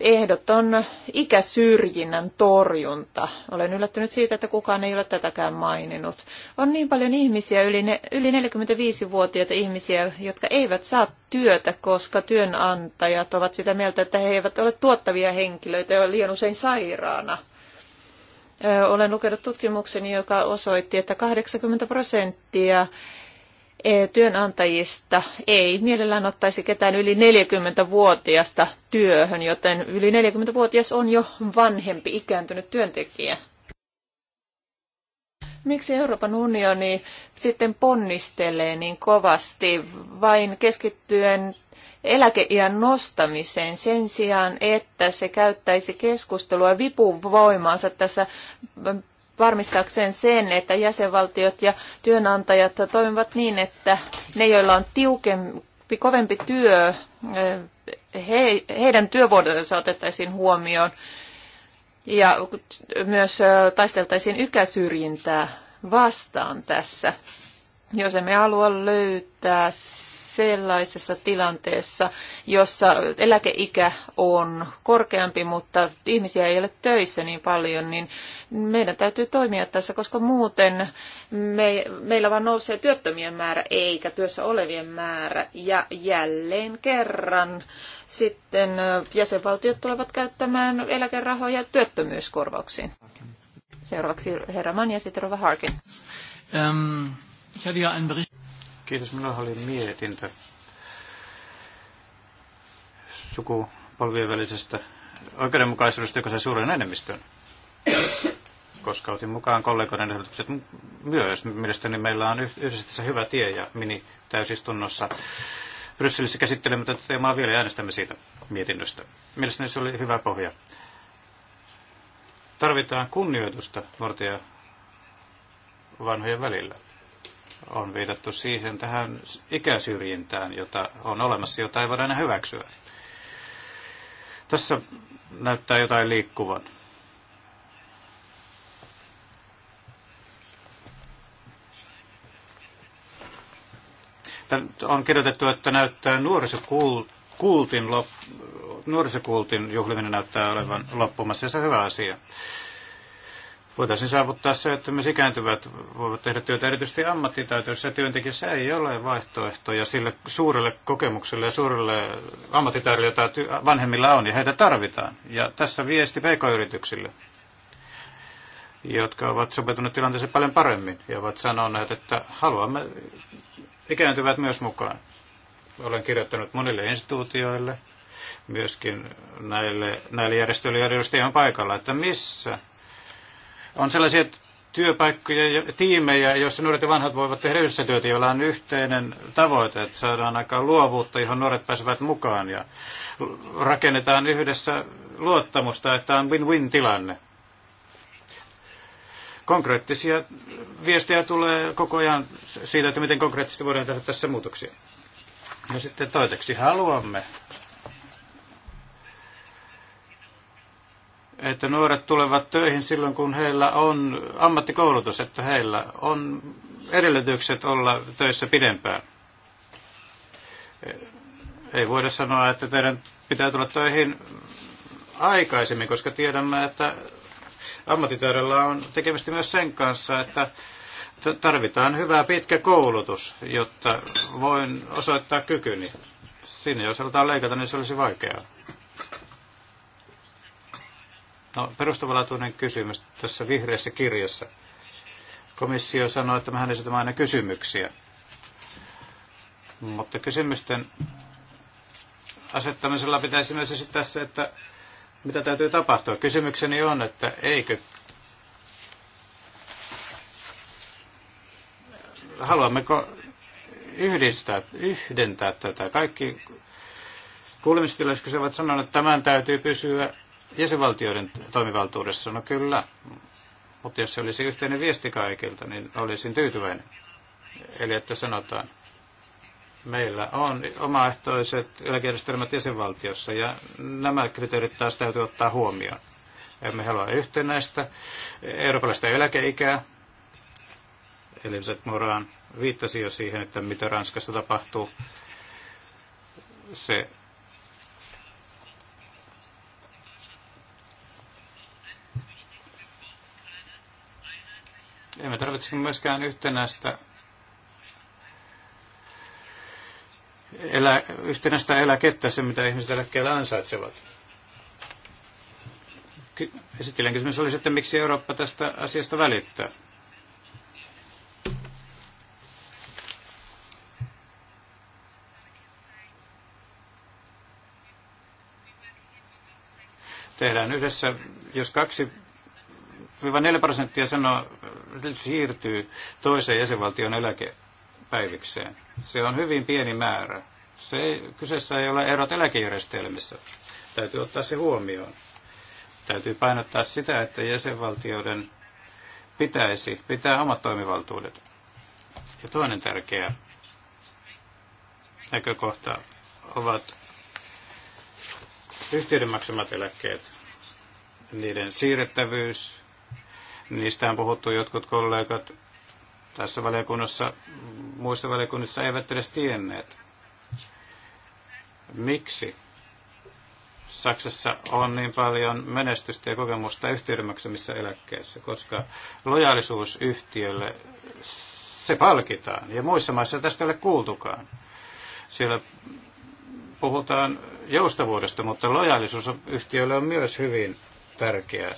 ehdoton ikäsyrjinnän torjunta. Olen yllättynyt siitä, että kukaan ei ole tätäkään maininnut. On niin paljon ihmisiä, yli, 45-vuotiaita ihmisiä, jotka eivät saa työtä, koska työnantajat ovat sitä mieltä, että he eivät ole tuottavia henkilöitä ja liian usein sairaana. Olen lukenut tutkimuksen, joka osoitti, että 80 prosenttia työnantajista ei mielellään ottaisi ketään yli 40-vuotiasta työhön, joten yli 40-vuotias on jo vanhempi ikääntynyt työntekijä. Miksi Euroopan unioni sitten ponnistelee niin kovasti vain keskittyen eläkeiän nostamiseen sen sijaan, että se käyttäisi keskustelua vipuvoimaansa tässä varmistaakseen sen, että jäsenvaltiot ja työnantajat toimivat niin, että ne, joilla on tiukempi, kovempi työ, he, heidän työvuodensa otettaisiin huomioon ja myös taisteltaisiin ykäsyrjintää vastaan tässä, jos emme halua löytää sellaisessa tilanteessa, jossa eläkeikä on korkeampi, mutta ihmisiä ei ole töissä niin paljon, niin meidän täytyy toimia tässä, koska muuten me, meillä vaan nousee työttömien määrä eikä työssä olevien määrä. Ja jälleen kerran sitten jäsenvaltiot tulevat käyttämään eläkerahoja työttömyyskorvauksiin. Seuraavaksi herra Mann ja sitten Rova Harkin. Ähm, ich hatte ja einen Bericht. Kiitos, minulla oli mietintö sukupolvien välisestä oikeudenmukaisuudesta, joka sai suuren enemmistön. Koska otin mukaan kollegoiden ehdotukset myös. Mielestäni meillä on yhdessä tässä hyvä tie ja mini-täysistunnossa Brysselissä käsittelemme tätä teemaa vielä ja äänestämme siitä mietinnöstä. Mielestäni se oli hyvä pohja. Tarvitaan kunnioitusta nuorten ja vanhojen välillä on viitattu siihen tähän ikäsyrjintään, jota on olemassa, jota ei voida enää hyväksyä. Tässä näyttää jotain liikkuvan. on kirjoitettu, että näyttää nuorisokultin, lop, nuorisokultin juhliminen näyttää olevan loppumassa, ja se on hyvä asia voitaisiin saavuttaa se, että myös ikääntyvät voivat tehdä työtä erityisesti ammattitaitoisessa työntekijässä. Ei ole vaihtoehtoja sille suurelle kokemukselle ja suurelle ammattitaidolle, jota vanhemmilla on, ja heitä tarvitaan. Ja tässä viesti pk-yrityksille, jotka ovat sopeutuneet tilanteeseen paljon paremmin ja ovat sanoneet, että haluamme ikääntyvät myös mukaan. Olen kirjoittanut monille instituutioille, myöskin näille, näille järjestöille, joiden on paikalla, että missä on sellaisia työpaikkoja ja tiimejä, joissa nuoret ja vanhat voivat tehdä yhdessä työtä, joilla on yhteinen tavoite, että saadaan aikaan luovuutta, johon nuoret pääsevät mukaan ja rakennetaan yhdessä luottamusta, että on win-win tilanne. Konkreettisia viestejä tulee koko ajan siitä, että miten konkreettisesti voidaan tehdä tässä muutoksia. No sitten toiseksi haluamme että nuoret tulevat töihin silloin, kun heillä on ammattikoulutus, että heillä on edellytykset olla töissä pidempään. Ei voida sanoa, että teidän pitää tulla töihin aikaisemmin, koska tiedämme, että ammattitaidolla on tekemistä myös sen kanssa, että tarvitaan hyvä pitkä koulutus, jotta voin osoittaa kykyni. Siinä jos halutaan leikata, niin se olisi vaikeaa. No, perustavanlaatuinen kysymys tässä vihreässä kirjassa. Komissio sanoi, että mehän esitämme aina kysymyksiä. Mutta kysymysten asettamisella pitäisi myös esittää se, että mitä täytyy tapahtua. Kysymykseni on, että eikö haluammeko yhdistää, yhdentää tätä. Kaikki kuulemistilaiset ovat sanoneet, että tämän täytyy pysyä jäsenvaltioiden toimivaltuudessa? No kyllä, mutta jos se olisi yhteinen viesti kaikilta, niin olisin tyytyväinen. Eli että sanotaan, meillä on omaehtoiset eläkejärjestelmät jäsenvaltiossa ja nämä kriteerit taas täytyy ottaa huomioon. Emme halua yhtenäistä eurooppalaista eläkeikää. eli Eliset Moran viittasi jo siihen, että mitä Ranskassa tapahtuu. Se Emme tarvitse myöskään yhtenäistä elä, yhtenäistä eläkettä, se mitä ihmiset eläkkeellä ansaitsevat. Esittelen kysymys oli sitten, miksi Eurooppa tästä asiasta välittää. Tehdään yhdessä, jos kaksi 3-4 prosenttia sanoo, siirtyy toiseen jäsenvaltion eläkepäivikseen. Se on hyvin pieni määrä. Se ei, kyseessä ei ole erot eläkejärjestelmissä. Täytyy ottaa se huomioon. Täytyy painottaa sitä, että jäsenvaltioiden pitäisi pitää omat toimivaltuudet. Ja toinen tärkeä näkökohta ovat yhtiöiden maksamat eläkkeet, niiden siirrettävyys Niistä on puhuttu jotkut kollegat tässä valiokunnassa, muissa valiokunnissa eivät edes tienneet. Miksi Saksassa on niin paljon menestystä ja kokemusta yhtiömäksämissä eläkkeissä, koska lojaalisuus yhtiölle, se palkitaan. Ja muissa maissa tästä ei ole kuultukaan. Siellä puhutaan joustavuudesta, mutta lojaalisuus yhtiölle on myös hyvin tärkeää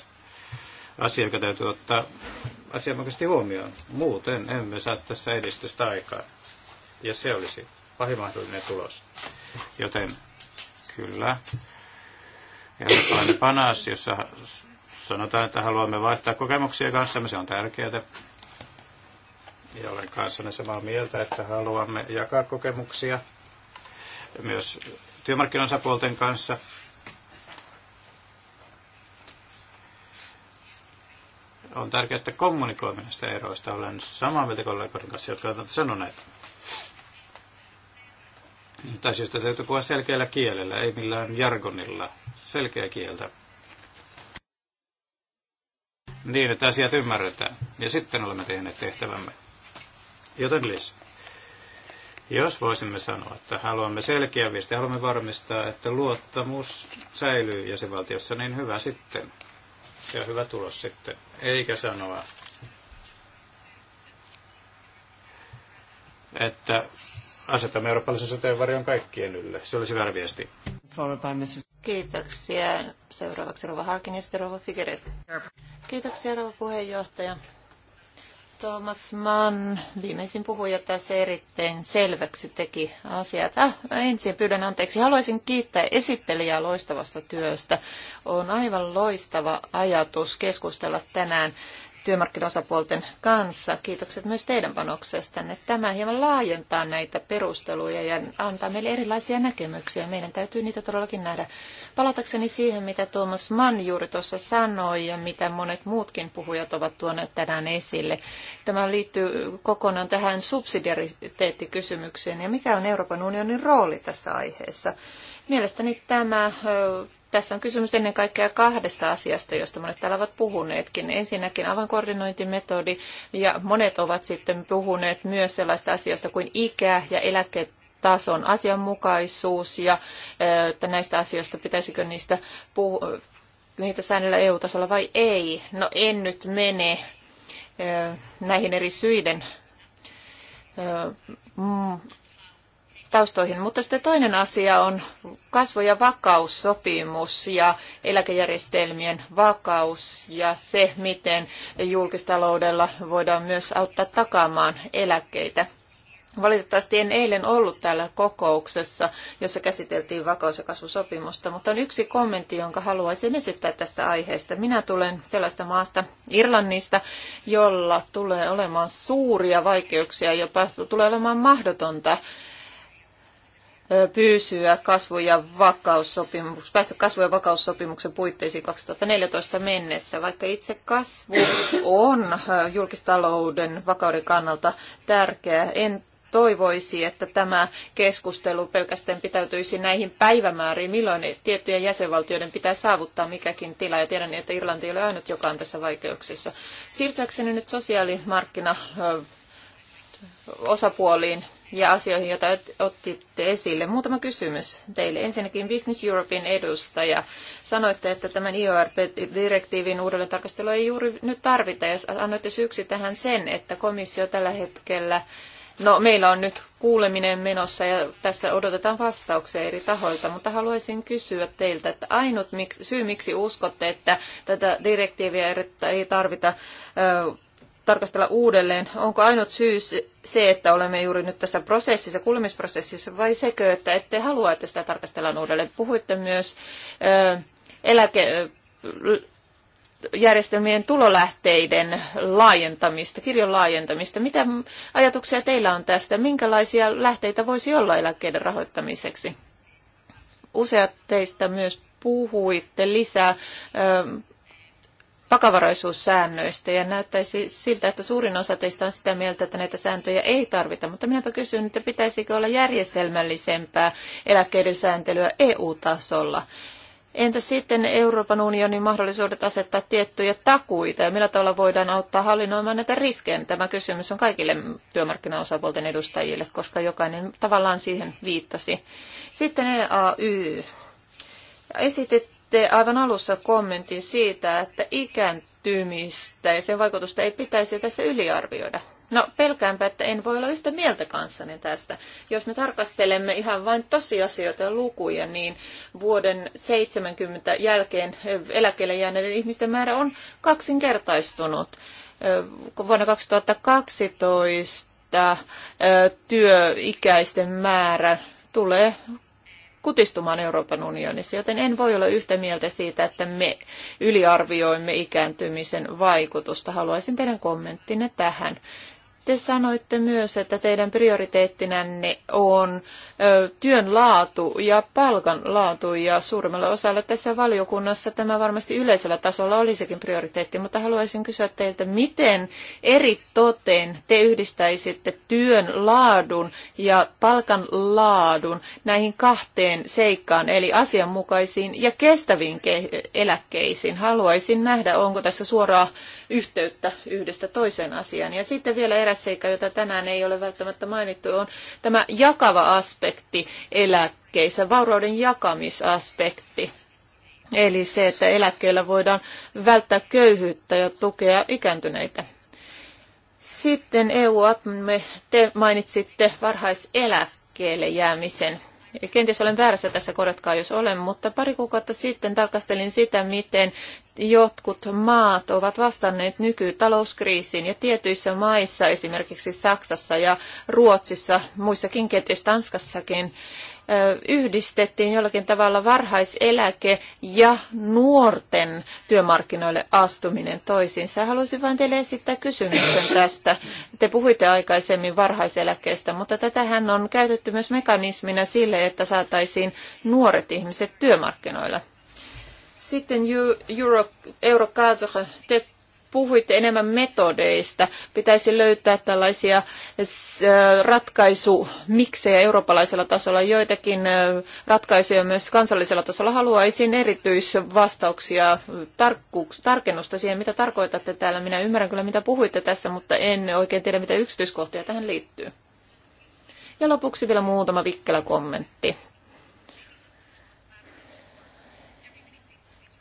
asia, joka täytyy ottaa asianmukaisesti huomioon. Muuten emme saa tässä edistystä aikaan. Ja se olisi pahimahdollinen tulos. Joten kyllä, eurooppalainen panas, jossa sanotaan, että haluamme vaihtaa kokemuksia kanssamme, se on tärkeää. Ja olen kanssanne samaa mieltä, että haluamme jakaa kokemuksia myös työmarkkinosapuolten kanssa on tärkeää, että kommunikoimme näistä eroista. Olen samaa mieltä kollegoiden kanssa, jotka ovat sanoneet. Nyt asioista täytyy puhua selkeällä kielellä, ei millään jargonilla. Selkeä kieltä. Niin, että asiat ymmärretään. Ja sitten olemme tehneet tehtävämme. Joten Liz, jos voisimme sanoa, että haluamme selkeä viesti, haluamme varmistaa, että luottamus säilyy jäsenvaltiossa, niin hyvä sitten. Se on hyvä tulos sitten. Eikä sanoa, että asetamme eurooppalaisen sateenvarjon kaikkien ylle. Se olisi väärä viesti. Kiitoksia. Seuraavaksi Rova Harkin ja Rova Figuered. Kiitoksia Rova puheenjohtaja. Thomas Mann, viimeisin puhuja tässä erittäin selväksi teki asiat. Ah, ensin pyydän anteeksi. Haluaisin kiittää esittelijää loistavasta työstä. On aivan loistava ajatus keskustella tänään työmarkkinosapuolten kanssa. Kiitokset myös teidän panoksestanne. Tämä hieman laajentaa näitä perusteluja ja antaa meille erilaisia näkemyksiä. Meidän täytyy niitä todellakin nähdä. Palatakseni siihen, mitä Tuomas Mann juuri tuossa sanoi ja mitä monet muutkin puhujat ovat tuoneet tänään esille. Tämä liittyy kokonaan tähän subsidiariteettikysymykseen ja mikä on Euroopan unionin rooli tässä aiheessa. Mielestäni tämä tässä on kysymys ennen kaikkea kahdesta asiasta, josta monet täällä ovat puhuneetkin. Ensinnäkin avainkoordinointimetodi ja monet ovat sitten puhuneet myös sellaista asiasta kuin ikä ja eläke tason asianmukaisuus ja että näistä asioista pitäisikö niistä puhu, niitä säännellä EU-tasolla vai ei. No en nyt mene näihin eri syiden taustoihin. Mutta sitten toinen asia on kasvo- ja vakaussopimus ja eläkejärjestelmien vakaus ja se, miten julkistaloudella voidaan myös auttaa takaamaan eläkkeitä. Valitettavasti en eilen ollut täällä kokouksessa, jossa käsiteltiin vakaus- ja kasvusopimusta, mutta on yksi kommentti, jonka haluaisin esittää tästä aiheesta. Minä tulen sellaista maasta, Irlannista, jolla tulee olemaan suuria vaikeuksia, jopa tulee olemaan mahdotonta pyysyä kasvu- ja vakaussopimus, päästä kasvu- ja vakaussopimuksen puitteisiin 2014 mennessä, vaikka itse kasvu on julkistalouden vakauden kannalta tärkeää. En toivoisi, että tämä keskustelu pelkästään pitäytyisi näihin päivämääriin, milloin tiettyjen jäsenvaltioiden pitää saavuttaa mikäkin tila. Ja tiedän, että Irlanti ei ole ainut, joka on tässä vaikeuksissa. Siirtyäkseni nyt sosiaalimarkkina osapuoliin ja asioihin, joita otitte esille. Muutama kysymys teille. Ensinnäkin Business Europein edustaja. Sanoitte, että tämän IORP-direktiivin uudelleen tarkastelu ei juuri nyt tarvita, ja annoitte syyksi tähän sen, että komissio tällä hetkellä No meillä on nyt kuuleminen menossa ja tässä odotetaan vastauksia eri tahoilta, mutta haluaisin kysyä teiltä, että ainut syy miksi uskotte, että tätä direktiiviä ei tarvita tarkastella uudelleen, onko ainut syy se, että olemme juuri nyt tässä prosessissa, kuulemisprosessissa, vai sekö, että ette halua, että sitä tarkastellaan uudelleen. Puhuitte myös eläke järjestelmien tulolähteiden laajentamista, kirjon laajentamista. Mitä ajatuksia teillä on tästä? Minkälaisia lähteitä voisi olla eläkkeiden rahoittamiseksi? Useat teistä myös puhuitte lisää vakavaraisuussäännöistä ja näyttäisi siltä, että suurin osa teistä on sitä mieltä, että näitä sääntöjä ei tarvita. Mutta minäpä kysyn, että pitäisikö olla järjestelmällisempää eläkkeiden sääntelyä EU-tasolla? Entä sitten Euroopan unionin mahdollisuudet asettaa tiettyjä takuita ja millä tavalla voidaan auttaa hallinnoimaan näitä riskejä? Tämä kysymys on kaikille työmarkkinaosapuolten edustajille, koska jokainen tavallaan siihen viittasi. Sitten EAY. Esitit teitte aivan alussa kommentin siitä, että ikääntymistä ja sen vaikutusta ei pitäisi tässä yliarvioida. No pelkäänpä, että en voi olla yhtä mieltä kanssani tästä. Jos me tarkastelemme ihan vain tosiasioita ja lukuja, niin vuoden 70 jälkeen eläkkeelle jääneiden ihmisten määrä on kaksinkertaistunut. Vuonna 2012 työikäisten määrä tulee kutistumaan Euroopan unionissa, joten en voi olla yhtä mieltä siitä, että me yliarvioimme ikääntymisen vaikutusta. Haluaisin teidän kommenttinne tähän. Te sanoitte myös, että teidän prioriteettinänne on ö, työn laatu ja palkan laatu ja suurimmalla osalla tässä valiokunnassa tämä varmasti yleisellä tasolla olisikin prioriteetti, mutta haluaisin kysyä teiltä, miten eri toteen te yhdistäisitte työn laadun ja palkan laadun näihin kahteen seikkaan, eli asianmukaisiin ja kestäviin eläkkeisiin. Haluaisin nähdä, onko tässä suoraa yhteyttä yhdestä toiseen asiaan. Ja sitten vielä eräs seikka, jota tänään ei ole välttämättä mainittu, on tämä jakava aspekti eläkkeissä, vaurauden jakamisaspekti. Eli se, että eläkkeellä voidaan välttää köyhyyttä ja tukea ikääntyneitä. Sitten EU-app, te mainitsitte varhaiseläkkeelle jäämisen Kenties olen väärässä tässä, korjatkaa jos olen, mutta pari kuukautta sitten tarkastelin sitä, miten jotkut maat ovat vastanneet nykytalouskriisiin ja tietyissä maissa, esimerkiksi Saksassa ja Ruotsissa, muissakin kenties Tanskassakin, yhdistettiin jollakin tavalla varhaiseläke ja nuorten työmarkkinoille astuminen toisiinsa. Haluaisin vain teille esittää kysymyksen tästä. Te puhuitte aikaisemmin varhaiseläkkeestä, mutta tätähän on käytetty myös mekanismina sille, että saataisiin nuoret ihmiset työmarkkinoilla. Sitten Euro, Euro puhuitte enemmän metodeista. Pitäisi löytää tällaisia äh, ratkaisumiksejä eurooppalaisella tasolla. Joitakin äh, ratkaisuja myös kansallisella tasolla. Haluaisin erityisvastauksia, tarkennusta siihen, mitä tarkoitatte täällä. Minä ymmärrän kyllä, mitä puhuitte tässä, mutta en oikein tiedä, mitä yksityiskohtia tähän liittyy. Ja lopuksi vielä muutama vikkelä kommentti.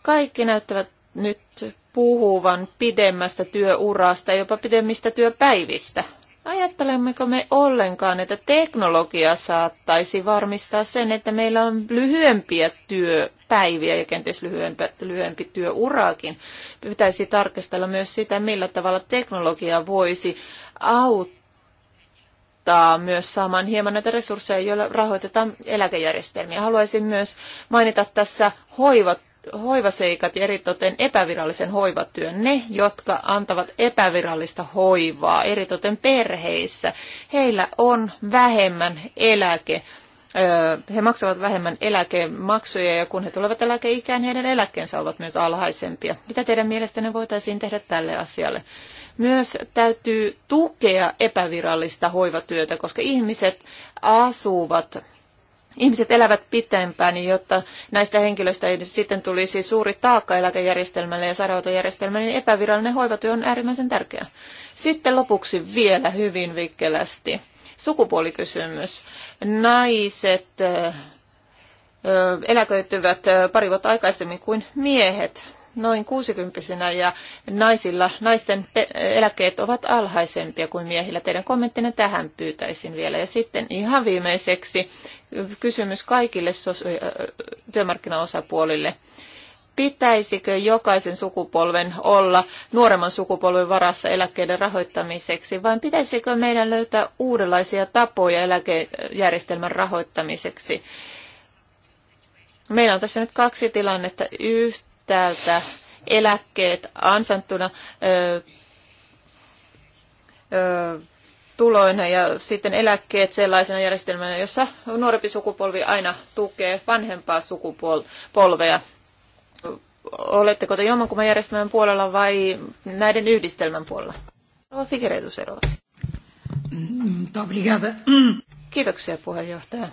Kaikki näyttävät nyt puhuvan pidemmästä työurasta ja jopa pidemmistä työpäivistä. Ajattelemmeko me ollenkaan, että teknologia saattaisi varmistaa sen, että meillä on lyhyempiä työpäiviä ja kenties lyhyempi, lyhyempi työuraakin? Pitäisi tarkastella myös sitä, millä tavalla teknologia voisi auttaa myös saamaan hieman näitä resursseja, joilla rahoitetaan eläkejärjestelmiä. Haluaisin myös mainita tässä hoivat hoivaseikat ja eritoten epävirallisen hoivatyön. Ne, jotka antavat epävirallista hoivaa, eritoten perheissä, heillä on vähemmän eläke. He maksavat vähemmän eläkemaksuja ja kun he tulevat eläkeikään, heidän eläkkeensä ovat myös alhaisempia. Mitä teidän mielestänne voitaisiin tehdä tälle asialle? Myös täytyy tukea epävirallista hoivatyötä, koska ihmiset asuvat ihmiset elävät pitempään, niin jotta näistä henkilöistä ei sitten tulisi suuri taakka eläkejärjestelmälle ja sairaanhoitojärjestelmälle, niin epävirallinen hoivatyö on äärimmäisen tärkeä. Sitten lopuksi vielä hyvin vikkelästi. Sukupuolikysymys. Naiset eläköityvät pari vuotta aikaisemmin kuin miehet noin 60 ja naisilla, naisten eläkkeet ovat alhaisempia kuin miehillä. Teidän kommenttinne tähän pyytäisin vielä. Ja sitten ihan viimeiseksi kysymys kaikille työmarkkinaosapuolille pitäisikö jokaisen sukupolven olla nuoremman sukupolven varassa eläkkeiden rahoittamiseksi, vai pitäisikö meidän löytää uudenlaisia tapoja eläkejärjestelmän rahoittamiseksi? Meillä on tässä nyt kaksi tilannetta. Yhtä täältä eläkkeet ansattuna tuloina ja sitten eläkkeet sellaisena järjestelmänä, jossa nuorempi sukupolvi aina tukee vanhempaa sukupolvea. Oletteko te jommankumman järjestelmän puolella vai näiden yhdistelmän puolella? Rova Figueretus Kiitoksia puheenjohtaja.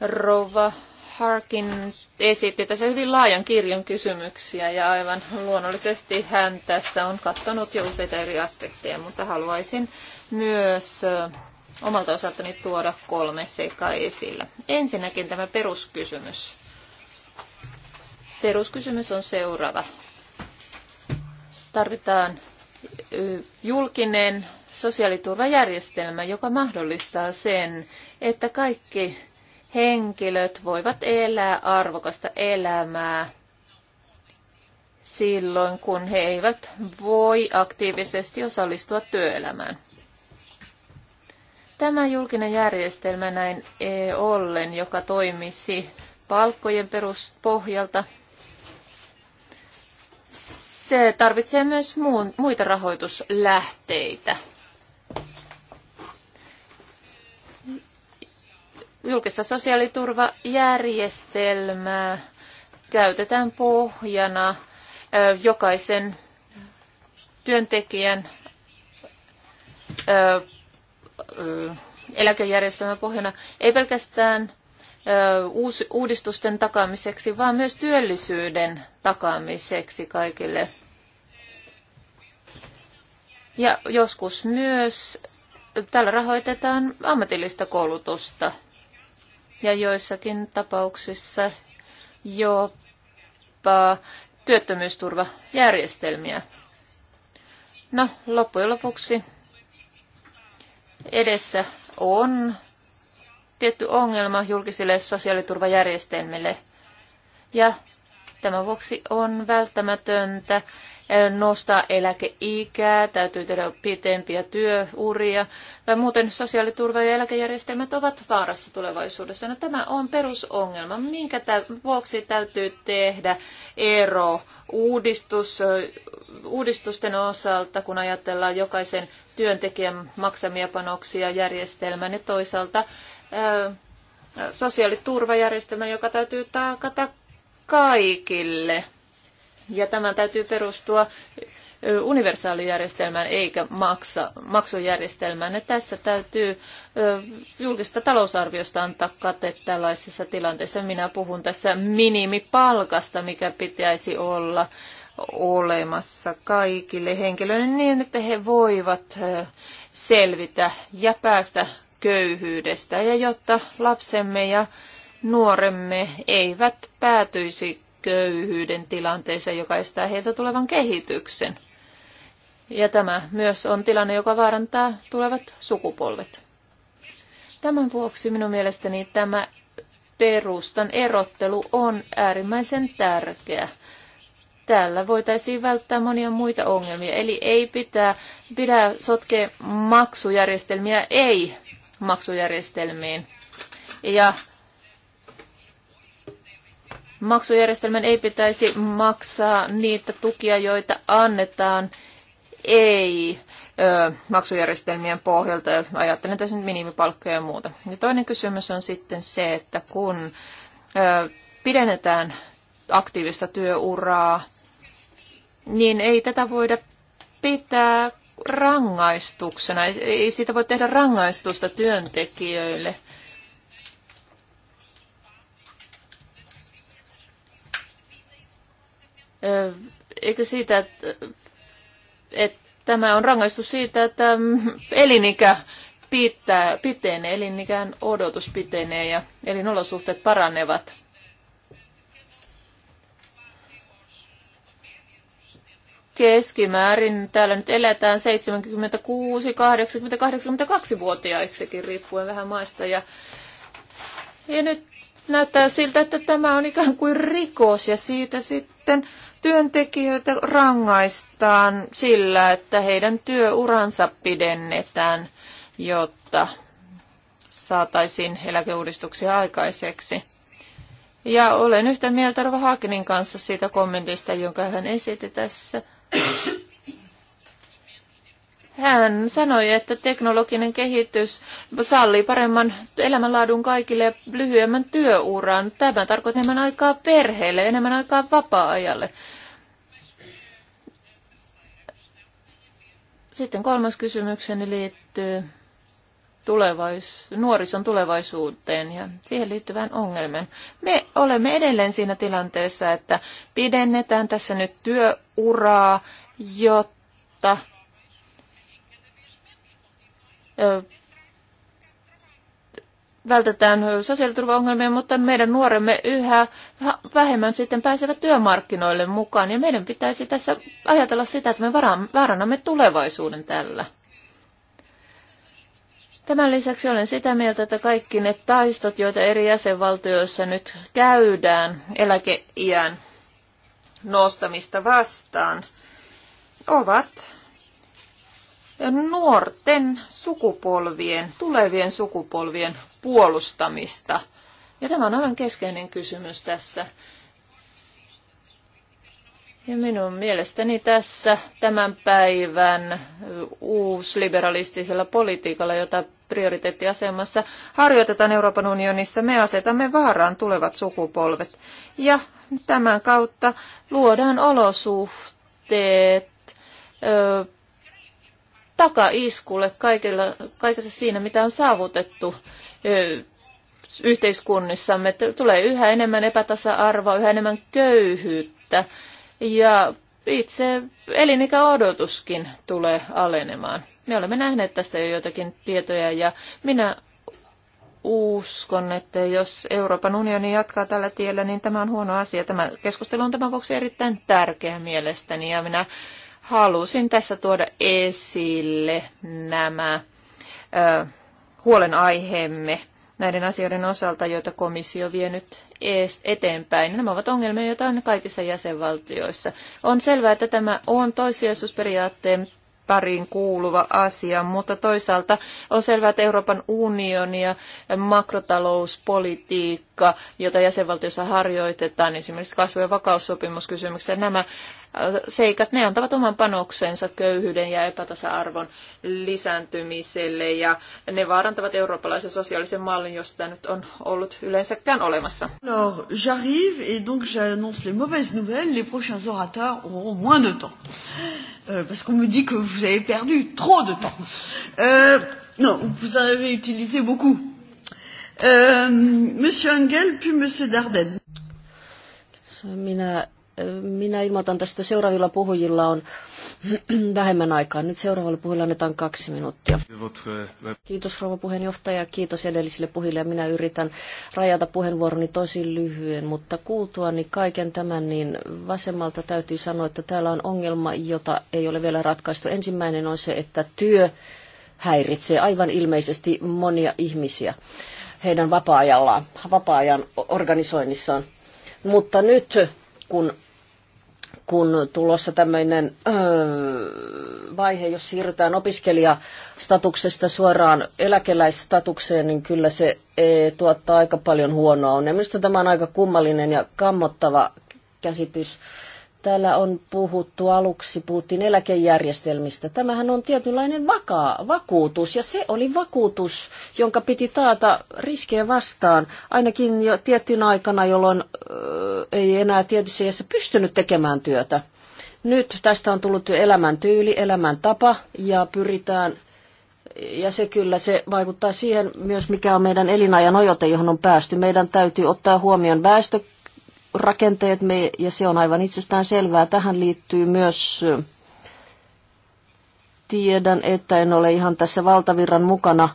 Rova Harkin esitti tässä hyvin laajan kirjon kysymyksiä ja aivan luonnollisesti hän tässä on kattanut jo useita eri aspekteja, mutta haluaisin myös omalta osaltani tuoda kolme seikkaa esillä. Ensinnäkin tämä peruskysymys. Peruskysymys on seuraava. Tarvitaan julkinen sosiaaliturvajärjestelmä, joka mahdollistaa sen, että kaikki henkilöt voivat elää arvokasta elämää silloin, kun he eivät voi aktiivisesti osallistua työelämään. Tämä julkinen järjestelmä näin ollen, joka toimisi palkkojen peruspohjalta, se tarvitsee myös muun, muita rahoituslähteitä. julkista sosiaaliturvajärjestelmää käytetään pohjana jokaisen työntekijän eläkejärjestelmän pohjana ei pelkästään uudistusten takaamiseksi, vaan myös työllisyyden takaamiseksi kaikille. Ja joskus myös tällä rahoitetaan ammatillista koulutusta – ja joissakin tapauksissa jopa työttömyysturvajärjestelmiä. No, loppujen lopuksi edessä on tietty ongelma julkisille sosiaaliturvajärjestelmille. Ja tämän vuoksi on välttämätöntä nostaa eläkeikää, täytyy tehdä pitempiä työuria, tai muuten sosiaaliturva- ja eläkejärjestelmät ovat vaarassa tulevaisuudessa. No, tämä on perusongelma, minkä vuoksi täytyy tehdä ero uudistus, uudistusten osalta, kun ajatellaan jokaisen työntekijän maksamia panoksia järjestelmän ja toisaalta sosiaaliturvajärjestelmä, joka täytyy taakata kaikille ja tämän täytyy perustua universaalijärjestelmään eikä maksa, maksujärjestelmään. Ja tässä täytyy julkista talousarviosta antaa kate tällaisessa tilanteessa. Minä puhun tässä minimipalkasta, mikä pitäisi olla olemassa kaikille henkilöille niin, että he voivat selvitä ja päästä köyhyydestä ja jotta lapsemme ja nuoremme eivät päätyisi köyhyyden tilanteeseen, joka estää heiltä tulevan kehityksen. Ja tämä myös on tilanne, joka vaarantaa tulevat sukupolvet. Tämän vuoksi minun mielestäni tämä perustan erottelu on äärimmäisen tärkeä. Tällä voitaisiin välttää monia muita ongelmia, eli ei pitää, pidä sotkea maksujärjestelmiä ei maksujärjestelmiin. Ja maksujärjestelmän ei pitäisi maksaa niitä tukia, joita annetaan ei ö, maksujärjestelmien pohjalta. Ajattelen tässä nyt minimipalkkoja ja muuta. Ja toinen kysymys on sitten se, että kun ö, pidennetään aktiivista työuraa, niin ei tätä voida pitää rangaistuksena. Ei siitä voi tehdä rangaistusta työntekijöille. Eikö siitä, että, että tämä on rangaistus siitä, että mm, elinikä pitää, pitenee, elinikään odotus pitenee ja elinolosuhteet paranevat. Keskimäärin täällä nyt eletään 76, 80, 82-vuotiaiksikin riippuen vähän maista. Ja, ja nyt näyttää siltä, että tämä on ikään kuin rikos ja siitä sitten työntekijöitä rangaistaan sillä, että heidän työuransa pidennetään, jotta saataisiin eläkeuudistuksia aikaiseksi. Ja olen yhtä mieltä Rova Hakenin kanssa siitä kommentista, jonka hän esitti tässä. Hän sanoi, että teknologinen kehitys sallii paremman elämänlaadun kaikille lyhyemmän työuran. Tämä tarkoittaa enemmän aikaa perheelle, enemmän aikaa vapaa-ajalle. Sitten kolmas kysymykseni liittyy tulevais, nuorison tulevaisuuteen ja siihen liittyvään ongelmien. Me olemme edelleen siinä tilanteessa, että pidennetään tässä nyt työuraa, jotta vältetään sosiaaliturvaongelmia, mutta meidän nuoremme yhä vähemmän sitten pääsevät työmarkkinoille mukaan. Ja meidän pitäisi tässä ajatella sitä, että me varannamme tulevaisuuden tällä. Tämän lisäksi olen sitä mieltä, että kaikki ne taistot, joita eri jäsenvaltioissa nyt käydään eläkeiän nostamista vastaan, ovat nuorten sukupolvien, tulevien sukupolvien puolustamista. Ja tämä on aivan keskeinen kysymys tässä. Ja minun mielestäni tässä tämän päivän uusliberalistisella politiikalla, jota prioriteettiasemassa harjoitetaan Euroopan unionissa, me asetamme vaaraan tulevat sukupolvet. Ja tämän kautta luodaan olosuhteet takaiskulle kaikilla, kaikessa siinä, mitä on saavutettu yhteiskunnissamme. Tulee yhä enemmän epätasa-arvoa, yhä enemmän köyhyyttä ja itse elinikäodotuskin tulee alenemaan. Me olemme nähneet tästä jo joitakin tietoja ja minä uskon, että jos Euroopan unioni jatkaa tällä tiellä, niin tämä on huono asia. Tämä keskustelu on tämän vuoksi erittäin tärkeä mielestäni ja minä halusin tässä tuoda esille nämä ö, huolenaiheemme näiden asioiden osalta, joita komissio vie nyt eteenpäin. Nämä ovat ongelmia, joita on kaikissa jäsenvaltioissa. On selvää, että tämä on toissijaisuusperiaatteen pariin kuuluva asia, mutta toisaalta on selvää, että Euroopan unioni ja makrotalouspolitiikka, jota jäsenvaltiossa harjoitetaan, esimerkiksi kasvu- ja vakaussopimuskysymyksessä, nämä seikat, ne antavat oman panoksensa köyhyyden ja epätasa-arvon lisääntymiselle ja ne vaarantavat eurooppalaisen sosiaalisen mallin, josta nyt on ollut yleensäkään olemassa. Alors, j'arrive et donc j'annonce les mauvaises nouvelles, les prochains orateurs auront moins de temps. Euh, parce qu'on me dit que vous avez perdu trop de temps. Euh, non, vous avez utilisé beaucoup. Euh, monsieur Engel, puis monsieur Dardenne. Minä minä ilmoitan tästä seuraavilla puhujilla on *clears throat* vähemmän aikaa. Nyt seuraavalle puhujille annetaan kaksi minuuttia. Kiitos rouva puheenjohtaja, kiitos edellisille puhujille. Minä yritän rajata puheenvuoroni tosi lyhyen, mutta kuultuani kaiken tämän, niin vasemmalta täytyy sanoa, että täällä on ongelma, jota ei ole vielä ratkaistu. Ensimmäinen on se, että työ häiritsee aivan ilmeisesti monia ihmisiä heidän vapaa-ajallaan, vapaa-ajan organisoinnissaan. Mutta nyt, kun kun tulossa tämmöinen öö, vaihe, jos siirrytään opiskelijastatuksesta suoraan eläkeläistatukseen, niin kyllä se e, tuottaa aika paljon huonoa on. minusta tämä on aika kummallinen ja kammottava käsitys Täällä on puhuttu aluksi, puhuttiin eläkejärjestelmistä. Tämähän on tietynlainen vakaa, vakuutus, ja se oli vakuutus, jonka piti taata riskejä vastaan, ainakin jo tiettynä aikana, jolloin äh, ei enää tietyssä iässä pystynyt tekemään työtä. Nyt tästä on tullut elämäntyyli, elämäntapa, ja pyritään ja se kyllä se vaikuttaa siihen myös, mikä on meidän elinajan ojote, johon on päästy. Meidän täytyy ottaa huomioon väestö, rakenteet, me, ja se on aivan itsestään selvää. Tähän liittyy myös, tiedän, että en ole ihan tässä valtavirran mukana,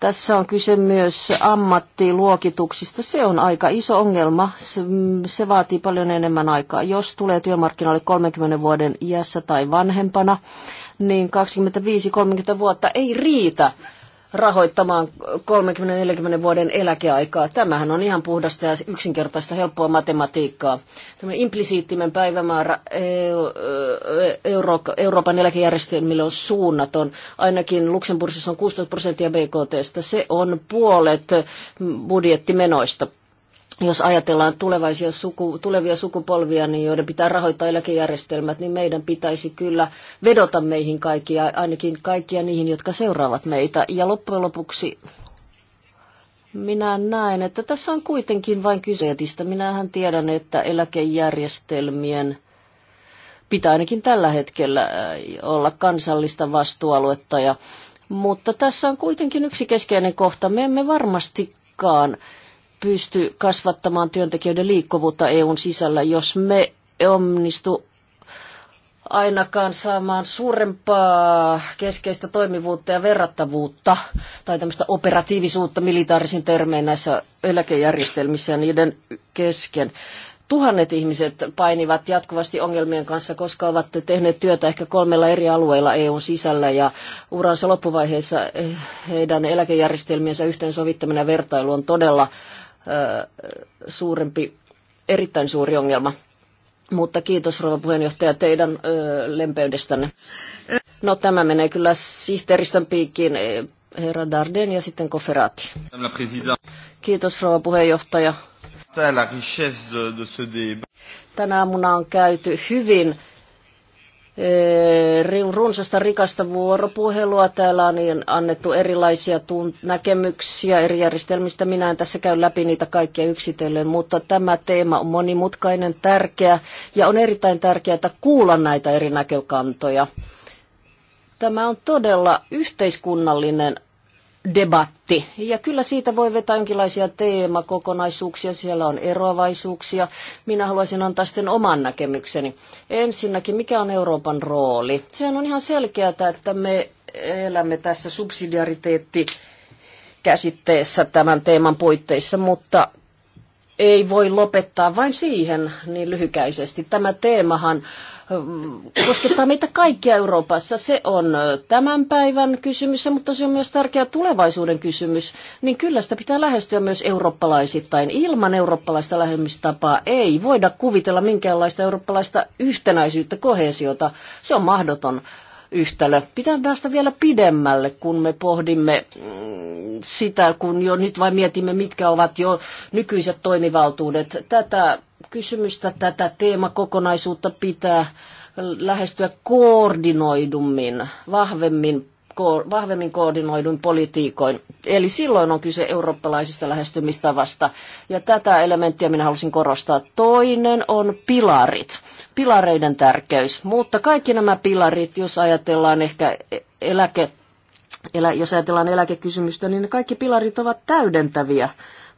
tässä on kyse myös ammattiluokituksista. Se on aika iso ongelma. Se vaatii paljon enemmän aikaa. Jos tulee työmarkkinoille 30 vuoden iässä tai vanhempana, niin 25-30 vuotta ei riitä rahoittamaan 30-40 vuoden eläkeaikaa. Tämähän on ihan puhdasta ja yksinkertaista helppoa matematiikkaa. Tämmöinen implisiittinen päivämäärä Euroopan eläkejärjestelmille on suunnaton. Ainakin Luxemburgissa on 16 prosenttia BKTstä. Se on puolet budjettimenoista jos ajatellaan tulevaisia suku, tulevia sukupolvia, niin joiden pitää rahoittaa eläkejärjestelmät, niin meidän pitäisi kyllä vedota meihin kaikkia, ainakin kaikkia niihin, jotka seuraavat meitä. Ja loppujen lopuksi minä näen, että tässä on kuitenkin vain kyseetistä. Minähän tiedän, että eläkejärjestelmien pitää ainakin tällä hetkellä äh, olla kansallista vastuualuetta. Ja, mutta tässä on kuitenkin yksi keskeinen kohta. Me emme varmastikaan pysty kasvattamaan työntekijöiden liikkuvuutta EUn sisällä, jos me onnistu ainakaan saamaan suurempaa keskeistä toimivuutta ja verrattavuutta tai tämmöistä operatiivisuutta militaarisin termein näissä eläkejärjestelmissä ja niiden kesken. Tuhannet ihmiset painivat jatkuvasti ongelmien kanssa, koska ovat tehneet työtä ehkä kolmella eri alueella EUn sisällä ja uransa loppuvaiheessa eh, heidän eläkejärjestelmiensä yhteensovittaminen ja vertailu on todella suurempi, erittäin suuri ongelma. Mutta kiitos rouva puheenjohtaja teidän lempeydestänne. No tämä menee kyllä sihteeristön piikkiin e, herra Darden ja sitten Koferaati. Kiitos rouva puheenjohtaja. Tänä aamuna on käyty hyvin Eh, runsasta rikasta vuoropuhelua. Täällä on niin annettu erilaisia näkemyksiä eri järjestelmistä. Minä en tässä käy läpi niitä kaikkia yksitellen, mutta tämä teema on monimutkainen, tärkeä ja on erittäin tärkeää kuulla näitä eri näkökantoja. Tämä on todella yhteiskunnallinen debatti. Ja kyllä siitä voi vetää jonkinlaisia teemakokonaisuuksia, siellä on eroavaisuuksia. Minä haluaisin antaa sitten oman näkemykseni. Ensinnäkin, mikä on Euroopan rooli? Sehän on ihan selkeää, että me elämme tässä subsidiariteetti käsitteessä tämän teeman puitteissa, mutta ei voi lopettaa vain siihen niin lyhykäisesti. Tämä teemahan äh, koskettaa meitä kaikkia Euroopassa. Se on tämän päivän kysymys, mutta se on myös tärkeä tulevaisuuden kysymys. Niin kyllä sitä pitää lähestyä myös eurooppalaisittain. Ilman eurooppalaista lähestymistapaa ei voida kuvitella minkäänlaista eurooppalaista yhtenäisyyttä, kohesiota. Se on mahdoton yhtälö. Pitää päästä vielä pidemmälle, kun me pohdimme mm, sitä, kun jo nyt vain mietimme, mitkä ovat jo nykyiset toimivaltuudet. Tätä kysymystä tätä teemakokonaisuutta pitää lähestyä koordinoidummin, vahvemmin, ko, vahvemmin koordinoidun politiikoin. Eli silloin on kyse eurooppalaisista lähestymistavasta. Ja tätä elementtiä minä halusin korostaa. Toinen on pilarit, pilareiden tärkeys. Mutta kaikki nämä pilarit, jos ajatellaan ehkä eläke, elä, jos ajatellaan eläkekysymystä, niin ne kaikki pilarit ovat täydentäviä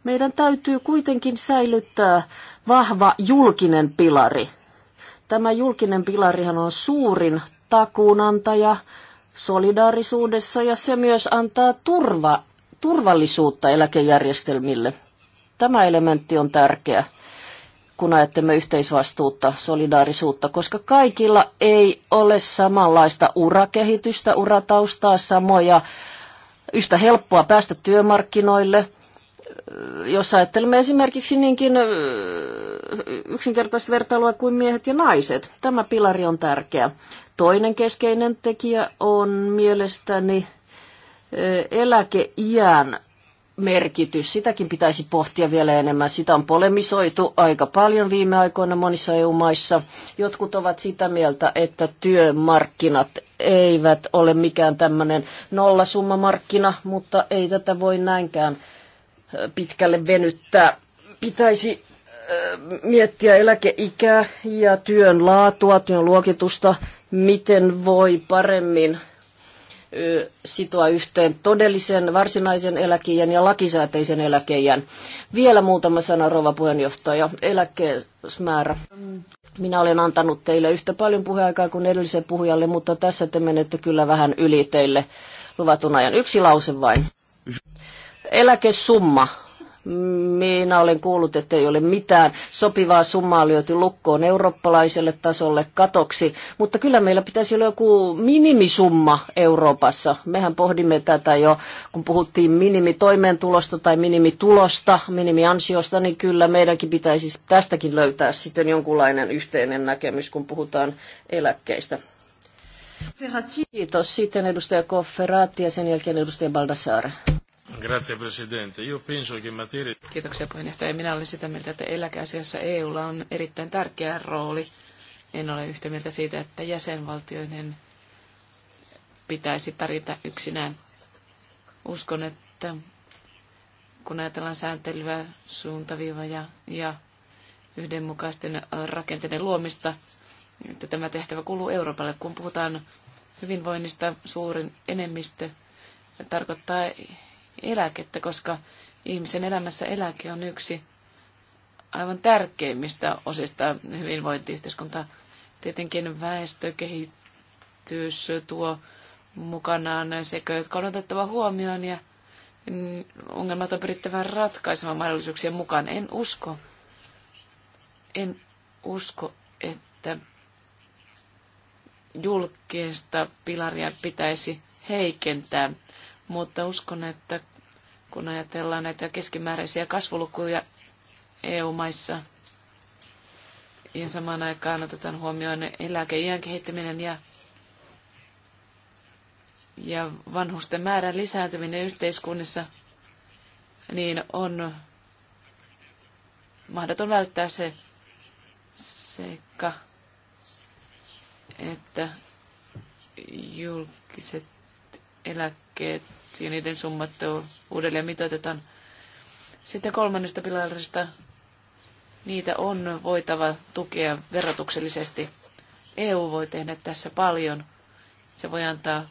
meidän täytyy kuitenkin säilyttää vahva julkinen pilari. Tämä julkinen pilarihan on suurin takuunantaja solidaarisuudessa ja se myös antaa turva, turvallisuutta eläkejärjestelmille. Tämä elementti on tärkeä, kun ajattelemme yhteisvastuutta, solidaarisuutta, koska kaikilla ei ole samanlaista urakehitystä, urataustaa, samoja yhtä helppoa päästä työmarkkinoille, jos ajattelemme esimerkiksi niinkin yksinkertaista vertailua kuin miehet ja naiset, tämä pilari on tärkeä. Toinen keskeinen tekijä on mielestäni eläkeiän merkitys. Sitäkin pitäisi pohtia vielä enemmän. Sitä on polemisoitu aika paljon viime aikoina monissa EU-maissa. Jotkut ovat sitä mieltä, että työmarkkinat eivät ole mikään tämmöinen nollasummamarkkina, mutta ei tätä voi näinkään pitkälle venyttää. Pitäisi miettiä eläkeikää ja työn laatua, työn luokitusta, miten voi paremmin sitoa yhteen todellisen varsinaisen eläkeijän ja lakisääteisen eläkeijän. Vielä muutama sana, rouva puheenjohtaja, eläkemäärä. Minä olen antanut teille yhtä paljon puheaikaa kuin edellisen puhujalle, mutta tässä te menette kyllä vähän yli teille luvatun ajan. Yksi lause vain eläkesumma. Minä olen kuullut, että ei ole mitään sopivaa summaa lyöty lukkoon eurooppalaiselle tasolle katoksi, mutta kyllä meillä pitäisi olla joku minimisumma Euroopassa. Mehän pohdimme tätä jo, kun puhuttiin minimitoimeentulosta tai minimitulosta, minimiansiosta, niin kyllä meidänkin pitäisi tästäkin löytää sitten jonkunlainen yhteinen näkemys, kun puhutaan eläkkeistä. Kiitos. Sitten edustaja Kofferaatti ja sen jälkeen edustaja Baldassare. Grazie Presidente. Io penso che materia... Kiitoksia puheenjohtaja. Minä olen sitä mieltä, että eläkeasiassa EUlla on erittäin tärkeä rooli. En ole yhtä mieltä siitä, että jäsenvaltioiden pitäisi pärjätä yksinään. Uskon, että kun ajatellaan sääntelyä, ja, ja yhdenmukaisten rakenteiden luomista, että tämä tehtävä kuuluu Euroopalle. Kun puhutaan hyvinvoinnista, suurin enemmistö tarkoittaa eläkettä, koska ihmisen elämässä eläke on yksi aivan tärkeimmistä osista hyvinvointiyhteiskuntaa. Tietenkin väestökehitys tuo mukanaan sekä, jotka on otettava huomioon ja ongelmat on pyrittävä ratkaisemaan mahdollisuuksien mukaan. En usko, en usko, että julkista pilaria pitäisi heikentää mutta uskon, että kun ajatellaan näitä keskimääräisiä kasvulukuja EU-maissa, ja samaan aikaan otetaan huomioon eläkeiän kehittyminen ja, ja vanhusten määrän lisääntyminen yhteiskunnissa, niin on mahdoton välttää se seikka, että julkiset eläkkeet ja niiden summat uudelleen mitoitetaan. Sitten kolmannesta pilarista niitä on voitava tukea verotuksellisesti. EU voi tehdä tässä paljon. Se voi antaa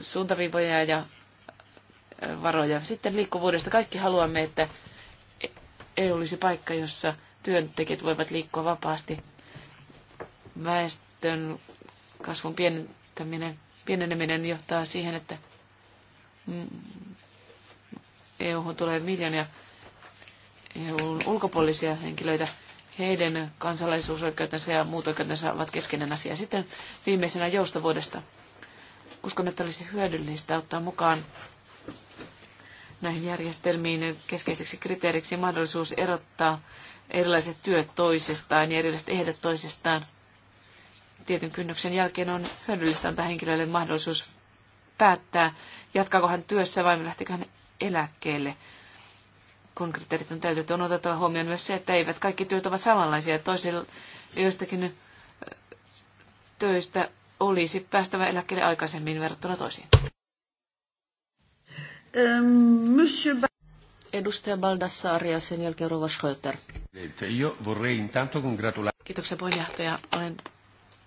suuntaviivoja ja varoja. Sitten liikkuvuudesta. Kaikki haluamme, että EU olisi paikka, jossa työntekijät voivat liikkua vapaasti. Väestön kasvun pienentäminen pieneneminen johtaa siihen, että mm, eu tulee miljoonia EUn ulkopuolisia henkilöitä. Heidän kansalaisuusoikeutensa ja muut oikeutensa ovat keskeinen asia. Sitten viimeisenä joustavuudesta. Uskon, että olisi hyödyllistä ottaa mukaan näihin järjestelmiin keskeiseksi kriteeriksi mahdollisuus erottaa erilaiset työt toisestaan ja erilaiset ehdot toisestaan tietyn kynnyksen jälkeen on hyödyllistä antaa henkilölle mahdollisuus päättää, jatkaako hän työssä vai lähtikö hän eläkkeelle. Kun kriteerit on täytetty, on otettava huomioon myös se, että eivät kaikki työt ovat samanlaisia. Toisilla joistakin töistä olisi päästävä eläkkeelle aikaisemmin verrattuna toisiin. Edustaja Baldassari ja sen jälkeen Rova Schröter. Kiitoksia puheenjohtaja. Olen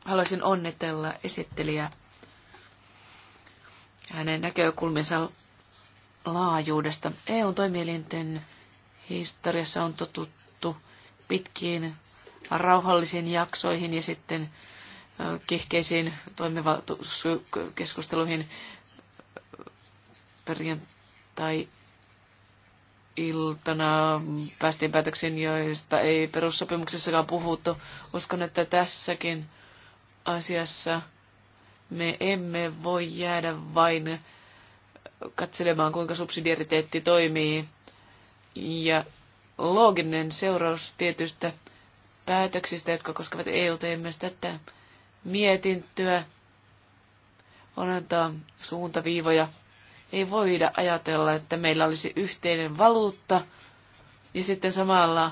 Haluaisin onnitella esittelijä, hänen näkökulmansa laajuudesta. EUn toimielinten historiassa on totuttu pitkiin rauhallisiin jaksoihin ja sitten kehkeisiin toimivaltuuskeskusteluihin perjantai iltana päästiin päätöksiin, joista ei perussopimuksessakaan puhuttu. Uskon, että tässäkin asiassa me emme voi jäädä vain katselemaan, kuinka subsidiariteetti toimii. Ja looginen seuraus tietystä päätöksistä, jotka koskevat EUta ja myös tätä mietintöä, on antaa suuntaviivoja. Ei voida ajatella, että meillä olisi yhteinen valuutta ja sitten samalla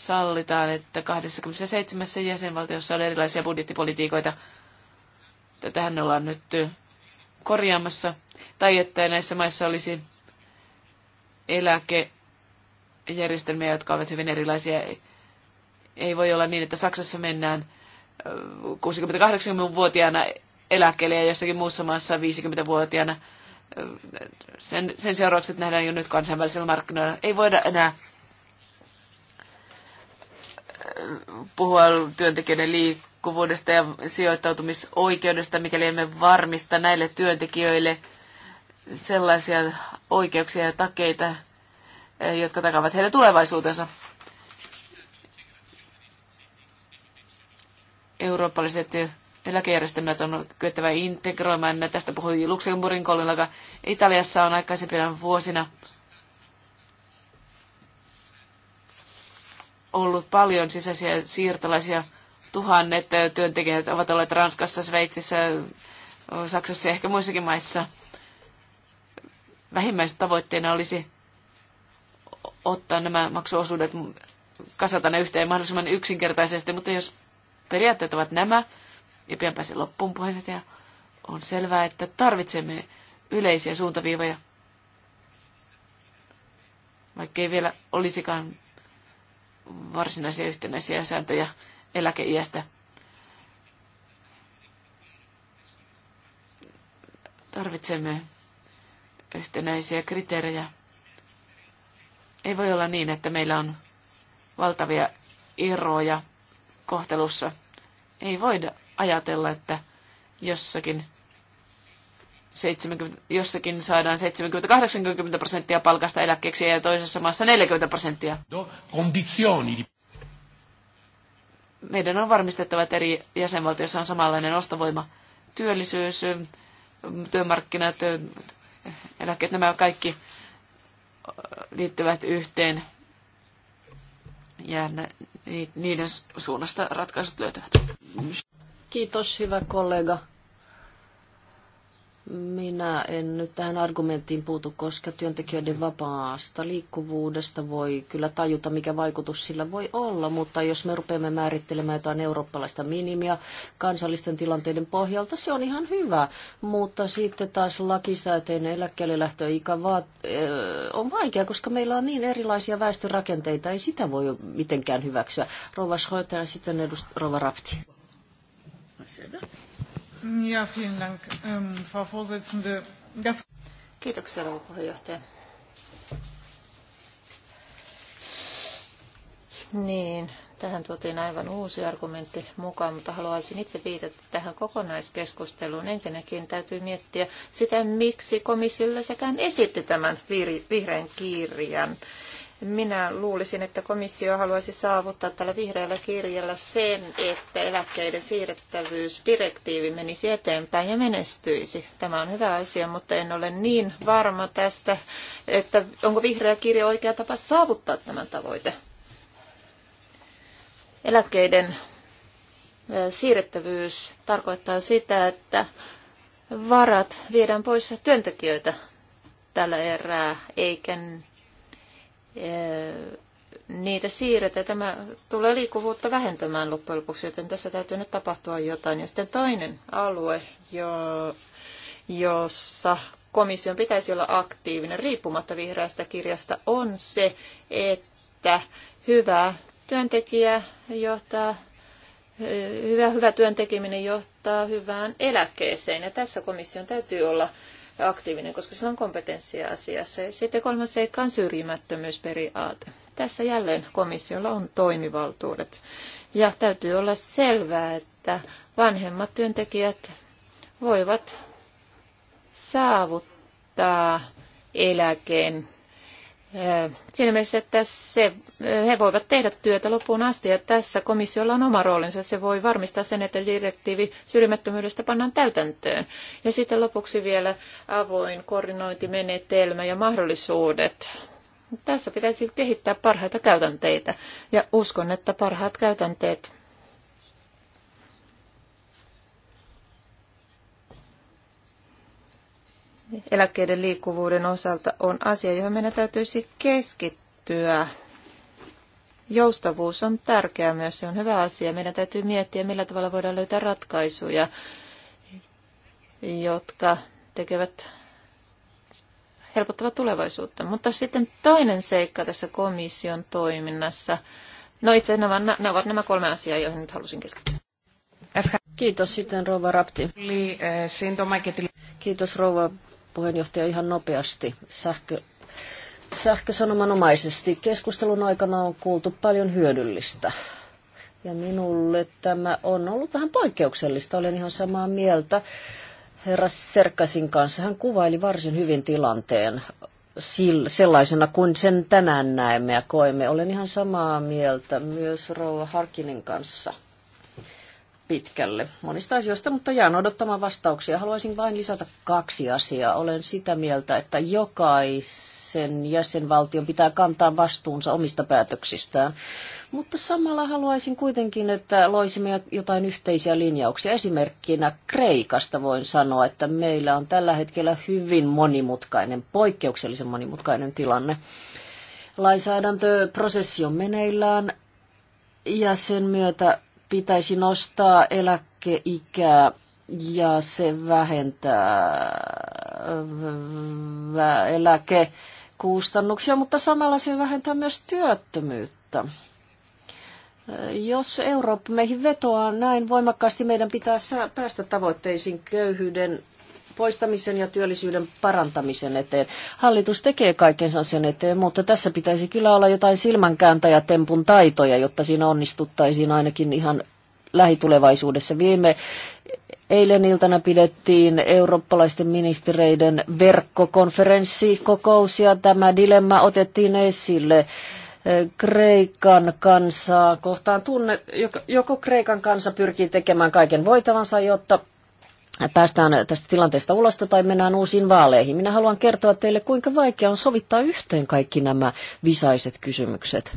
sallitaan, että 27 jäsenvaltiossa on erilaisia budjettipolitiikoita. Tätähän ollaan nyt korjaamassa. Tai että näissä maissa olisi eläkejärjestelmiä, jotka ovat hyvin erilaisia. Ei voi olla niin, että Saksassa mennään 60-80-vuotiaana eläkkeelle ja jossakin muussa maassa 50-vuotiaana. Sen, sen seuraukset nähdään jo nyt kansainvälisellä markkinoilla. Ei voida enää puhua työntekijöiden liikkuvuudesta ja sijoittautumisoikeudesta, mikäli emme varmista näille työntekijöille sellaisia oikeuksia ja takeita, e, jotka takavat heidän tulevaisuutensa. Eurooppalaiset eläkejärjestelmät on kyettävä integroimaan. Tästä puhui Luxemburgin kollega. Italiassa on aikaisempina vuosina ollut paljon sisäisiä siirtolaisia. Tuhannet työntekijät ovat olleet Ranskassa, Sveitsissä, Saksassa ja ehkä muissakin maissa. Vähimmäistavoitteena olisi ottaa nämä maksuosuudet, kasata ne yhteen mahdollisimman yksinkertaisesti, mutta jos periaatteet ovat nämä, ja pian pääsen loppuun puheenjohtaja, on selvää, että tarvitsemme yleisiä suuntaviivoja, vaikkei vielä olisikaan varsinaisia yhtenäisiä sääntöjä eläkeiästä. Tarvitsemme yhtenäisiä kriteerejä. Ei voi olla niin, että meillä on valtavia eroja kohtelussa. Ei voida ajatella, että jossakin 70, jossakin saadaan 70-80 prosenttia palkasta eläkkeeksi ja toisessa maassa 40 prosenttia. Meidän on varmistettava, että eri jäsenvaltioissa on samanlainen ostovoima. Työllisyys, työmarkkinat, eläkkeet, nämä kaikki liittyvät yhteen ja niiden suunnasta ratkaisut löytyvät. Kiitos, hyvä kollega. Minä en nyt tähän argumenttiin puutu, koska työntekijöiden vapaasta liikkuvuudesta voi kyllä tajuta, mikä vaikutus sillä voi olla, mutta jos me rupeamme määrittelemään jotain eurooppalaista minimiä kansallisten tilanteiden pohjalta, se on ihan hyvä, mutta sitten taas lakisääteinen eläkkeelle lähtöikä eh, on vaikea, koska meillä on niin erilaisia väestörakenteita, ei sitä voi mitenkään hyväksyä. Rova Schoiter ja sitten edust- Rova Rapti. No, selvä. Ja, vielen Dank, ähm, Frau Vorsitzende. Das... Kiitoksia, rouva puheenjohtaja. Niin, tähän tuotiin aivan uusi argumentti mukaan, mutta haluaisin itse viitata tähän kokonaiskeskusteluun. Ensinnäkin täytyy miettiä sitä, miksi komissio yleensäkään esitti tämän vihreän kirjan minä luulisin, että komissio haluaisi saavuttaa tällä vihreällä kirjalla sen, että eläkkeiden siirrettävyysdirektiivi menisi eteenpäin ja menestyisi. Tämä on hyvä asia, mutta en ole niin varma tästä, että onko vihreä kirja oikea tapa saavuttaa tämä tavoite. Eläkkeiden siirrettävyys tarkoittaa sitä, että varat viedään pois työntekijöitä tällä erää, eikä niitä siirretään. Tämä tulee liikkuvuutta vähentämään loppujen lopuksi, joten tässä täytyy nyt tapahtua jotain. Ja sitten toinen alue, jo, jossa komission pitäisi olla aktiivinen riippumatta vihreästä kirjasta, on se, että hyvä työntekijä johtaa Hyvä, hyvä työntekeminen johtaa hyvään eläkkeeseen ja tässä komission täytyy olla aktiivinen, koska sillä on kompetenssia asiassa. Ja sitten kolmas seikka on syrjimättömyysperiaate. Tässä jälleen komissiolla on toimivaltuudet. Ja täytyy olla selvää, että vanhemmat työntekijät voivat saavuttaa eläkeen Siinä mielessä, että se, he voivat tehdä työtä loppuun asti ja tässä komissiolla on oma roolinsa. Se voi varmistaa sen, että direktiivi syrjimättömyydestä pannaan täytäntöön. Ja sitten lopuksi vielä avoin koordinointimenetelmä ja mahdollisuudet. Tässä pitäisi kehittää parhaita käytänteitä ja uskon, että parhaat käytänteet eläkkeiden liikkuvuuden osalta on asia, johon meidän täytyisi keskittyä. Joustavuus on tärkeää myös, se on hyvä asia. Meidän täytyy miettiä, millä tavalla voidaan löytää ratkaisuja, jotka tekevät helpottavat tulevaisuutta. Mutta sitten toinen seikka tässä komission toiminnassa. No itse asiassa nämä, nämä ovat nämä kolme asiaa, joihin nyt halusin keskittyä. Kiitos sitten rouva Rapti. Kiitos rouva puheenjohtaja ihan nopeasti sähkö, sähkösanomanomaisesti. Keskustelun aikana on kuultu paljon hyödyllistä. Ja minulle tämä on ollut vähän poikkeuksellista, olen ihan samaa mieltä. Herra Serkkasin kanssa hän kuvaili varsin hyvin tilanteen sellaisena kuin sen tänään näemme ja koemme. Olen ihan samaa mieltä myös Rouva Harkinin kanssa – pitkälle monista asioista, mutta jään odottamaan vastauksia. Haluaisin vain lisätä kaksi asiaa. Olen sitä mieltä, että jokaisen jäsenvaltion pitää kantaa vastuunsa omista päätöksistään. Mutta samalla haluaisin kuitenkin, että loisimme jotain yhteisiä linjauksia. Esimerkkinä Kreikasta voin sanoa, että meillä on tällä hetkellä hyvin monimutkainen, poikkeuksellisen monimutkainen tilanne. Lainsäädäntöprosessi on meneillään ja sen myötä pitäisi nostaa eläkkeikää ja se vähentää eläkekustannuksia, mutta samalla se vähentää myös työttömyyttä. Jos Eurooppa meihin vetoaa näin voimakkaasti, meidän pitää päästä tavoitteisiin köyhyyden poistamisen ja työllisyyden parantamisen eteen. Hallitus tekee kaikensa sen eteen, mutta tässä pitäisi kyllä olla jotain silmänkääntäjätempun taitoja, jotta siinä onnistuttaisiin ainakin ihan lähitulevaisuudessa. Viime Eilen iltana pidettiin eurooppalaisten ministereiden verkkokonferenssikokous ja tämä dilemma otettiin esille. Kreikan kansaa kohtaan tunne, joko Kreikan kansa pyrkii tekemään kaiken voitavansa, jotta päästään tästä tilanteesta ulos tai mennään uusiin vaaleihin. Minä haluan kertoa teille, kuinka vaikea on sovittaa yhteen kaikki nämä visaiset kysymykset.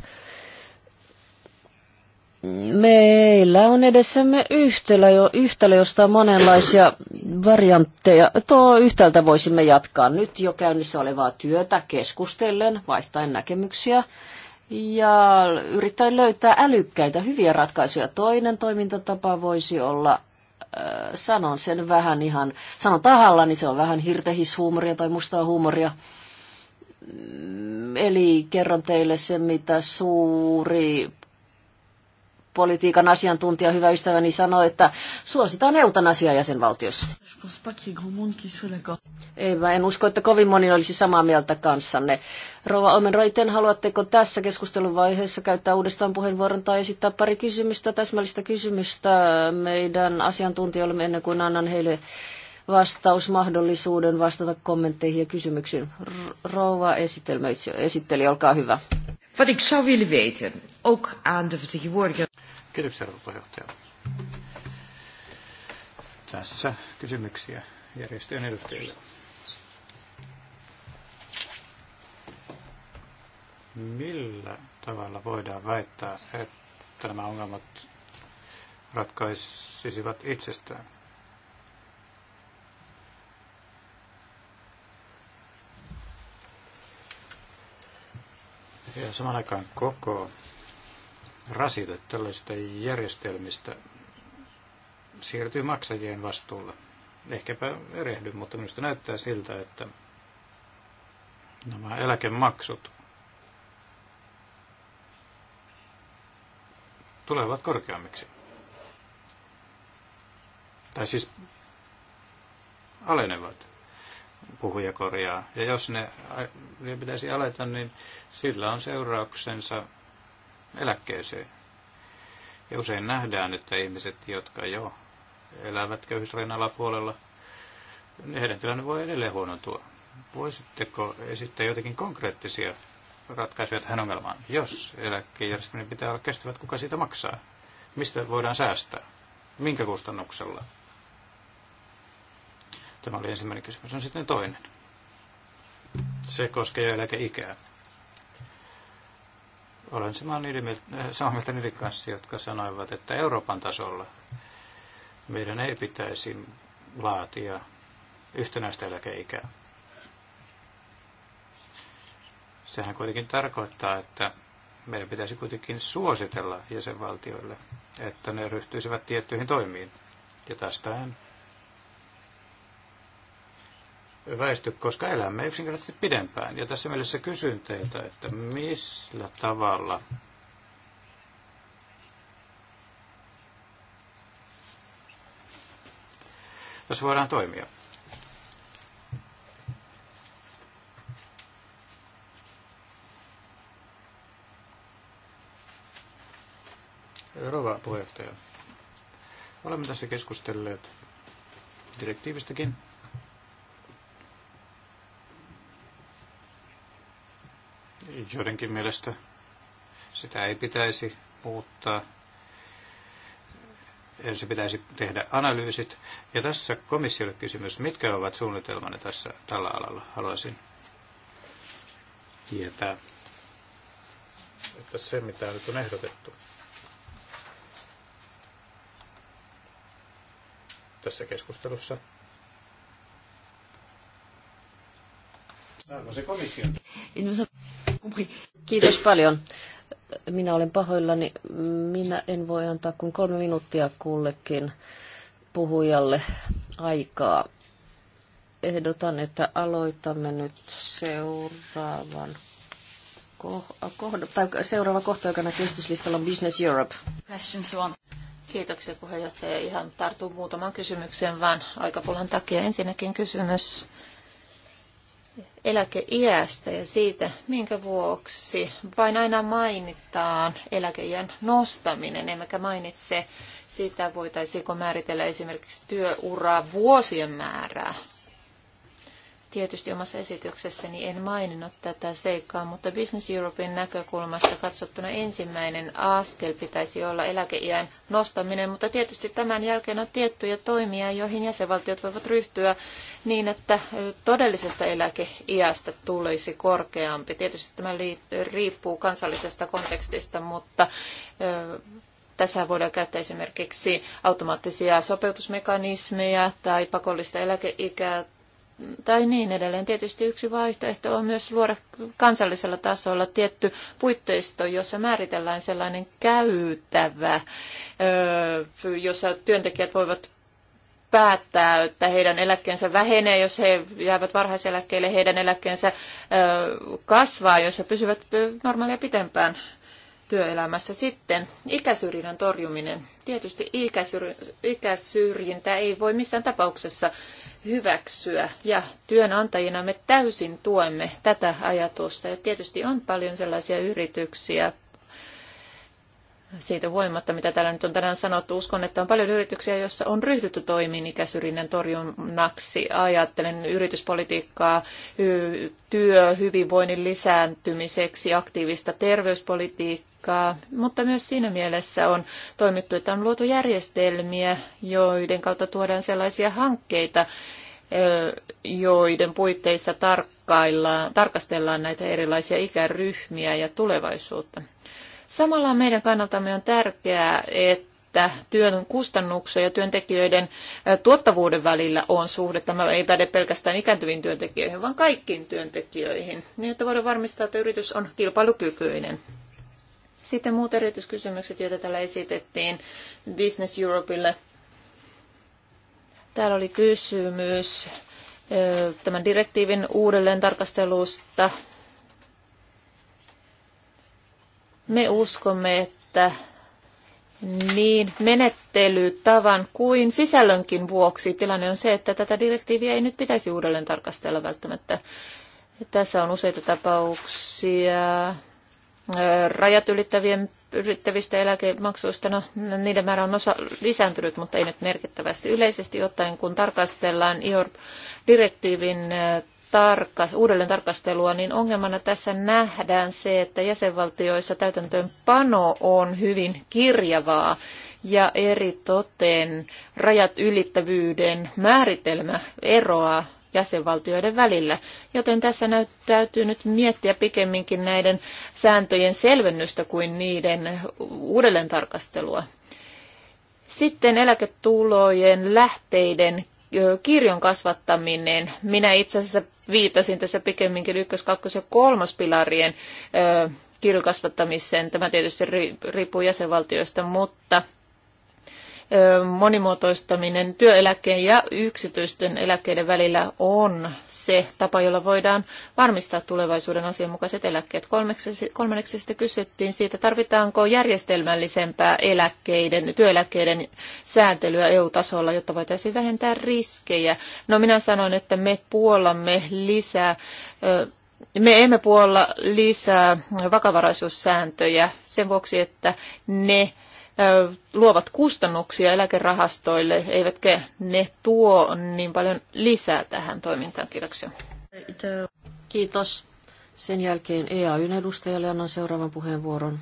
Meillä on edessämme yhtälö, yhtälö josta on monenlaisia variantteja. Tuo yhtäältä voisimme jatkaa nyt jo käynnissä olevaa työtä keskustellen, vaihtaen näkemyksiä ja yrittäen löytää älykkäitä, hyviä ratkaisuja. Toinen toimintatapa voisi olla sanon sen vähän ihan, sanon tahalla, niin se on vähän hirtehishuumoria tai mustaa huumoria. Mm, eli kerron teille sen, mitä suuri politiikan asiantuntija, hyvä ystäväni, sanoi, että suositaan eutanasia jäsenvaltiossa. Ei, mä en usko, että kovin moni olisi samaa mieltä kanssanne. Rova Omenroiten, haluatteko tässä keskustelun vaiheessa käyttää uudestaan puheenvuoron tai esittää pari kysymystä, täsmällistä kysymystä meidän asiantuntijoille ennen kuin annan heille vastausmahdollisuuden vastata kommentteihin ja kysymyksiin. Rouva esittelmöitsijö, esitteli, olkaa hyvä. Wat ik zou willen weten, ook aan de vertegenwoordiger... Kiitoksia, puheenjohtaja. Tässä kysymyksiä järjestöjen edustajille. Millä tavalla voidaan väittää, että nämä ongelmat ratkaisisivat itsestään? Ja saman aikaan koko rasite tällaisista järjestelmistä siirtyy maksajien vastuulle. Ehkäpä erehdy, mutta minusta näyttää siltä, että nämä eläkemaksut tulevat korkeammiksi. Tai siis alenevat puhuja korjaa. Ja jos ne, ne pitäisi aleta, niin sillä on seurauksensa eläkkeeseen. Ja usein nähdään, että ihmiset, jotka jo elävät köyhysrajan alapuolella, niin heidän tilanne voi edelleen huonontua. Voisitteko esittää jotakin konkreettisia ratkaisuja tähän ongelmaan? Jos eläkkeenjärjestelmä pitää olla kestävät, kuka siitä maksaa? Mistä voidaan säästää? Minkä kustannuksella? Tämä oli ensimmäinen kysymys. On sitten toinen. Se koskee eläkeikää. Olen samaa, mieltä, äh, mieltä niiden kanssa, jotka sanoivat, että Euroopan tasolla meidän ei pitäisi laatia yhtenäistä eläkeikää. Sehän kuitenkin tarkoittaa, että meidän pitäisi kuitenkin suositella jäsenvaltioille, että ne ryhtyisivät tiettyihin toimiin. Ja tästä en väisty, koska elämme yksinkertaisesti pidempään. Ja tässä mielessä kysyn teiltä, että millä tavalla tässä voidaan toimia. Rova puheenjohtaja. Olemme tässä keskustelleet direktiivistäkin. Joidenkin mielestä sitä ei pitäisi muuttaa. Ensin pitäisi tehdä analyysit. Ja tässä komissiolle kysymys, mitkä ovat suunnitelmanne tässä tällä alalla? Haluaisin tietää, että se mitä nyt on ehdotettu. tässä keskustelussa. Arvoisa komissio. komission? Kiitos paljon. Minä olen pahoillani. Minä en voi antaa kuin kolme minuuttia kullekin puhujalle aikaa. Ehdotan, että aloitamme nyt seuraavan kohdan. tai seuraava kohta, joka näkyy esityslistalla on Business Europe. Kiitoksia puheenjohtaja. Ihan tartun muutaman kysymykseen, vaan aikapulan takia ensinnäkin kysymys eläkeiästä ja siitä, minkä vuoksi vain aina mainitaan eläkeiän nostaminen, emmekä mainitse sitä, voitaisiinko määritellä esimerkiksi työuraa vuosien määrää Tietysti omassa esityksessäni en maininnut tätä seikkaa, mutta Business Europein näkökulmasta katsottuna ensimmäinen askel pitäisi olla eläkeiän nostaminen, mutta tietysti tämän jälkeen on tiettyjä toimia, joihin jäsenvaltiot voivat ryhtyä niin, että todellisesta eläkeiästä tulisi korkeampi. Tietysti tämä riippuu kansallisesta kontekstista, mutta tässä voidaan käyttää esimerkiksi automaattisia sopeutusmekanismeja tai pakollista eläkeikää tai niin edelleen. Tietysti yksi vaihtoehto on myös luoda kansallisella tasolla tietty puitteisto, jossa määritellään sellainen käytävä, jossa työntekijät voivat päättää, että heidän eläkkeensä vähenee, jos he jäävät varhaiseläkkeelle, heidän eläkkeensä kasvaa, jos he pysyvät normaalia pitempään työelämässä. Sitten ikäsyrjinnän torjuminen. Tietysti ikäsyrjintä ei voi missään tapauksessa hyväksyä ja työnantajina me täysin tuemme tätä ajatusta. Ja tietysti on paljon sellaisia yrityksiä, siitä huolimatta, mitä täällä nyt on tänään sanottu, uskon, että on paljon yrityksiä, joissa on ryhdytty toimiin ikäsyrjinnän torjunnaksi. Ajattelen yrityspolitiikkaa, työ, hyvinvoinnin lisääntymiseksi, aktiivista terveyspolitiikkaa, mutta myös siinä mielessä on toimittu, että on luotu järjestelmiä, joiden kautta tuodaan sellaisia hankkeita, joiden puitteissa tarkkaillaan, tarkastellaan näitä erilaisia ikäryhmiä ja tulevaisuutta. Samalla meidän kannaltamme on tärkeää, että että työn kustannuksen ja työntekijöiden tuottavuuden välillä on suhde. Tämä ei päde pelkästään ikääntyviin työntekijöihin, vaan kaikkiin työntekijöihin, niin että voidaan varmistaa, että yritys on kilpailukykyinen. Sitten muut erityiskysymykset, joita täällä esitettiin Business Europeille. Täällä oli kysymys tämän direktiivin uudelleen tarkastelusta Me uskomme, että niin menettelytavan kuin sisällönkin vuoksi tilanne on se, että tätä direktiiviä ei nyt pitäisi uudelleen tarkastella välttämättä. Tässä on useita tapauksia rajat ylittävien yrittävistä eläkemaksuista, no, niiden määrä on osa lisääntynyt, mutta ei nyt merkittävästi. Yleisesti ottaen, kun tarkastellaan IOR-direktiivin tarkas, uudelleen tarkastelua, niin ongelmana tässä nähdään se, että jäsenvaltioissa täytäntöönpano on hyvin kirjavaa ja eri toteen rajat ylittävyyden määritelmä eroaa jäsenvaltioiden välillä. Joten tässä näyt, täytyy nyt miettiä pikemminkin näiden sääntöjen selvennystä kuin niiden uudelleen tarkastelua. Sitten eläketulojen lähteiden kirjon kasvattaminen. Minä itse asiassa viitasin tässä pikemminkin ykkös-, kakkos- ja kolmas pilarien kirjakasvattamiseen. Tämä tietysti riippuu jäsenvaltioista, mutta monimuotoistaminen työeläkkeen ja yksityisten eläkkeiden välillä on se tapa, jolla voidaan varmistaa tulevaisuuden asianmukaiset eläkkeet. Kolmeksi, kolmanneksi sitten kysyttiin siitä, tarvitaanko järjestelmällisempää eläkkeiden, työeläkkeiden sääntelyä EU-tasolla, jotta voitaisiin vähentää riskejä. No minä sanoin, että me puolamme lisää me emme puolla lisää vakavaraisuussääntöjä sen vuoksi, että ne luovat kustannuksia eläkerahastoille, eivätkä ne tuo niin paljon lisää tähän toimintaan. Kiitoksia. Kiitos. Sen jälkeen EAYn edustajalle annan seuraavan puheenvuoron.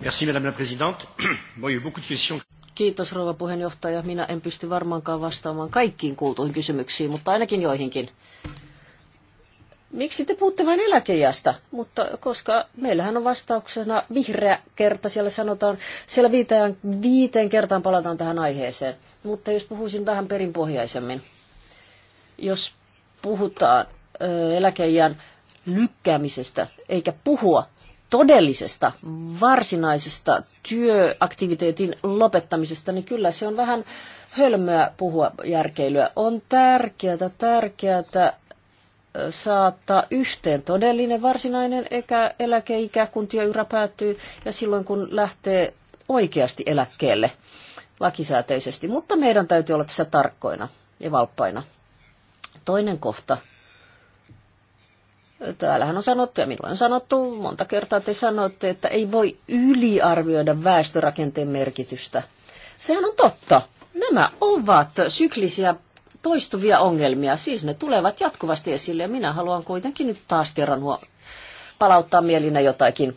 Merci, madame la présidente. Bon, beaucoup de questions. Kiitos rouva puheenjohtaja. Minä en pysty varmaankaan vastaamaan kaikkiin kuultuihin kysymyksiin, mutta ainakin joihinkin. Miksi te puhutte vain eläkejästä? Mutta koska meillähän on vastauksena vihreä kerta, siellä sanotaan, siellä viiteen, viiteen kertaan palataan tähän aiheeseen. Mutta jos puhuisin vähän perinpohjaisemmin, jos puhutaan eläkeijän lykkäämisestä, eikä puhua todellisesta, varsinaisesta työaktiviteetin lopettamisesta, niin kyllä se on vähän hölmöä puhua järkeilyä. On tärkeää, tärkeää saattaa yhteen todellinen varsinainen ekä eläkeikä, kun työura päättyy ja silloin kun lähtee oikeasti eläkkeelle lakisääteisesti. Mutta meidän täytyy olla tässä tarkkoina ja valppaina. Toinen kohta. Täällähän on sanottu ja minulle on sanottu monta kertaa, te sanotte, että ei voi yliarvioida väestörakenteen merkitystä. Sehän on totta. Nämä ovat syklisiä toistuvia ongelmia. Siis ne tulevat jatkuvasti esille ja minä haluan kuitenkin nyt taas kerran palauttaa mielinä jotakin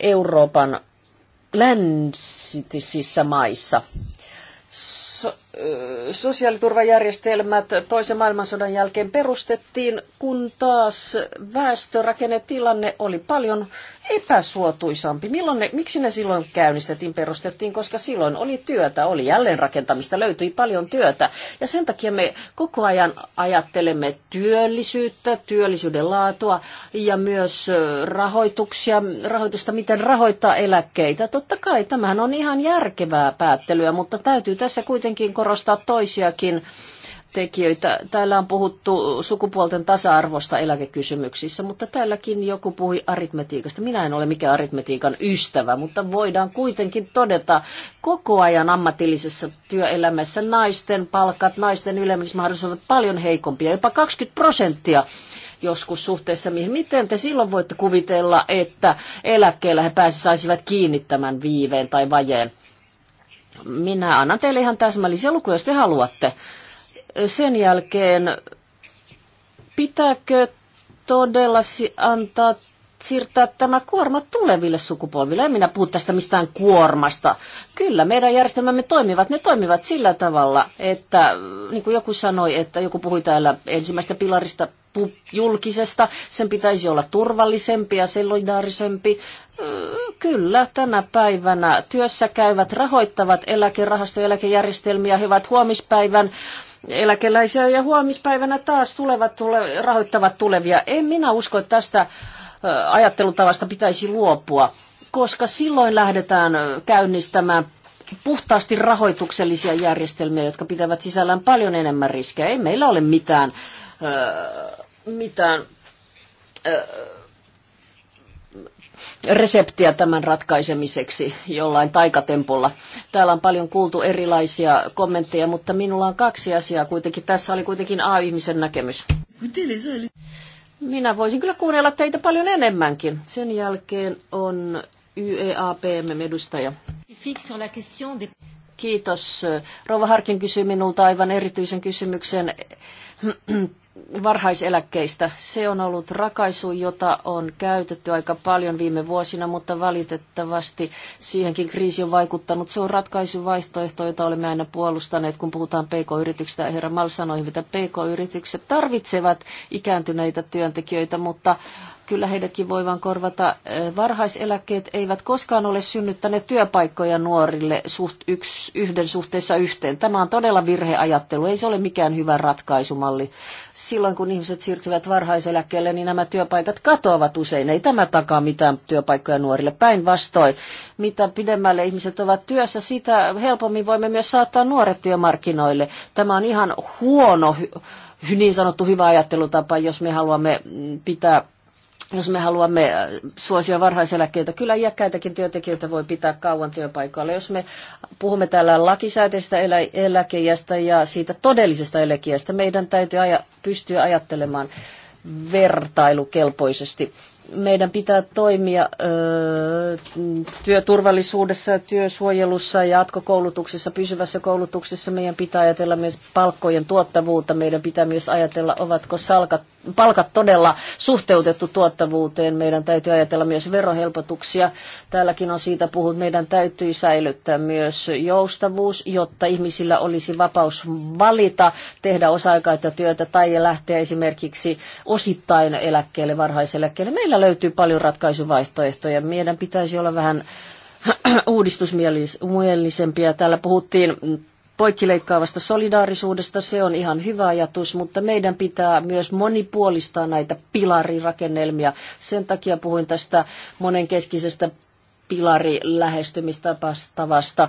Euroopan länsisissä maissa. So- sosiaaliturvajärjestelmät toisen maailmansodan jälkeen perustettiin, kun taas väestörakennetilanne oli paljon epäsuotuisampi. Milloin ne, miksi ne silloin käynnistettiin, perustettiin, koska silloin oli työtä, oli jälleenrakentamista, löytyi paljon työtä. Ja sen takia me koko ajan ajattelemme työllisyyttä, työllisyyden laatua ja myös rahoituksia, rahoitusta, miten rahoittaa eläkkeitä. Totta kai tämähän on ihan järkevää päättelyä, mutta täytyy tässä kuitenkin korostaa toisiakin tekijöitä. Täällä on puhuttu sukupuolten tasa-arvosta eläkekysymyksissä, mutta täälläkin joku puhui aritmetiikasta. Minä en ole mikään aritmetiikan ystävä, mutta voidaan kuitenkin todeta koko ajan ammatillisessa työelämässä naisten palkat, naisten ylemmismahdollisuudet paljon heikompia, jopa 20 prosenttia joskus suhteessa mihin. Miten te silloin voitte kuvitella, että eläkkeellä he pääsisivät kiinni tämän viiveen tai vajeen? Minä annan teille ihan täsmällisiä lukuja, jos te haluatte. Sen jälkeen, pitääkö todella antaa siirtää tämä kuorma tuleville sukupolville. En minä puhu tästä mistään kuormasta. Kyllä, meidän järjestelmämme toimivat. Ne toimivat sillä tavalla, että niin kuin joku sanoi, että joku puhui täällä ensimmäistä pilarista julkisesta, sen pitäisi olla turvallisempi ja solidaarisempi. Kyllä, tänä päivänä työssä käyvät rahoittavat eläkerahastoja, eläkejärjestelmiä, he ovat huomispäivän eläkeläisiä ja huomispäivänä taas tulevat tule, rahoittavat tulevia. En minä usko, että tästä ajattelutavasta pitäisi luopua, koska silloin lähdetään käynnistämään puhtaasti rahoituksellisia järjestelmiä, jotka pitävät sisällään paljon enemmän riskejä. Ei meillä ole mitään, mitään reseptiä tämän ratkaisemiseksi jollain taikatempolla. Täällä on paljon kuultu erilaisia kommentteja, mutta minulla on kaksi asiaa kuitenkin. Tässä oli kuitenkin A-ihmisen näkemys. Minä voisin kyllä kuunnella teitä paljon enemmänkin. Sen jälkeen on YEAPM-edustaja. Kiitos. Rouva Harkin kysyi minulta aivan erityisen kysymyksen varhaiseläkkeistä. Se on ollut rakaisu, jota on käytetty aika paljon viime vuosina, mutta valitettavasti siihenkin kriisi on vaikuttanut. Se on ratkaisuvaihtoehto, jota olemme aina puolustaneet, kun puhutaan PK-yrityksistä. Herra Mal sanoi, että PK-yritykset tarvitsevat ikääntyneitä työntekijöitä, mutta kyllä heidätkin voi vaan korvata. Varhaiseläkkeet eivät koskaan ole synnyttäneet työpaikkoja nuorille suht, yks, yhden suhteessa yhteen. Tämä on todella virheajattelu, ei se ole mikään hyvä ratkaisumalli. Silloin kun ihmiset siirtyvät varhaiseläkkeelle, niin nämä työpaikat katoavat usein. Ei tämä takaa mitään työpaikkoja nuorille. Päinvastoin, mitä pidemmälle ihmiset ovat työssä, sitä helpommin voimme myös saattaa nuoret työmarkkinoille. Tämä on ihan huono niin sanottu hyvä ajattelutapa, jos me haluamme mm, pitää jos me haluamme äh, suosia varhaiseläkkeitä, kyllä iäkkäitäkin työntekijöitä voi pitää kauan työpaikoilla. Jos me puhumme täällä lakisääteistä elä, eläkejästä ja siitä todellisesta eläkejästä, meidän täytyy aja, pystyä ajattelemaan vertailukelpoisesti. Meidän pitää toimia ö, työturvallisuudessa, työsuojelussa, jatkokoulutuksessa, pysyvässä koulutuksessa. Meidän pitää ajatella myös palkkojen tuottavuutta. Meidän pitää myös ajatella, ovatko salkat palkat todella suhteutettu tuottavuuteen. Meidän täytyy ajatella myös verohelpotuksia. Täälläkin on siitä puhut. Meidän täytyy säilyttää myös joustavuus, jotta ihmisillä olisi vapaus valita tehdä osa aikaita työtä tai lähteä esimerkiksi osittain eläkkeelle, varhaiseläkkeelle. Meillä löytyy paljon ratkaisuvaihtoehtoja. Meidän pitäisi olla vähän *clears throat* uudistusmielisempiä. Täällä puhuttiin poikkileikkaavasta solidaarisuudesta. Se on ihan hyvä ajatus, mutta meidän pitää myös monipuolistaa näitä pilarirakennelmia. Sen takia puhuin tästä monenkeskisestä pilarilähestymistavasta.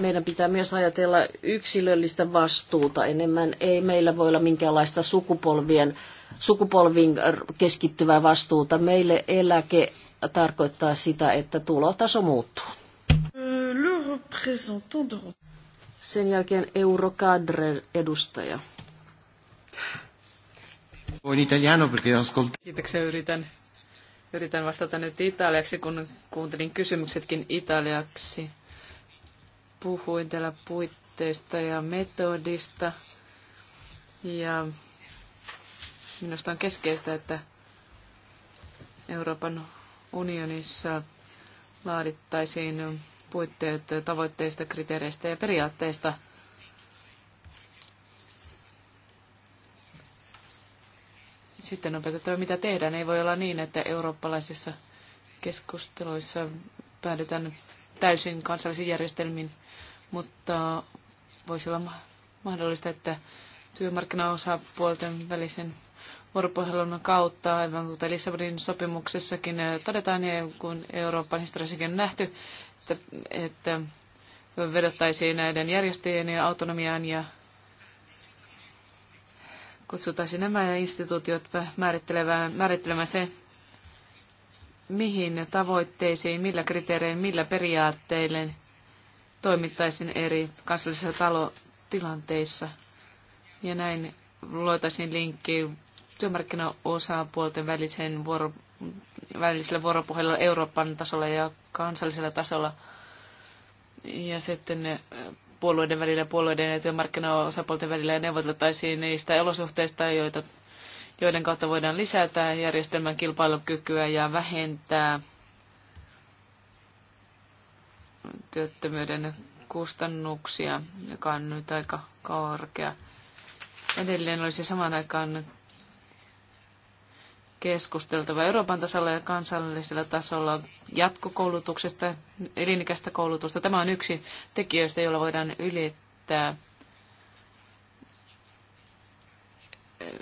Meidän pitää myös ajatella yksilöllistä vastuuta enemmän. Ei meillä voi olla minkäänlaista sukupolvien, sukupolviin keskittyvää vastuuta. Meille eläke tarkoittaa sitä, että tulotaso muuttuu. Sen jälkeen edustaja. Voin italiano, perché Kiitoksia, yritän, yritän vastata nyt italiaksi, kun kuuntelin kysymyksetkin italiaksi. Puhuin täällä puitteista ja metodista. Ja minusta on keskeistä, että Euroopan unionissa laadittaisiin puitteet tavoitteista, kriteereistä ja periaatteista. Sitten on päätettävä, mitä tehdään. Ei voi olla niin, että eurooppalaisissa keskusteluissa päädytään täysin kansallisiin järjestelmiin, mutta voisi olla mahdollista, että työmarkkinaosapuolten välisen vuoropuhelun kautta, aivan kuten Lissabonin sopimuksessakin todetaan ja kun Euroopan historiassakin on nähty, että, että vedottaisiin näiden järjestöjen ja autonomiaan ja kutsutaisiin nämä instituutiot määrittelemään, määrittelemään se, mihin tavoitteisiin, millä kriteerein, millä periaatteille toimittaisiin eri kansallisissa talotilanteissa. Ja näin luotaisiin linkki työmarkkinaosapuolten välisen vuoro, välisellä vuoropuhelulla Euroopan tasolla ja kansallisella tasolla. Ja sitten eh, puolueiden välillä, puolueiden ja työmarkkinaosapuolten välillä neuvoteltaisiin niistä olosuhteista, joita, joiden kautta voidaan lisätä järjestelmän kilpailukykyä ja vähentää työttömyyden kustannuksia, joka on nyt aika korkea. Edelleen olisi saman aikaan keskusteltava Euroopan tasolla ja kansallisella tasolla jatkokoulutuksesta, elinikäistä koulutusta. Tämä on yksi tekijöistä, jolla voidaan ylittää eh,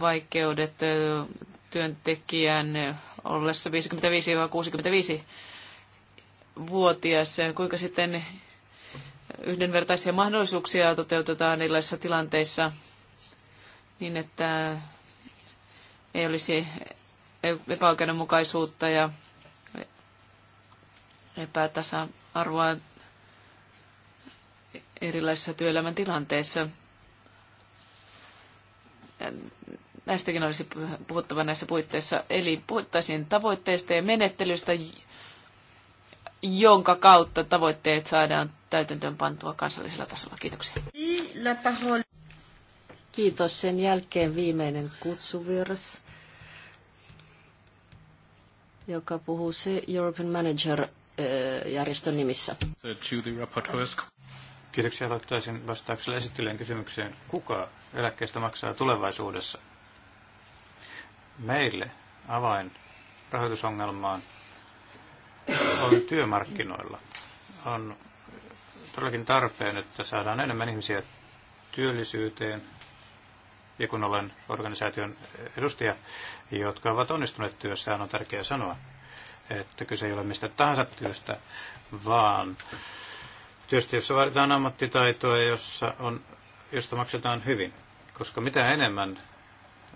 vaikeudet eh, työntekijän ollessa 55-65-vuotias. Kuinka sitten yhdenvertaisia mahdollisuuksia toteutetaan erilaisissa tilanteissa niin, että ei olisi epäoikeudenmukaisuutta ja epätasa-arvoa erilaisissa työelämän tilanteissa. Näistäkin olisi puhuttava näissä puitteissa. Eli puhuttaisiin tavoitteista ja menettelystä, jonka kautta tavoitteet saadaan täytäntöön pantua kansallisella tasolla. Kiitoksia. Kiitos. Sen jälkeen viimeinen kutsuvirras, joka puhuu se European Manager-järjestön eh, nimissä. Kiitoksia. Aloittaisin vastauksella esittelijän kysymykseen. Kuka eläkkeestä maksaa tulevaisuudessa? Meille avain rahoitusongelmaan on työmarkkinoilla. On todellakin tarpeen, että saadaan enemmän ihmisiä työllisyyteen, ja kun olen organisaation edustaja, jotka ovat onnistuneet työssään, on tärkeää sanoa, että kyse ei ole mistä tahansa työstä, vaan työstä, jossa vaaditaan ammattitaitoa ja jossa on, josta maksetaan hyvin. Koska mitä enemmän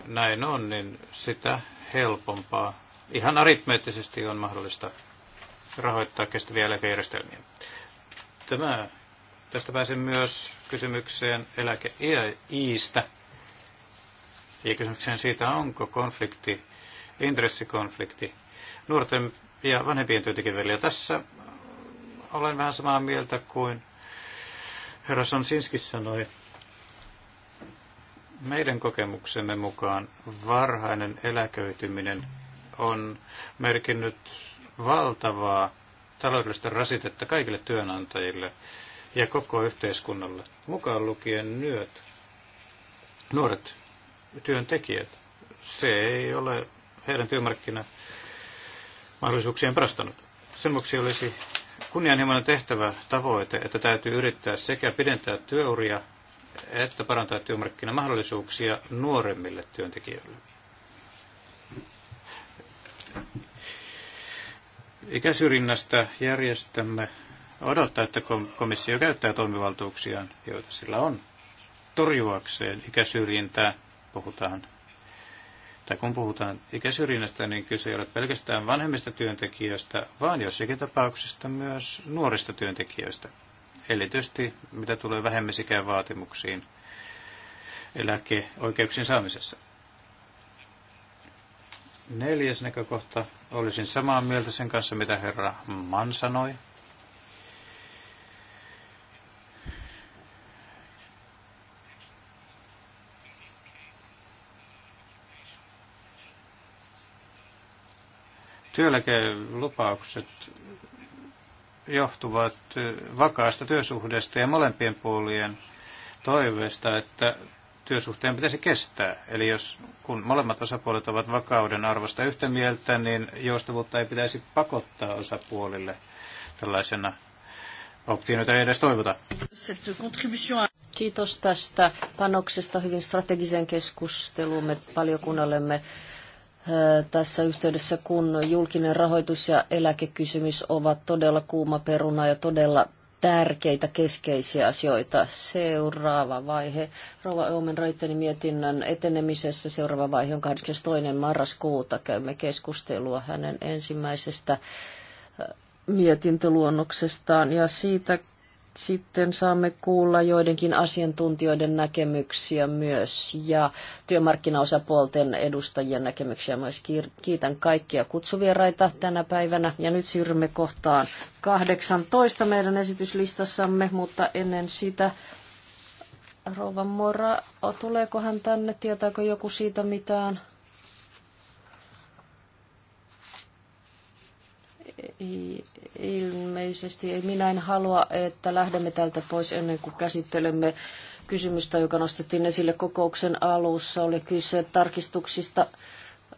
näin on, niin sitä helpompaa ihan aritmeettisesti on mahdollista rahoittaa kestäviä eläkejärjestelmiä. Tämä, tästä pääsen myös kysymykseen eläkeiistä ja kysymykseen siitä, onko konflikti, intressikonflikti nuorten ja vanhempien työntekijöiden välillä. Tässä olen vähän samaa mieltä kuin herra Sonsinski sanoi. Meidän kokemuksemme mukaan varhainen eläköityminen on merkinnyt valtavaa taloudellista rasitetta kaikille työnantajille ja koko yhteiskunnalle, mukaan lukien nyöt, nuoret työntekijät. Se ei ole heidän mahdollisuuksien prastanut. Sen vuoksi olisi kunnianhimoinen tehtävä tavoite, että täytyy yrittää sekä pidentää työuria että parantaa työmarkkinamahdollisuuksia nuoremmille työntekijöille. Ikäsyrjinnästä järjestämme odottaa, että komissio käyttää toimivaltuuksiaan, joita sillä on, torjuakseen ikäsyrjintää puhutaan, tai kun puhutaan ikäsyrjinnästä, niin kyse ei ole pelkästään vanhemmista työntekijöistä, vaan jossakin tapauksista myös nuorista työntekijöistä. Eli tietysti mitä tulee vähemmisikään vaatimuksiin eläkeoikeuksien saamisessa. Neljäs näkökohta. Olisin samaa mieltä sen kanssa, mitä herra Mann sanoi Työeläkelupaukset johtuvat vakaasta työsuhdesta ja molempien puolien toiveesta, että työsuhteen pitäisi kestää. Eli jos kun molemmat osapuolet ovat vakauden arvosta yhtä mieltä, niin joustavuutta ei pitäisi pakottaa osapuolille tällaisena optiota ei edes toivota. Kiitos tästä panoksesta hyvin strategisen paljon kun olemme tässä yhteydessä, kun julkinen rahoitus ja eläkekysymys ovat todella kuuma peruna ja todella tärkeitä keskeisiä asioita. Seuraava vaihe Rova Omen Raitteni mietinnön etenemisessä. Seuraava vaihe on 22. marraskuuta. Käymme keskustelua hänen ensimmäisestä mietintöluonnoksestaan ja siitä, sitten saamme kuulla joidenkin asiantuntijoiden näkemyksiä myös ja työmarkkinaosapuolten edustajien näkemyksiä myös. Kiitän kaikkia kutsuvieraita tänä päivänä ja nyt siirrymme kohtaan 18 meidän esityslistassamme, mutta ennen sitä Rouva Mora, tuleeko hän tänne? Tietääkö joku siitä mitään? ilmeisesti minä en halua, että lähdemme tältä pois ennen kuin käsittelemme kysymystä, joka nostettiin esille kokouksen alussa. Oli kyse tarkistuksista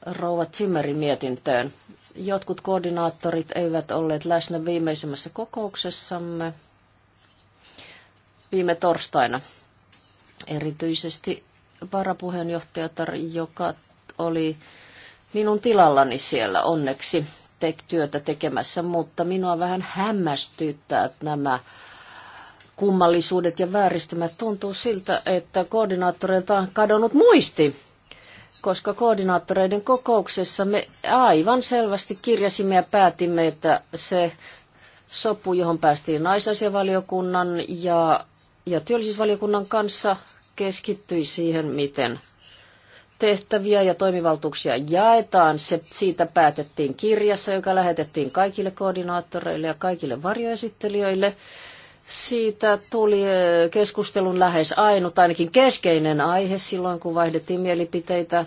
Rouva Zimmerin mietintöön. Jotkut koordinaattorit eivät olleet läsnä viimeisimmässä kokouksessamme viime torstaina. Erityisesti varapuheenjohtajatar, joka oli minun tilallani siellä onneksi te- työtä tekemässä, mutta minua vähän hämmästyttää että nämä kummallisuudet ja vääristymät. Tuntuu siltä, että koordinaattoreilta on kadonnut muisti, koska koordinaattoreiden kokouksessa me aivan selvästi kirjasimme ja päätimme, että se sopu, johon päästiin naisasiavaliokunnan ja, ja työllisyysvaliokunnan kanssa, keskittyi siihen, miten tehtäviä ja toimivaltuuksia jaetaan. Se, siitä päätettiin kirjassa, joka lähetettiin kaikille koordinaattoreille ja kaikille varjoesittelijöille. Siitä tuli keskustelun lähes ainut, ainakin keskeinen aihe silloin, kun vaihdettiin mielipiteitä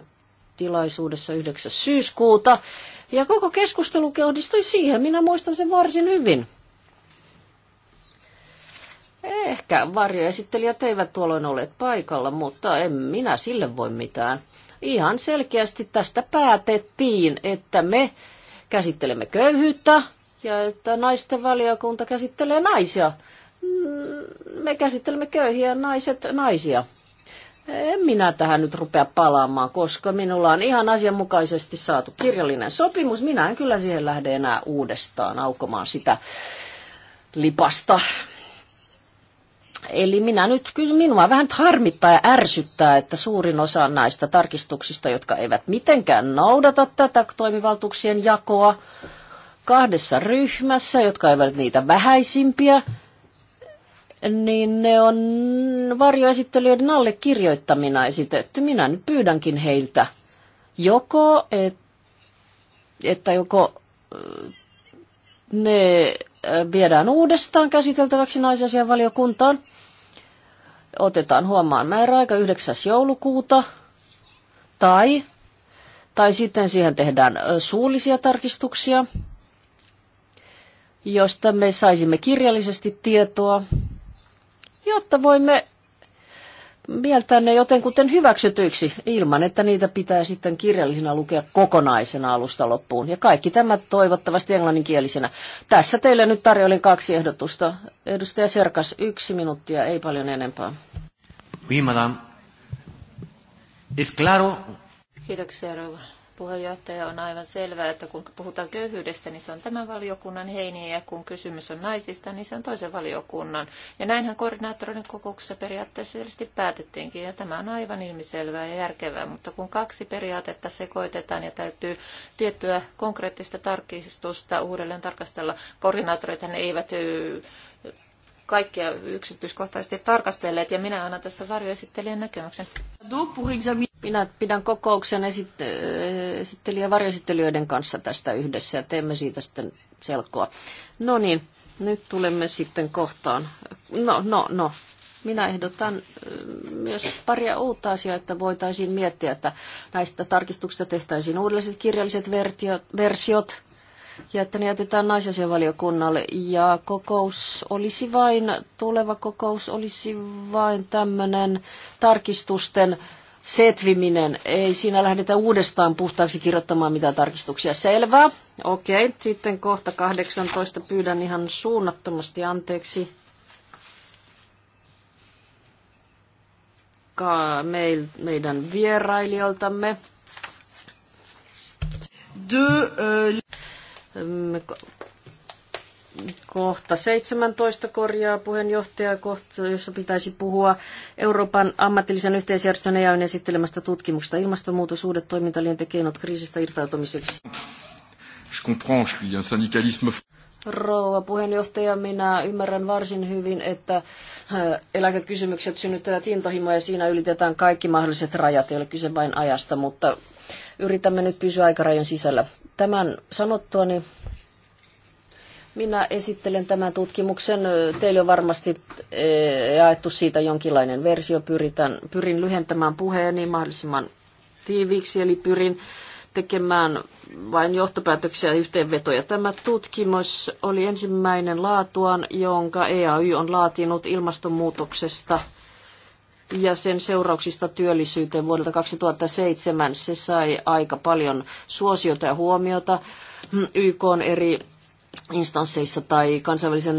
tilaisuudessa 9. syyskuuta. Ja koko keskustelu kohdistui siihen. Minä muistan sen varsin hyvin. Ehkä varjoesittelijät eivät tuolloin olleet paikalla, mutta en minä sille voi mitään ihan selkeästi tästä päätettiin, että me käsittelemme köyhyyttä ja että naisten valiokunta käsittelee naisia. Mm, me käsittelemme köyhiä naiset naisia. En minä tähän nyt rupea palaamaan, koska minulla on ihan asianmukaisesti saatu kirjallinen sopimus. Minä en kyllä siihen lähde enää uudestaan aukomaan sitä lipasta. Eli minä nyt, kyllä minua vähän harmittaa ja ärsyttää, että suurin osa näistä tarkistuksista, jotka eivät mitenkään noudata tätä toimivaltuuksien jakoa kahdessa ryhmässä, jotka eivät niitä vähäisimpiä, niin ne on varjoesittelyiden alle kirjoittamina esitetty. Minä nyt pyydänkin heiltä joko, et, että joko äh, ne äh, viedään uudestaan käsiteltäväksi naisasian valiokuntaan, otetaan huomaan määräaika 9. joulukuuta tai, tai sitten siihen tehdään suullisia tarkistuksia, josta me saisimme kirjallisesti tietoa, jotta voimme ne jotenkuten hyväksytyiksi ilman, että niitä pitää sitten kirjallisena lukea kokonaisena alusta loppuun. Ja kaikki tämä toivottavasti englanninkielisenä. Tässä teille nyt tarjoilin kaksi ehdotusta. Edustaja Serkas, yksi minuuttia, ei paljon enempää. Oui, madame. Es claro. Kiitoksia, rouva puheenjohtaja, on aivan selvää, että kun puhutaan köyhyydestä, niin se on tämän valiokunnan heiniä, ja kun kysymys on naisista, niin se on toisen valiokunnan. Ja näinhän koordinaattorin kokouksessa periaatteessa päätettiinkin, ja tämä on aivan ilmiselvää ja järkevää, mutta kun kaksi periaatetta sekoitetaan ja täytyy tiettyä konkreettista tarkistusta uudelleen tarkastella, koordinaattorithan eivät kaikkia yksityiskohtaisesti tarkastelleet ja minä annan tässä varjoesittelijän näkemyksen. Minä pidän kokouksen esittelijä varjoesittelijöiden kanssa tästä yhdessä ja teemme siitä sitten selkoa. No niin, nyt tulemme sitten kohtaan. No, no, no. Minä ehdotan äh, myös paria uutta asiaa, että voitaisiin miettiä, että näistä tarkistuksista tehtäisiin uudelliset kirjalliset versiot, ja että ne jätetään naisasianvaliokunnalle. Ja kokous olisi vain, tuleva kokous olisi vain tämmöinen tarkistusten setviminen. Ei siinä lähdetä uudestaan puhtaaksi kirjoittamaan mitään tarkistuksia. Selvä. Okei. Sitten kohta 18 pyydän ihan suunnattomasti anteeksi. meidän vierailijoiltamme. De, Mm, kohta 17 korjaa puheenjohtaja, kohta, jossa pitäisi puhua Euroopan ammatillisen yhteisjärjestön ja esittelemästä tutkimuksesta ilmastonmuutos, uudet keinot kriisistä irtautumiseksi. Je comprends, je suis un syndicalisme... Rouva puheenjohtaja, minä ymmärrän varsin hyvin, että äh, eläkekysymykset synnyttävät intohimoja ja siinä ylitetään kaikki mahdolliset rajat. Ei ole kyse vain ajasta, mutta yritämme nyt pysyä aikarajan sisällä. Tämän sanottuani niin minä esittelen tämän tutkimuksen. Teille on varmasti eh, jaettu siitä jonkinlainen versio. Pyritän, pyrin lyhentämään puheeni mahdollisimman tiiviiksi, eli pyrin tekemään vain johtopäätöksiä ja yhteenvetoja. Tämä tutkimus oli ensimmäinen laatuaan, jonka EAY on laatinut ilmastonmuutoksesta – ja sen seurauksista työllisyyteen vuodelta 2007. Se sai aika paljon suosiota ja huomiota YK on eri instansseissa tai kansainvälisen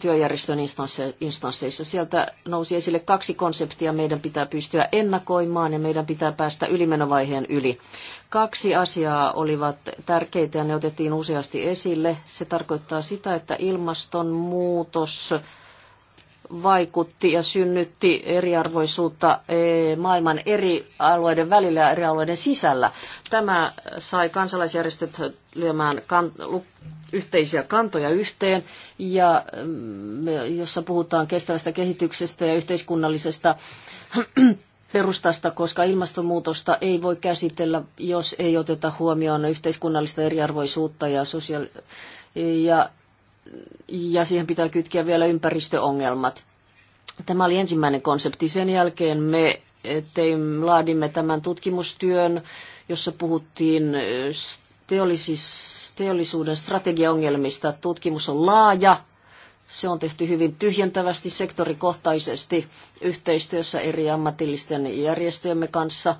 työjärjestön instansseissa. Sieltä nousi esille kaksi konseptia. Meidän pitää pystyä ennakoimaan ja meidän pitää päästä ylimenovaiheen yli. Kaksi asiaa olivat tärkeitä ja ne otettiin useasti esille. Se tarkoittaa sitä, että ilmastonmuutos muutos vaikutti ja synnytti eriarvoisuutta eh, maailman eri alueiden välillä ja eri alueiden sisällä. Tämä sai kansalaisjärjestöt lyömään kan- yhteisiä kantoja yhteen, ja, mm, jossa puhutaan kestävästä kehityksestä ja yhteiskunnallisesta *clears throat* perustasta, koska ilmastonmuutosta ei voi käsitellä, jos ei oteta huomioon yhteiskunnallista eriarvoisuutta ja, sosiaali- ja ja siihen pitää kytkeä vielä ympäristöongelmat. Tämä oli ensimmäinen konsepti. Sen jälkeen me tein, laadimme tämän tutkimustyön, jossa puhuttiin teollisuuden strategiaongelmista. Tutkimus on laaja, se on tehty hyvin tyhjentävästi sektorikohtaisesti yhteistyössä eri ammatillisten järjestöjemme kanssa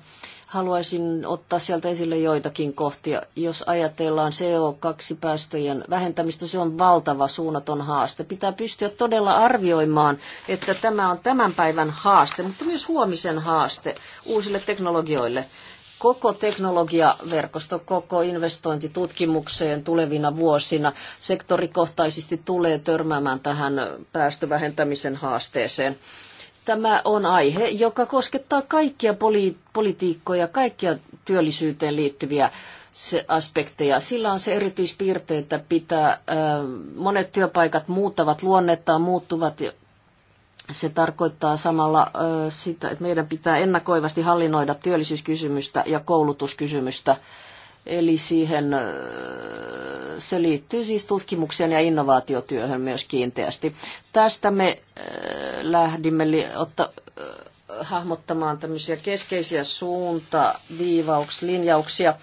Haluaisin ottaa sieltä esille joitakin kohtia. Jos ajatellaan CO2-päästöjen vähentämistä, se on valtava suunnaton haaste. Pitää pystyä todella arvioimaan, että tämä on tämän päivän haaste, mutta myös huomisen haaste uusille teknologioille koko teknologiaverkosto, koko investointi tutkimukseen tulevina vuosina sektorikohtaisesti tulee törmäämään tähän päästövähentämisen haasteeseen. Tämä on aihe, joka koskettaa kaikkia poli- politiikkoja, kaikkia työllisyyteen liittyviä se aspekteja. Sillä on se erityispiirte, että pitää, monet työpaikat muuttavat luonnettaan, muuttuvat. Se tarkoittaa samalla sitä, että meidän pitää ennakoivasti hallinnoida työllisyyskysymystä ja koulutuskysymystä Eli siihen äh, se liittyy siis tutkimukseen ja innovaatiotyöhön myös kiinteästi. Tästä me äh, lähdimme otta, äh, hahmottamaan tämmöisiä keskeisiä suuntaviivauslinjauksia.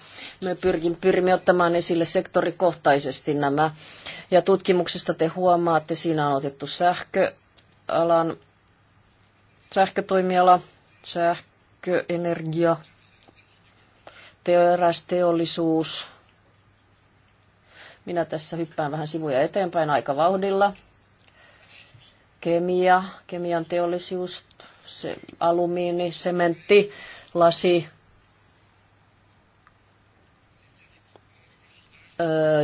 Me pyrkin, pyrimme ottamaan esille sektorikohtaisesti nämä. Ja tutkimuksesta te huomaatte, siinä on otettu sähköalan, sähkötoimiala, sähköenergia, terästeollisuus. Minä tässä hyppään vähän sivuja eteenpäin aika vauhdilla. Kemia, kemian teollisuus, se alumiini, sementti, lasi,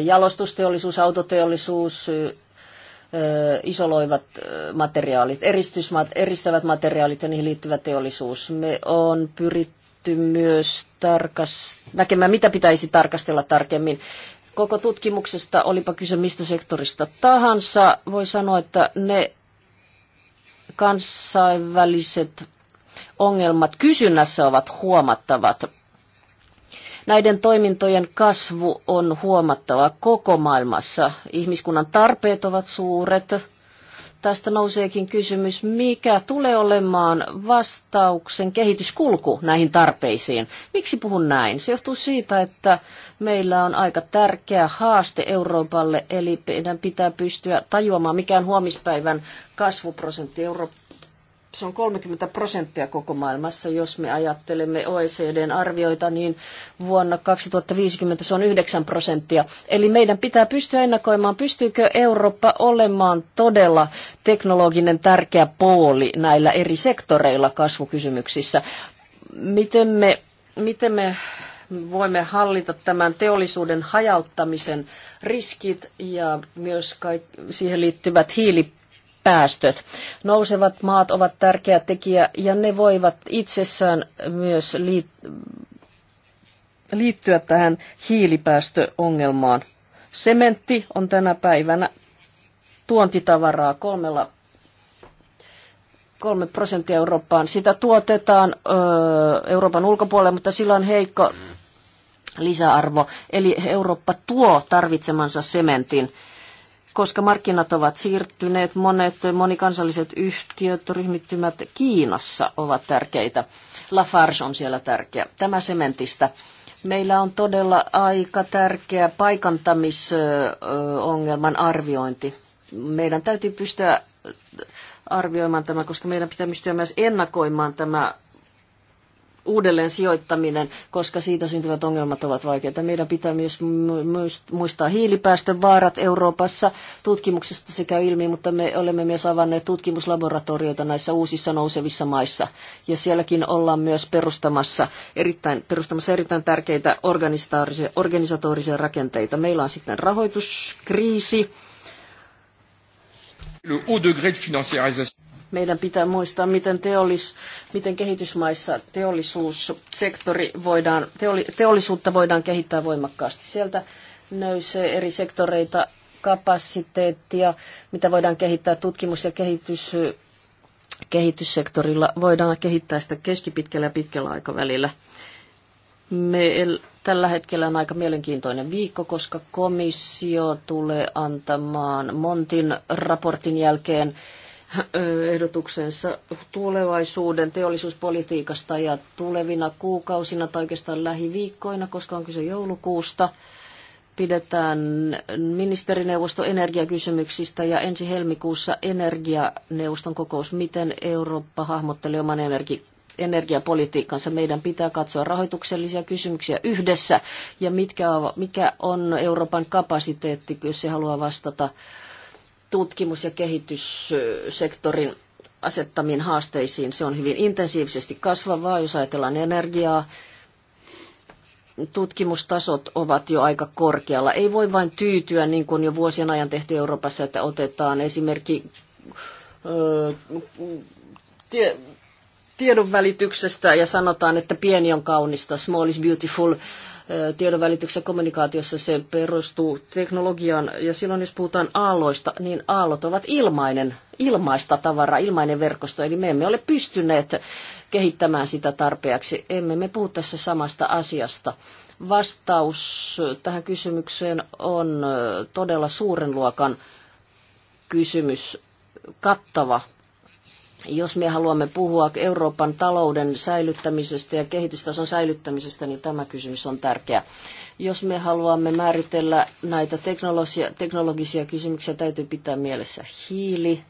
jalostusteollisuus, autoteollisuus, isoloivat materiaalit, eristysmat, eristävät materiaalit ja niihin liittyvä teollisuus. Me on pyrit, pyritty myös tarkas, näkemään, mitä pitäisi tarkastella tarkemmin. Koko tutkimuksesta, olipa kyse mistä sektorista tahansa, voi sanoa, että ne kansainväliset ongelmat kysynnässä ovat huomattavat. Näiden toimintojen kasvu on huomattava koko maailmassa. Ihmiskunnan tarpeet ovat suuret tästä nouseekin kysymys, mikä tulee olemaan vastauksen kehityskulku näihin tarpeisiin. Miksi puhun näin? Se johtuu siitä, että meillä on aika tärkeä haaste Euroopalle, eli meidän pitää pystyä tajuamaan, mikä on huomispäivän kasvuprosentti. Euroopassa se on 30 prosenttia koko maailmassa. Jos me ajattelemme OECDn arvioita, niin vuonna 2050 se on 9 prosenttia. Eli meidän pitää pystyä ennakoimaan, pystyykö Eurooppa olemaan todella teknologinen tärkeä pooli näillä eri sektoreilla kasvukysymyksissä. Miten me, miten me voimme hallita tämän teollisuuden hajauttamisen riskit ja myös kaik- siihen liittyvät hiili päästöt. Nousevat maat ovat tärkeä tekijä ja ne voivat itsessään myös liittyä tähän hiilipäästöongelmaan. Sementti on tänä päivänä tuontitavaraa kolmella kolme prosenttia Eurooppaan. Sitä tuotetaan Euroopan ulkopuolelle, mutta sillä on heikko lisäarvo. Eli Eurooppa tuo tarvitsemansa sementin koska markkinat ovat siirtyneet, monet monikansalliset yhtiöt, ryhmittymät Kiinassa ovat tärkeitä. Lafarge on siellä tärkeä. Tämä sementistä. Meillä on todella aika tärkeä paikantamisongelman arviointi. Meidän täytyy pystyä arvioimaan tämä, koska meidän pitää pystyä myös ennakoimaan tämä uudelleen sijoittaminen, koska siitä syntyvät ongelmat ovat vaikeita. Meidän pitää myös muistaa hiilipäästön vaarat Euroopassa. Tutkimuksesta se käy ilmi, mutta me olemme myös avanneet tutkimuslaboratorioita näissä uusissa nousevissa maissa. Ja sielläkin ollaan myös perustamassa erittäin, perustamassa erittäin tärkeitä organisatorisia rakenteita. Meillä on sitten rahoituskriisi. Le haut degré de financiarisation meidän pitää muistaa, miten, teollis, miten kehitysmaissa teollisuussektori voidaan, teoli, teollisuutta voidaan kehittää voimakkaasti. Sieltä nöysee eri sektoreita kapasiteettia, mitä voidaan kehittää tutkimus- ja kehitys, kehityssektorilla. Voidaan kehittää sitä keskipitkällä ja pitkällä aikavälillä. Me tällä hetkellä on aika mielenkiintoinen viikko, koska komissio tulee antamaan Montin raportin jälkeen ehdotuksensa tulevaisuuden teollisuuspolitiikasta ja tulevina kuukausina tai oikeastaan lähiviikkoina, koska on kyse joulukuusta, pidetään ministerineuvosto energiakysymyksistä ja ensi helmikuussa energianeuvoston kokous, miten Eurooppa hahmottelee oman energi- energiapolitiikkansa. Meidän pitää katsoa rahoituksellisia kysymyksiä yhdessä ja mitkä, mikä on Euroopan kapasiteetti, jos se haluaa vastata tutkimus- ja kehityssektorin asettamiin haasteisiin. Se on hyvin intensiivisesti kasvavaa, jos ajatellaan energiaa. Tutkimustasot ovat jo aika korkealla. Ei voi vain tyytyä, niin kuin jo vuosien ajan tehtiin Euroopassa, että otetaan esimerkki tiedonvälityksestä ja sanotaan, että pieni on kaunista, small is beautiful tiedonvälityksessä kommunikaatiossa se perustuu teknologiaan. Ja silloin jos puhutaan aalloista, niin aallot ovat ilmainen, ilmaista tavaraa, ilmainen verkosto. Eli me emme ole pystyneet kehittämään sitä tarpeeksi. Emme me puhu tässä samasta asiasta. Vastaus tähän kysymykseen on todella suuren luokan kysymys, kattava jos me haluamme puhua Euroopan talouden säilyttämisestä ja kehitystason säilyttämisestä, niin tämä kysymys on tärkeä. Jos me haluamme määritellä näitä teknologisia, teknologisia kysymyksiä, täytyy pitää mielessä hiili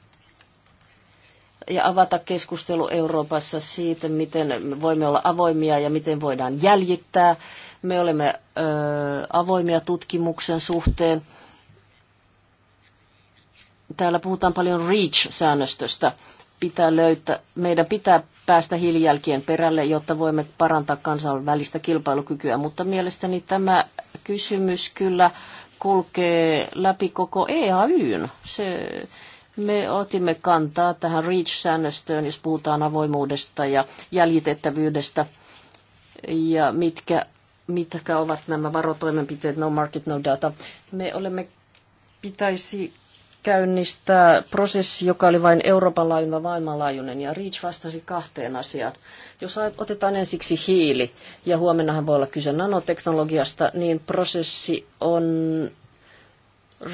ja avata keskustelu Euroopassa siitä, miten me voimme olla avoimia ja miten voidaan jäljittää. Me olemme ö, avoimia tutkimuksen suhteen. Täällä puhutaan paljon REACH-säännöstöstä pitää löytää, meidän pitää päästä hiilijälkien perälle, jotta voimme parantaa kansainvälistä kilpailukykyä. Mutta mielestäni tämä kysymys kyllä kulkee läpi koko EAYn. Se, me otimme kantaa tähän REACH-säännöstöön, jos puhutaan avoimuudesta ja jäljitettävyydestä ja mitkä, mitkä ovat nämä varotoimenpiteet, no market, no data. Me olemme pitäisi käynnistää prosessi, joka oli vain Euroopan laajuinen maailmanlaajuinen, ja Reach vastasi kahteen asiaan. Jos otetaan ensiksi hiili, ja huomennahan voi olla kyse nanoteknologiasta, niin prosessi on,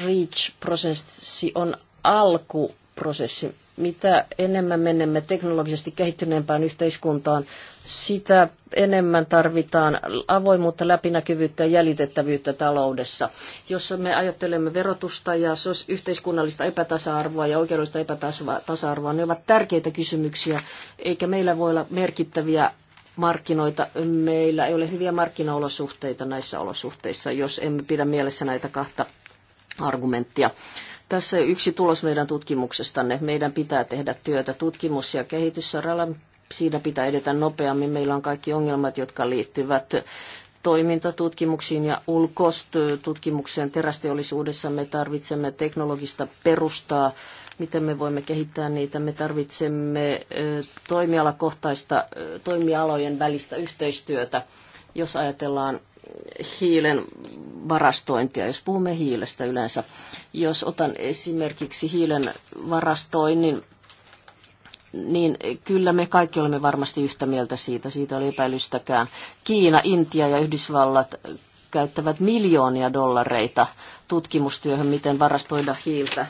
Reach-prosessi on alkuprosessi mitä enemmän menemme teknologisesti kehittyneempään yhteiskuntaan, sitä enemmän tarvitaan avoimuutta, läpinäkyvyyttä ja jäljitettävyyttä taloudessa. Jos me ajattelemme verotusta ja yhteiskunnallista epätasa-arvoa ja oikeudellista epätasa-arvoa, ne ovat tärkeitä kysymyksiä, eikä meillä voi olla merkittäviä markkinoita. Meillä ei ole hyviä markkinaolosuhteita näissä olosuhteissa, jos emme pidä mielessä näitä kahta argumenttia. Tässä yksi tulos meidän tutkimuksestanne. Meidän pitää tehdä työtä tutkimus- ja kehityssaralla. Siinä pitää edetä nopeammin. Meillä on kaikki ongelmat, jotka liittyvät toimintatutkimuksiin ja ulkostutkimukseen terästeollisuudessa. Me tarvitsemme teknologista perustaa, miten me voimme kehittää niitä. Me tarvitsemme toimialakohtaista, toimialojen välistä yhteistyötä. Jos ajatellaan hiilen varastointia, jos puhumme hiilestä yleensä. Jos otan esimerkiksi hiilen varastoinnin, niin kyllä me kaikki olemme varmasti yhtä mieltä siitä, siitä oli epäilystäkään. Kiina, Intia ja Yhdysvallat käyttävät miljoonia dollareita tutkimustyöhön, miten varastoida hiiltä.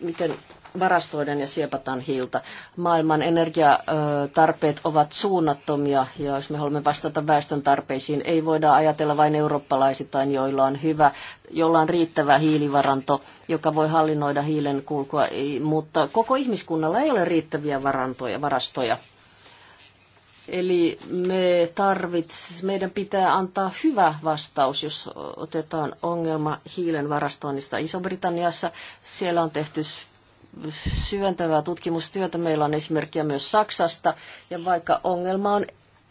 Miten varastoidaan ja siepataan hiiltä. Maailman energiatarpeet ovat suunnattomia ja jos me haluamme vastata väestön tarpeisiin, ei voida ajatella vain eurooppalaisittain, joilla on hyvä, jolla on riittävä hiilivaranto, joka voi hallinnoida hiilen kulkua, mutta koko ihmiskunnalla ei ole riittäviä varantoja, varastoja. Eli me tarvits, meidän pitää antaa hyvä vastaus, jos otetaan ongelma hiilen varastoinnista. Iso-Britanniassa siellä on tehty syventävää tutkimustyötä. Meillä on esimerkkiä myös Saksasta. Ja vaikka ongelma on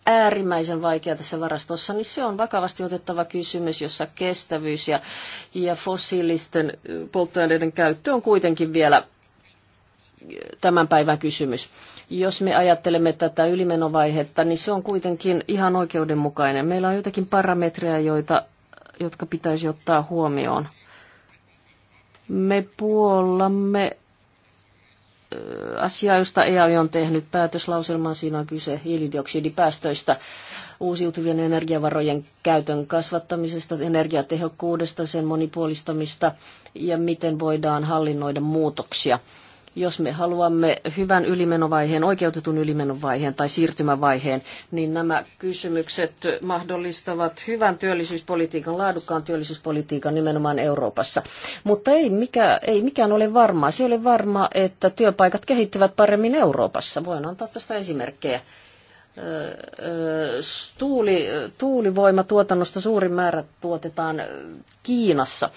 äärimmäisen vaikea tässä varastossa, niin se on vakavasti otettava kysymys, jossa kestävyys ja, ja fossiilisten polttoaineiden käyttö on kuitenkin vielä tämän päivän kysymys. Jos me ajattelemme tätä ylimenovaihetta, niin se on kuitenkin ihan oikeudenmukainen. Meillä on jotakin parametreja, joita, jotka pitäisi ottaa huomioon. Me puollamme asia, josta EAY on tehnyt päätöslauselman. Siinä on kyse hiilidioksidipäästöistä, uusiutuvien energiavarojen käytön kasvattamisesta, energiatehokkuudesta, sen monipuolistamista ja miten voidaan hallinnoida muutoksia – jos me haluamme hyvän ylimenovaiheen, oikeutetun ylimenovaiheen tai siirtymävaiheen, niin nämä kysymykset mahdollistavat hyvän työllisyyspolitiikan, laadukkaan työllisyyspolitiikan nimenomaan Euroopassa. Mutta ei, mikä, ei mikään ole varmaa. Se ei ole varmaa, että työpaikat kehittyvät paremmin Euroopassa. Voin antaa tästä esimerkkejä tuuli, tuulivoimatuotannosta suurin määrä tuotetaan Kiinassa.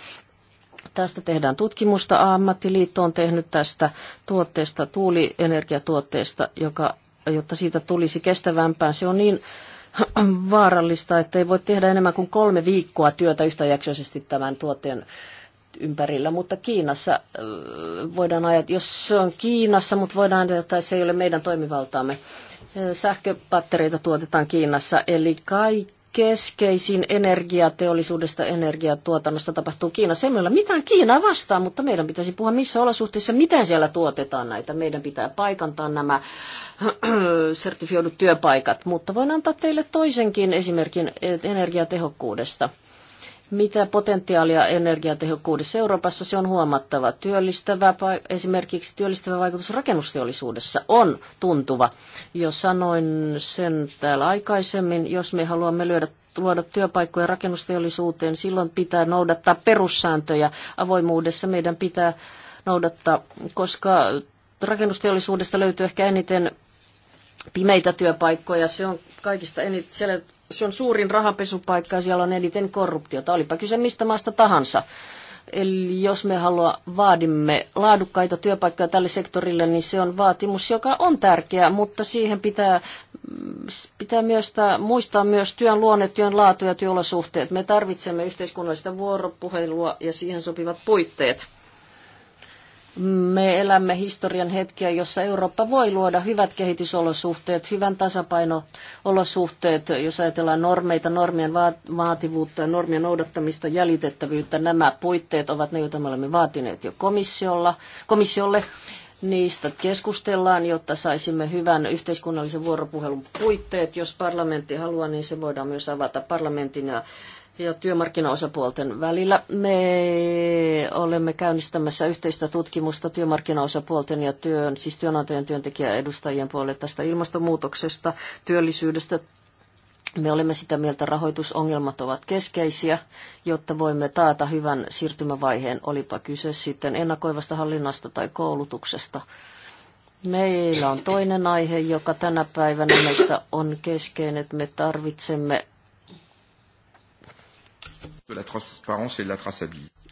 Tästä tehdään tutkimusta. Ammattiliitto on tehnyt tästä tuotteesta, tuulienergiatuotteesta, joka, jotta siitä tulisi kestävämpää. Se on niin *clears throat* vaarallista, että ei voi tehdä enemmän kuin kolme viikkoa työtä yhtäjaksoisesti tämän tuotteen ympärillä, mutta Kiinassa äh, voidaan ajatella, jos se on Kiinassa, mutta voidaan ajatella, että se ei ole meidän toimivaltaamme. Sähköpattereita tuotetaan Kiinassa, eli kaikki keskeisin energiateollisuudesta, energiatuotannosta tapahtuu Kiinassa. Ei meillä mitään Kiinaa vastaan, mutta meidän pitäisi puhua missä olosuhteissa, miten siellä tuotetaan näitä. Meidän pitää paikantaa nämä *clears throat* sertifioidut työpaikat, mutta voin antaa teille toisenkin esimerkin energiatehokkuudesta – mitä potentiaalia energiatehokkuudessa Euroopassa se on huomattava. Työllistävä, esimerkiksi työllistävä vaikutus rakennusteollisuudessa on tuntuva. Jo sanoin sen täällä aikaisemmin, jos me haluamme lyödä luoda työpaikkoja rakennusteollisuuteen, silloin pitää noudattaa perussääntöjä avoimuudessa. Meidän pitää noudattaa, koska rakennusteollisuudesta löytyy ehkä eniten pimeitä työpaikkoja. Se on kaikista eniten, siellä se on suurin rahapesupaikka ja siellä on eniten korruptiota, olipa kyse mistä maasta tahansa. Eli jos me halua, vaadimme laadukkaita työpaikkoja tälle sektorille, niin se on vaatimus, joka on tärkeä, mutta siihen pitää, pitää myös tää, muistaa myös työn luonne, työn laatu ja työolosuhteet. Me tarvitsemme yhteiskunnallista vuoropuhelua ja siihen sopivat puitteet. Me elämme historian hetkiä, jossa Eurooppa voi luoda hyvät kehitysolosuhteet, hyvän tasapaino-olosuhteet, jos ajatellaan normeita, normien vaativuutta ja normien noudattamista, jäljitettävyyttä. Nämä puitteet ovat ne, joita me olemme vaatineet jo komissiolla, komissiolle. Niistä keskustellaan, jotta saisimme hyvän yhteiskunnallisen vuoropuhelun puitteet. Jos parlamentti haluaa, niin se voidaan myös avata parlamentin ja ja työmarkkinaosapuolten välillä. Me olemme käynnistämässä yhteistä tutkimusta työmarkkinaosapuolten ja työn, siis työnantajan työntekijäedustajien puolelle tästä ilmastonmuutoksesta, työllisyydestä, me olemme sitä mieltä, rahoitusongelmat ovat keskeisiä, jotta voimme taata hyvän siirtymävaiheen, olipa kyse sitten ennakoivasta hallinnasta tai koulutuksesta. Meillä on toinen aihe, joka tänä päivänä meistä on keskeinen, että me tarvitsemme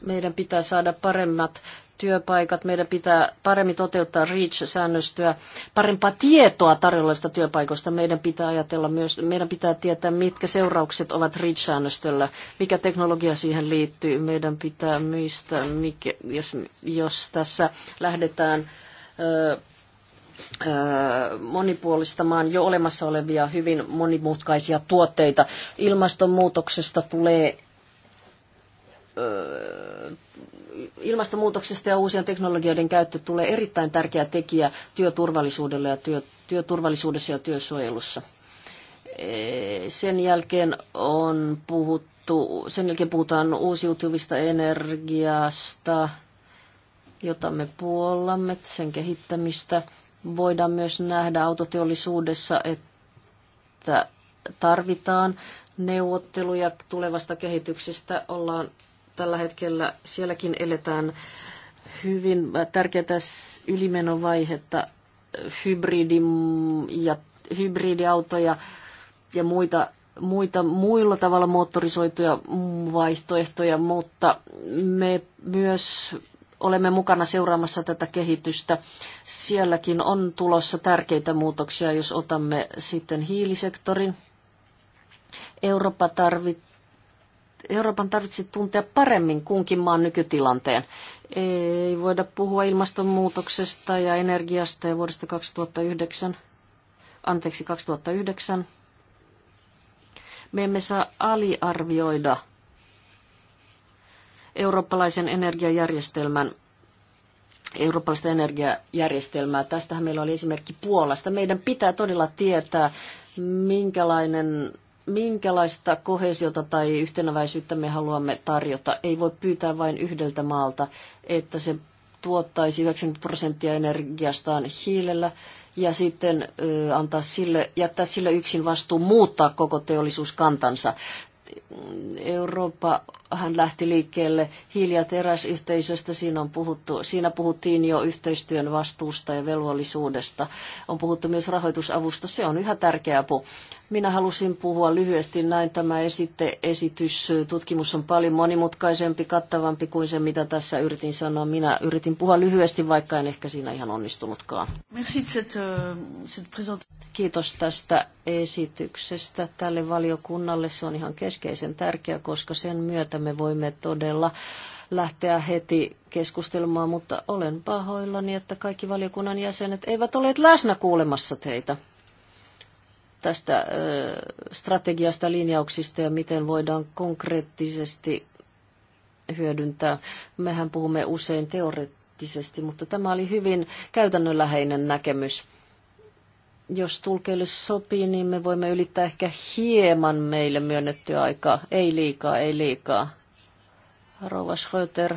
meidän pitää saada paremmat työpaikat, meidän pitää paremmin toteuttaa REACH-säännöstöä, parempaa tietoa tarjolla työpaikoista. Meidän pitää ajatella myös, meidän pitää tietää, mitkä seuraukset ovat REACH-säännöstöllä, mikä teknologia siihen liittyy. Meidän pitää mistä, mikä, jos, jos tässä lähdetään ö, monipuolistamaan jo olemassa olevia hyvin monimutkaisia tuotteita. Ilmastonmuutoksesta tulee ilmastonmuutoksesta ja uusien teknologioiden käyttö tulee erittäin tärkeä tekijä työturvallisuudelle ja työ, työturvallisuudessa ja työsuojelussa. Sen jälkeen on puhuttu, sen jälkeen puhutaan uusiutuvista energiasta, jota me puollamme, sen kehittämistä. Voidaan myös nähdä autoteollisuudessa, että tarvitaan neuvotteluja tulevasta kehityksestä. Ollaan Tällä hetkellä sielläkin eletään hyvin tärkeää ylimenovaihetta hybridi ja hybridiautoja ja muita, muita muilla tavalla moottorisoituja vaihtoehtoja, mutta me myös olemme mukana seuraamassa tätä kehitystä. Sielläkin on tulossa tärkeitä muutoksia, jos otamme sitten hiilisektorin. Eurooppa tarvit, Euroopan tarvitsisi tuntea paremmin kunkin maan nykytilanteen. Ei voida puhua ilmastonmuutoksesta ja energiasta ja vuodesta 2009, anteeksi 2009. Me emme saa aliarvioida eurooppalaisen energiajärjestelmän eurooppalaista energiajärjestelmää. Tästähän meillä oli esimerkki Puolasta. Meidän pitää todella tietää, minkälainen minkälaista kohesiota tai yhtenäväisyyttä me haluamme tarjota. Ei voi pyytää vain yhdeltä maalta, että se tuottaisi 90 prosenttia energiastaan hiilellä ja sitten antaa sille, jättää sille yksin vastuu muuttaa koko teollisuuskantansa. Eurooppa hän lähti liikkeelle hiili- ja teräsyhteisöstä. Siinä, on puhuttu, siinä puhuttiin jo yhteistyön vastuusta ja velvollisuudesta. On puhuttu myös rahoitusavusta. Se on yhä tärkeä apu. Minä halusin puhua lyhyesti näin. Tämä esitte, esitys, tutkimus on paljon monimutkaisempi, kattavampi kuin se, mitä tässä yritin sanoa. Minä yritin puhua lyhyesti, vaikka en ehkä siinä ihan onnistunutkaan. Euh, Kiitos tästä esityksestä tälle valiokunnalle. Se on ihan keskeinen keskeisen tärkeä, koska sen myötä me voimme todella lähteä heti keskustelemaan, mutta olen pahoillani, että kaikki valiokunnan jäsenet eivät ole läsnä kuulemassa teitä tästä strategiasta, linjauksista ja miten voidaan konkreettisesti hyödyntää. Mehän puhumme usein teoreettisesti, mutta tämä oli hyvin käytännönläheinen näkemys jos tulkeille sopii, niin me voimme ylittää ehkä hieman meille myönnettyä aikaa. Ei liikaa, ei liikaa. Rova Schröter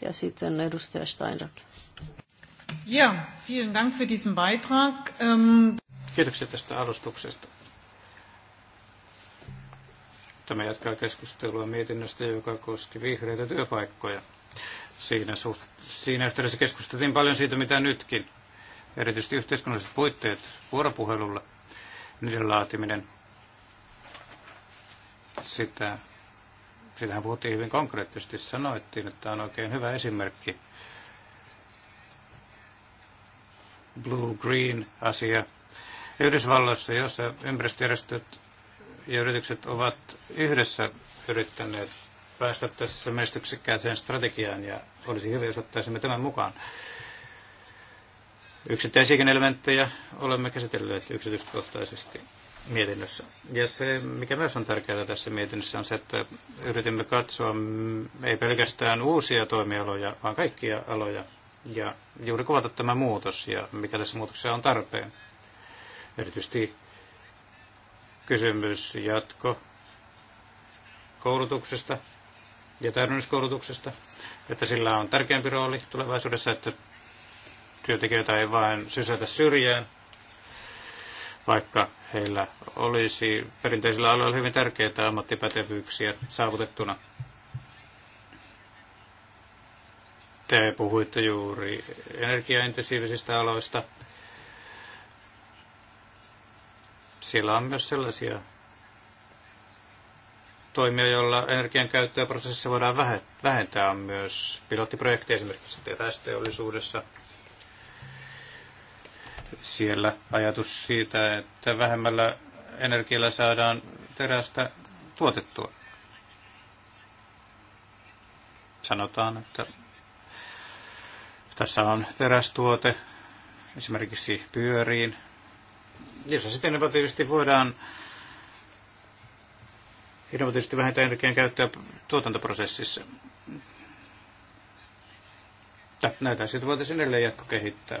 ja sitten edustaja Steinrock. Ja, vielen Dank für diesen Beitrag. Ähm... Kiitoksia tästä alustuksesta. Tämä jatkaa keskustelua mietinnöstä, joka koski vihreitä työpaikkoja. Siinä, suht- siinä yhteydessä keskusteltiin paljon siitä, mitä nytkin erityisesti yhteiskunnalliset puitteet vuoropuhelulle, niiden laatiminen, sitä, sitähän puhuttiin hyvin konkreettisesti, sanoittiin, että on oikein hyvä esimerkki blue-green asia Yhdysvalloissa, jossa ympäristöjärjestöt ja yritykset ovat yhdessä yrittäneet päästä tässä menestyksekkääseen strategiaan ja olisi hyvä, jos ottaisimme tämän mukaan. Yksittäisiäkin elementtejä olemme käsitelleet yksityiskohtaisesti mietinnössä. Ja se, mikä myös on tärkeää tässä mietinnössä, on se, että yritimme katsoa ei pelkästään uusia toimialoja, vaan kaikkia aloja. Ja juuri kuvata tämä muutos ja mikä tässä muutoksessa on tarpeen. Erityisesti kysymys jatko koulutuksesta ja täydennyskoulutuksesta, että sillä on tärkeämpi rooli tulevaisuudessa, että työntekijöitä ei vain sysätä syrjään, vaikka heillä olisi perinteisillä aloilla hyvin tärkeitä ammattipätevyyksiä saavutettuna. Te puhuitte juuri energiaintensiivisistä aloista. Siellä on myös sellaisia toimia, joilla energian käyttöä prosessissa voidaan vähentää, on myös pilottiprojekti esimerkiksi terästeollisuudessa – siellä ajatus siitä, että vähemmällä energialla saadaan terästä tuotettua. Sanotaan, että tässä on terästuote esimerkiksi pyöriin, jossa sitten innovatiivisesti voidaan innovatiivisesti vähentää energian käyttöä tuotantoprosessissa. Näitä asioita voitaisiin edelleen jatko kehittää.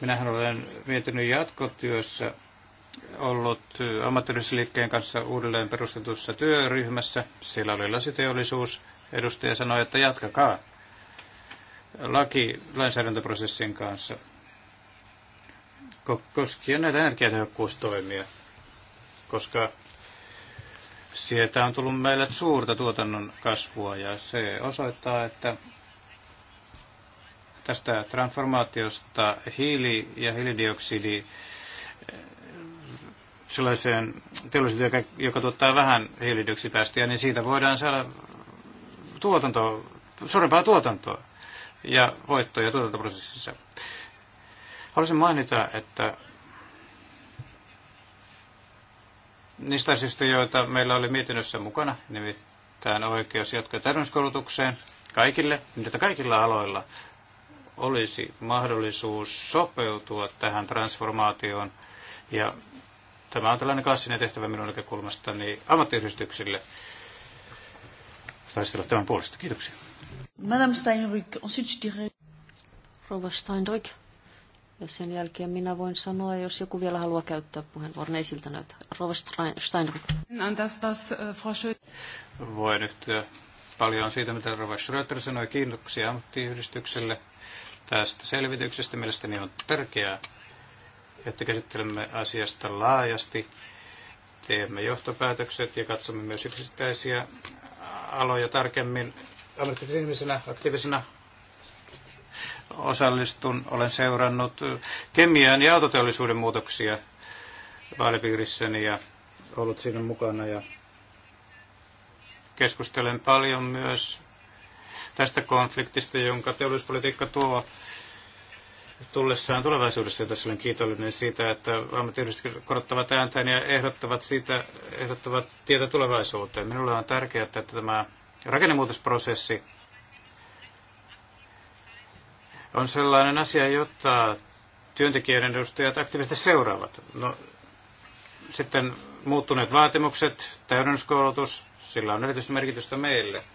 Minähän olen miettinyt jatkotyössä ollut ammattiyhdistysliikkeen kanssa uudelleen perustetussa työryhmässä. Siellä oli lasiteollisuus. Edustaja sanoi, että jatkakaa laki lainsäädäntöprosessin kanssa koskien näitä energiatehokkuustoimia, koska sieltä on tullut meille suurta tuotannon kasvua ja se osoittaa, että tästä transformaatiosta hiili- ja hiilidioksidi eh, sellaiseen teollisuuteen, joka, joka tuottaa vähän hiilidioksidipäästöjä, niin siitä voidaan saada tuotanto, suurempaa tuotantoa ja voittoja tuotantoprosessissa. Haluaisin mainita, että niistä asioista, joita meillä oli mietinnössä mukana, nimittäin oikeus jatko- täydennyskoulutukseen kaikille, niitä kaikilla aloilla olisi mahdollisuus sopeutua tähän transformaatioon. Ja tämä on tällainen klassinen tehtävä minun näkökulmastani ammattiyhdistyksille taistella tämän puolesta. Kiitoksia. Madame Steinrück, ensuite je dirais... Rouva Steinrück, ja sen jälkeen minä voin sanoa, jos joku vielä haluaa käyttää puheenvuoron, ei siltä näytä. Rouva Steinrück. Äh, voin yhtyä paljon siitä, mitä Rouva Schröter sanoi. Kiitoksia ammattiyhdistykselle tästä selvityksestä. Mielestäni on tärkeää, että käsittelemme asiasta laajasti, teemme johtopäätökset ja katsomme myös yksittäisiä aloja tarkemmin. Ammattiviimisenä aktiivisena osallistun, olen seurannut kemian ja autoteollisuuden muutoksia vaalipiirissäni ja ollut siinä mukana ja keskustelen paljon myös tästä konfliktista, jonka teollisuuspolitiikka tuo tullessaan tulevaisuudessa. Tässä olen kiitollinen siitä, että ammattiyhdistykset korottavat ääntään ja ehdottavat, siitä, ehdottavat tietä tulevaisuuteen. Minulle on tärkeää, että tämä rakennemuutosprosessi on sellainen asia, jota työntekijöiden edustajat aktiivisesti seuraavat. No, sitten muuttuneet vaatimukset, täydennyskoulutus, sillä on erityistä merkitystä meille –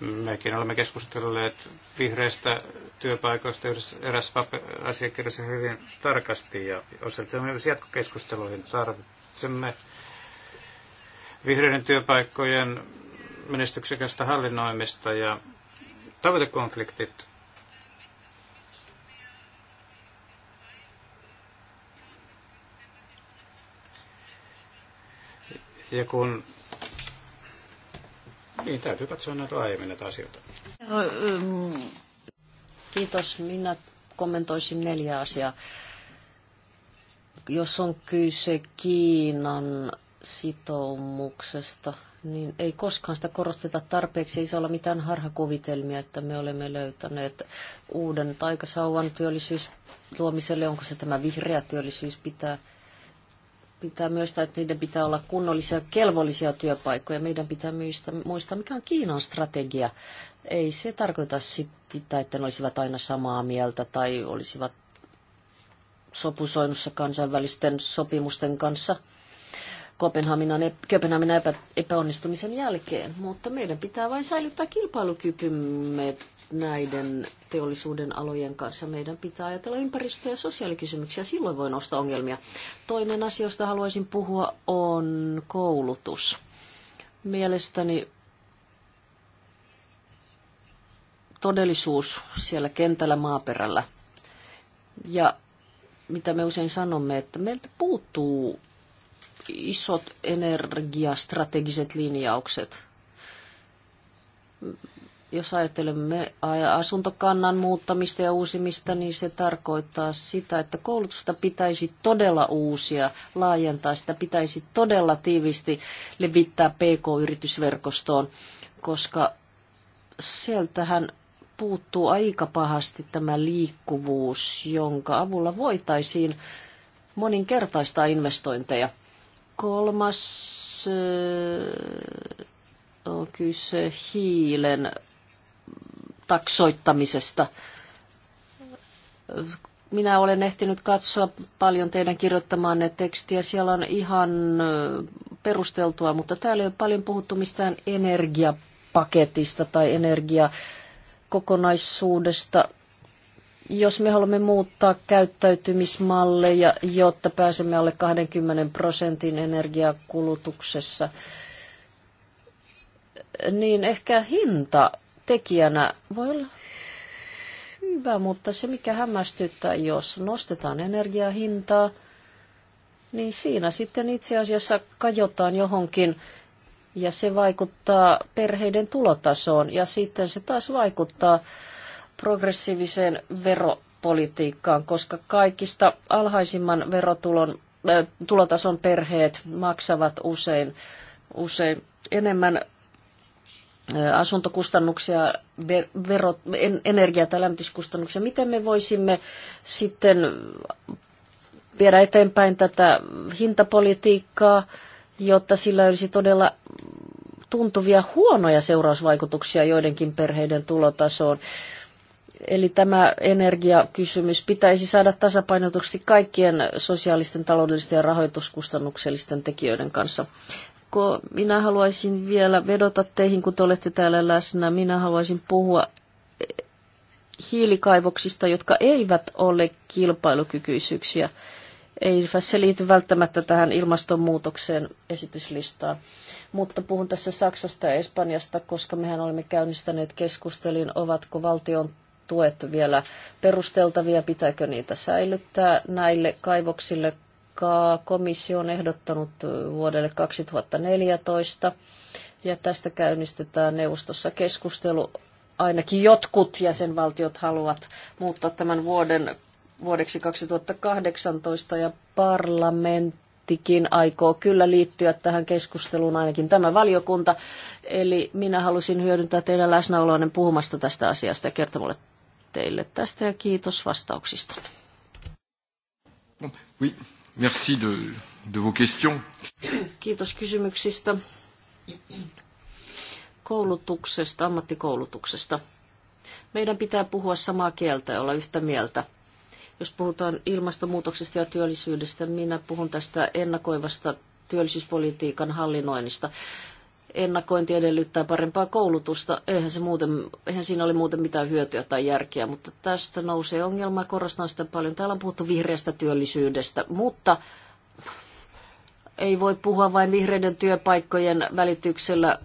Mekin olemme keskustelleet vihreistä työpaikoista yhdessä eräs asiakirjassa hyvin tarkasti ja osaltamme myös jatkokeskusteluihin tarvitsemme vihreiden työpaikkojen menestyksekästä hallinnoimista ja tavoitekonfliktit ja kun niin, täytyy katsoa näitä laajemmin näitä asioita. Kiitos. Minä kommentoisin neljä asiaa. Jos on kyse Kiinan sitoumuksesta, niin ei koskaan sitä korosteta tarpeeksi. Ei saa olla mitään harhakuvitelmia, että me olemme löytäneet uuden taikasauvan työllisyys luomiselle. Onko se tämä vihreä työllisyys pitää pitää myös, että niiden pitää olla kunnollisia, kelvollisia työpaikkoja. Meidän pitää myös muistaa mikä on Kiinan strategia. Ei se tarkoita sitä, että ne olisivat aina samaa mieltä tai olisivat sopusoinnussa kansainvälisten sopimusten kanssa Kopenhaminan, Kööpenhaminan epä, epäonnistumisen jälkeen. Mutta meidän pitää vain säilyttää kilpailukykymme näiden teollisuuden alojen kanssa. Meidän pitää ajatella ympäristö- ja sosiaalikysymyksiä, silloin voi nostaa ongelmia. Toinen asia, josta haluaisin puhua, on koulutus. Mielestäni todellisuus siellä kentällä maaperällä ja mitä me usein sanomme, että meiltä puuttuu isot energiastrategiset linjaukset jos ajattelemme asuntokannan muuttamista ja uusimista, niin se tarkoittaa sitä, että koulutusta pitäisi todella uusia, laajentaa, sitä pitäisi todella tiivisti levittää PK-yritysverkostoon, koska sieltähän puuttuu aika pahasti tämä liikkuvuus, jonka avulla voitaisiin moninkertaistaa investointeja. Kolmas on kyse hiilen taksoittamisesta. Minä olen ehtinyt katsoa paljon teidän kirjoittamaanne tekstiä. Siellä on ihan perusteltua, mutta täällä ei ole paljon puhuttu mistään energiapaketista tai energiakokonaisuudesta. Jos me haluamme muuttaa käyttäytymismalleja, jotta pääsemme alle 20 prosentin energiakulutuksessa, niin ehkä hinta tekijänä voi olla hyvä, mutta se mikä hämmästyttää, jos nostetaan energiahintaa, niin siinä sitten itse asiassa kajotaan johonkin ja se vaikuttaa perheiden tulotasoon ja sitten se taas vaikuttaa progressiiviseen veropolitiikkaan, koska kaikista alhaisimman verotulon äh, tulotason perheet maksavat usein, usein enemmän asuntokustannuksia, verot, energia- tai lämmityskustannuksia. Miten me voisimme sitten viedä eteenpäin tätä hintapolitiikkaa, jotta sillä olisi todella tuntuvia huonoja seurausvaikutuksia joidenkin perheiden tulotasoon. Eli tämä energiakysymys pitäisi saada tasapainotuksesti kaikkien sosiaalisten, taloudellisten ja rahoituskustannuksellisten tekijöiden kanssa minä haluaisin vielä vedota teihin, kun te olette täällä läsnä. Minä haluaisin puhua hiilikaivoksista, jotka eivät ole kilpailukykyisyyksiä. Ei se liity välttämättä tähän ilmastonmuutokseen esityslistaan. Mutta puhun tässä Saksasta ja Espanjasta, koska mehän olemme käynnistäneet keskustelin, ovatko valtion tuet vielä perusteltavia, pitääkö niitä säilyttää näille kaivoksille, jotka komissio on ehdottanut vuodelle 2014. Ja tästä käynnistetään neuvostossa keskustelu. Ainakin jotkut jäsenvaltiot haluavat muuttaa tämän vuoden vuodeksi 2018 ja parlamenttikin aikoo kyllä liittyä tähän keskusteluun, ainakin tämä valiokunta. Eli minä halusin hyödyntää teidän läsnäoloinen puhumasta tästä asiasta ja kertomalle teille tästä ja kiitos vastauksista. No, oui. Merci de, de vos questions. Kiitos kysymyksistä. Koulutuksesta, ammattikoulutuksesta. Meidän pitää puhua samaa kieltä ja olla yhtä mieltä. Jos puhutaan ilmastonmuutoksesta ja työllisyydestä, minä puhun tästä ennakoivasta työllisyyspolitiikan hallinnoinnista ennakointi edellyttää parempaa koulutusta. Eihän, se muuten, eihän siinä ole muuten mitään hyötyä tai järkeä, mutta tästä nousee ongelma. Korostan sitä paljon. Täällä on puhuttu vihreästä työllisyydestä, mutta ei voi puhua vain vihreiden työpaikkojen välityksellä,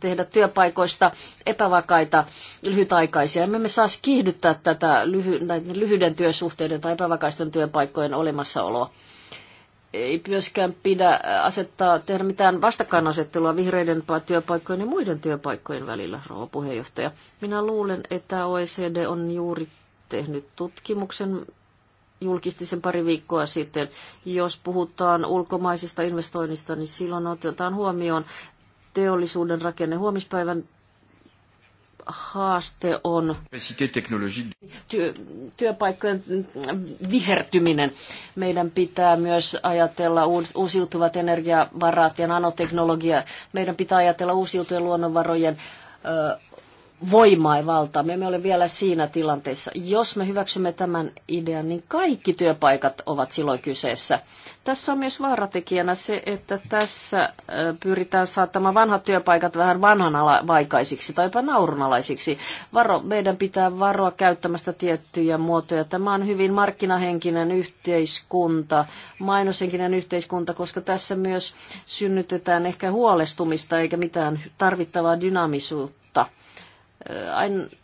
tehdä työpaikoista epävakaita lyhytaikaisia. Emme me saisi kiihdyttää tätä lyhy, näiden lyhyiden työsuhteiden tai epävakaisten työpaikkojen olemassaoloa ei myöskään pidä asettaa, tehdä mitään vastakkainasettelua vihreiden työpaikkojen ja muiden työpaikkojen välillä, rouva puheenjohtaja. Minä luulen, että OECD on juuri tehnyt tutkimuksen julkisti sen pari viikkoa sitten. Jos puhutaan ulkomaisista investoinnista, niin silloin otetaan huomioon teollisuuden rakenne huomispäivän haaste on työpaikkojen vihertyminen. Meidän pitää myös ajatella uusiutuvat energiavarat ja nanoteknologia. Meidän pitää ajatella uusiutujen luonnonvarojen voimaa ja valtaa. Me emme ole vielä siinä tilanteessa. Jos me hyväksymme tämän idean, niin kaikki työpaikat ovat silloin kyseessä. Tässä on myös vaaratekijänä se, että tässä pyritään saattamaan vanhat työpaikat vähän vanhanvaikaisiksi tai jopa naurunalaisiksi. Varo, meidän pitää varoa käyttämästä tiettyjä muotoja. Tämä on hyvin markkinahenkinen yhteiskunta, mainoshenkinen yhteiskunta, koska tässä myös synnytetään ehkä huolestumista eikä mitään tarvittavaa dynaamisuutta. Äh,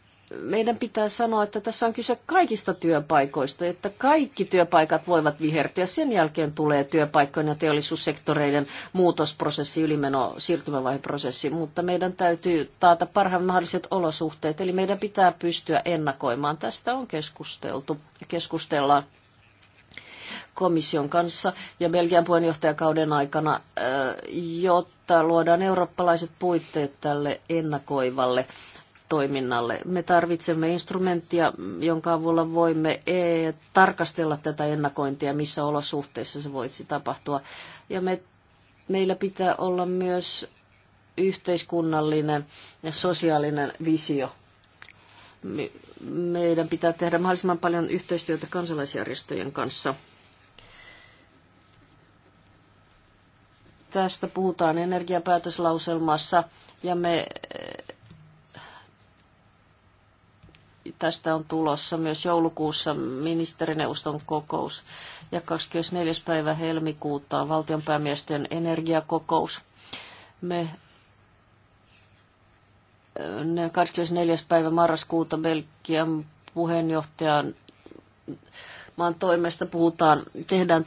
meidän pitää sanoa, että tässä on kyse kaikista työpaikoista, että kaikki työpaikat voivat vihertyä. Sen jälkeen tulee työpaikkojen ja teollisuussektoreiden muutosprosessi, ylimeno, siirtymävaiheprosessi, mutta meidän täytyy taata parhaan mahdolliset olosuhteet, eli meidän pitää pystyä ennakoimaan. Tästä on keskusteltu, keskustellaan komission kanssa ja Belgian puheenjohtajakauden aikana, äh, jotta luodaan eurooppalaiset puitteet tälle ennakoivalle toiminnalle. Me tarvitsemme instrumenttia, jonka avulla voimme e, tarkastella tätä ennakointia, missä olosuhteissa se voisi tapahtua. Ja me, meillä pitää olla myös yhteiskunnallinen ja sosiaalinen visio. Meidän pitää tehdä mahdollisimman paljon yhteistyötä kansalaisjärjestöjen kanssa. Tästä puhutaan energiapäätöslauselmassa ja me tästä on tulossa myös joulukuussa ministerineuvoston kokous ja 24. päivä helmikuuta on valtionpäämiesten energiakokous. Me 24. päivä marraskuuta Belgian puheenjohtajan maan toimesta puhutaan, tehdään,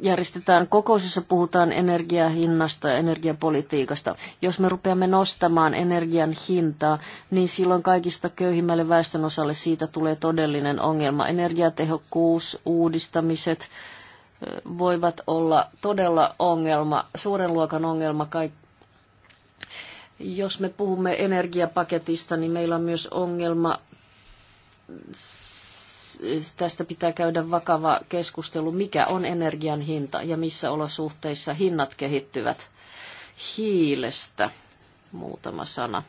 järjestetään kokous, jossa puhutaan energiahinnasta ja energiapolitiikasta. Jos me rupeamme nostamaan energian hintaa, niin silloin kaikista köyhimmälle väestönosalle siitä tulee todellinen ongelma. Energiatehokkuus, uudistamiset voivat olla todella ongelma, suuren luokan ongelma kaikki jos me puhumme energiapaketista, niin meillä on myös ongelma tästä pitää käydä vakava keskustelu, mikä on energian hinta ja missä olosuhteissa hinnat kehittyvät. Hiilestä muutama sana.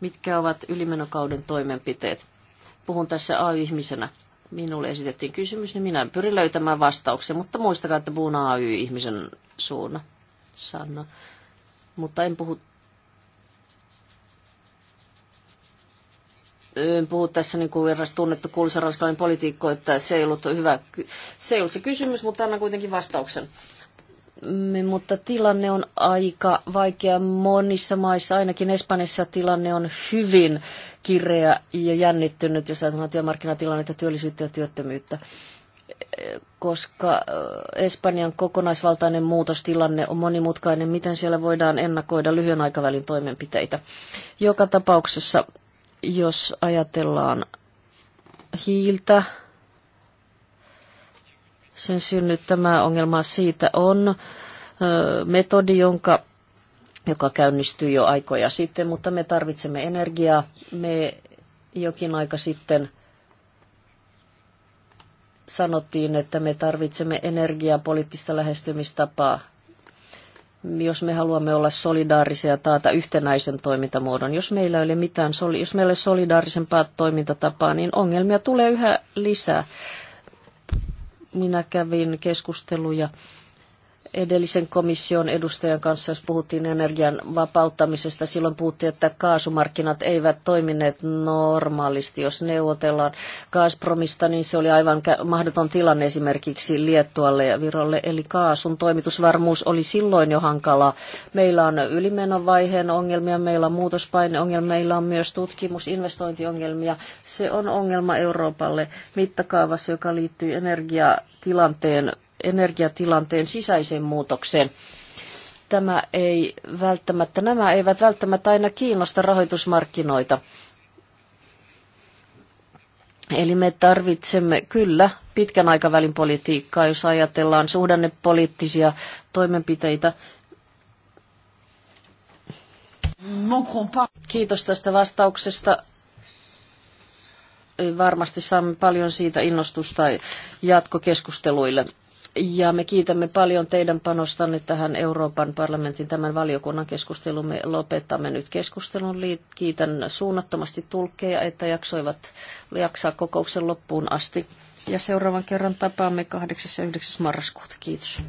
Mitkä ovat ylimenokauden toimenpiteet? Puhun tässä AY-ihmisenä. Minulle esitettiin kysymys, niin minä pyrin löytämään vastauksen, mutta muistakaa, että puhun AY-ihmisen suuna, Sanna. Mutta en puhu puhu tässä niin kuin eräs tunnettu kuuluisa ranskalainen poliitikko, että se ei ollut hyvä, se ei ollut se kysymys, mutta annan kuitenkin vastauksen. Mm, mutta tilanne on aika vaikea monissa maissa, ainakin Espanjassa tilanne on hyvin kireä ja jännittynyt, jos ajatellaan työmarkkinatilannetta, työllisyyttä ja työttömyyttä koska Espanjan kokonaisvaltainen muutostilanne on monimutkainen, miten siellä voidaan ennakoida lyhyen aikavälin toimenpiteitä. Joka tapauksessa jos ajatellaan hiiltä, sen synnyttämää ongelmaa siitä on metodi, jonka, joka käynnistyi jo aikoja sitten, mutta me tarvitsemme energiaa. Me jokin aika sitten sanottiin, että me tarvitsemme energiaa poliittista lähestymistapaa jos me haluamme olla solidaarisia ja taata yhtenäisen toimintamuodon. Jos meillä ei ole mitään, jos meillä ei ole solidaarisempaa toimintatapaa, niin ongelmia tulee yhä lisää. Minä kävin keskusteluja edellisen komission edustajan kanssa, jos puhuttiin energian vapauttamisesta, silloin puhuttiin, että kaasumarkkinat eivät toimineet normaalisti. Jos neuvotellaan Gazpromista, niin se oli aivan mahdoton tilanne esimerkiksi Liettualle ja Virolle, eli kaasun toimitusvarmuus oli silloin jo hankala. Meillä on ylimenovaiheen ongelmia, meillä on muutospaineongelmia, meillä on myös tutkimus, investointiongelmia. Se on ongelma Euroopalle mittakaavassa, joka liittyy energiatilanteen energiatilanteen sisäiseen muutokseen. Tämä ei välttämättä, nämä eivät välttämättä aina kiinnosta rahoitusmarkkinoita. Eli me tarvitsemme kyllä pitkän aikavälin politiikkaa, jos ajatellaan suhdannepoliittisia toimenpiteitä. Kiitos tästä vastauksesta. Varmasti saamme paljon siitä innostusta jatkokeskusteluille. Ja me kiitämme paljon teidän panostanne tähän Euroopan parlamentin tämän valiokunnan keskusteluun. Me lopetamme nyt keskustelun. Kiitän suunnattomasti tulkkeja, että jaksoivat jaksaa kokouksen loppuun asti. Ja seuraavan kerran tapaamme 8. ja 9. marraskuuta. Kiitos.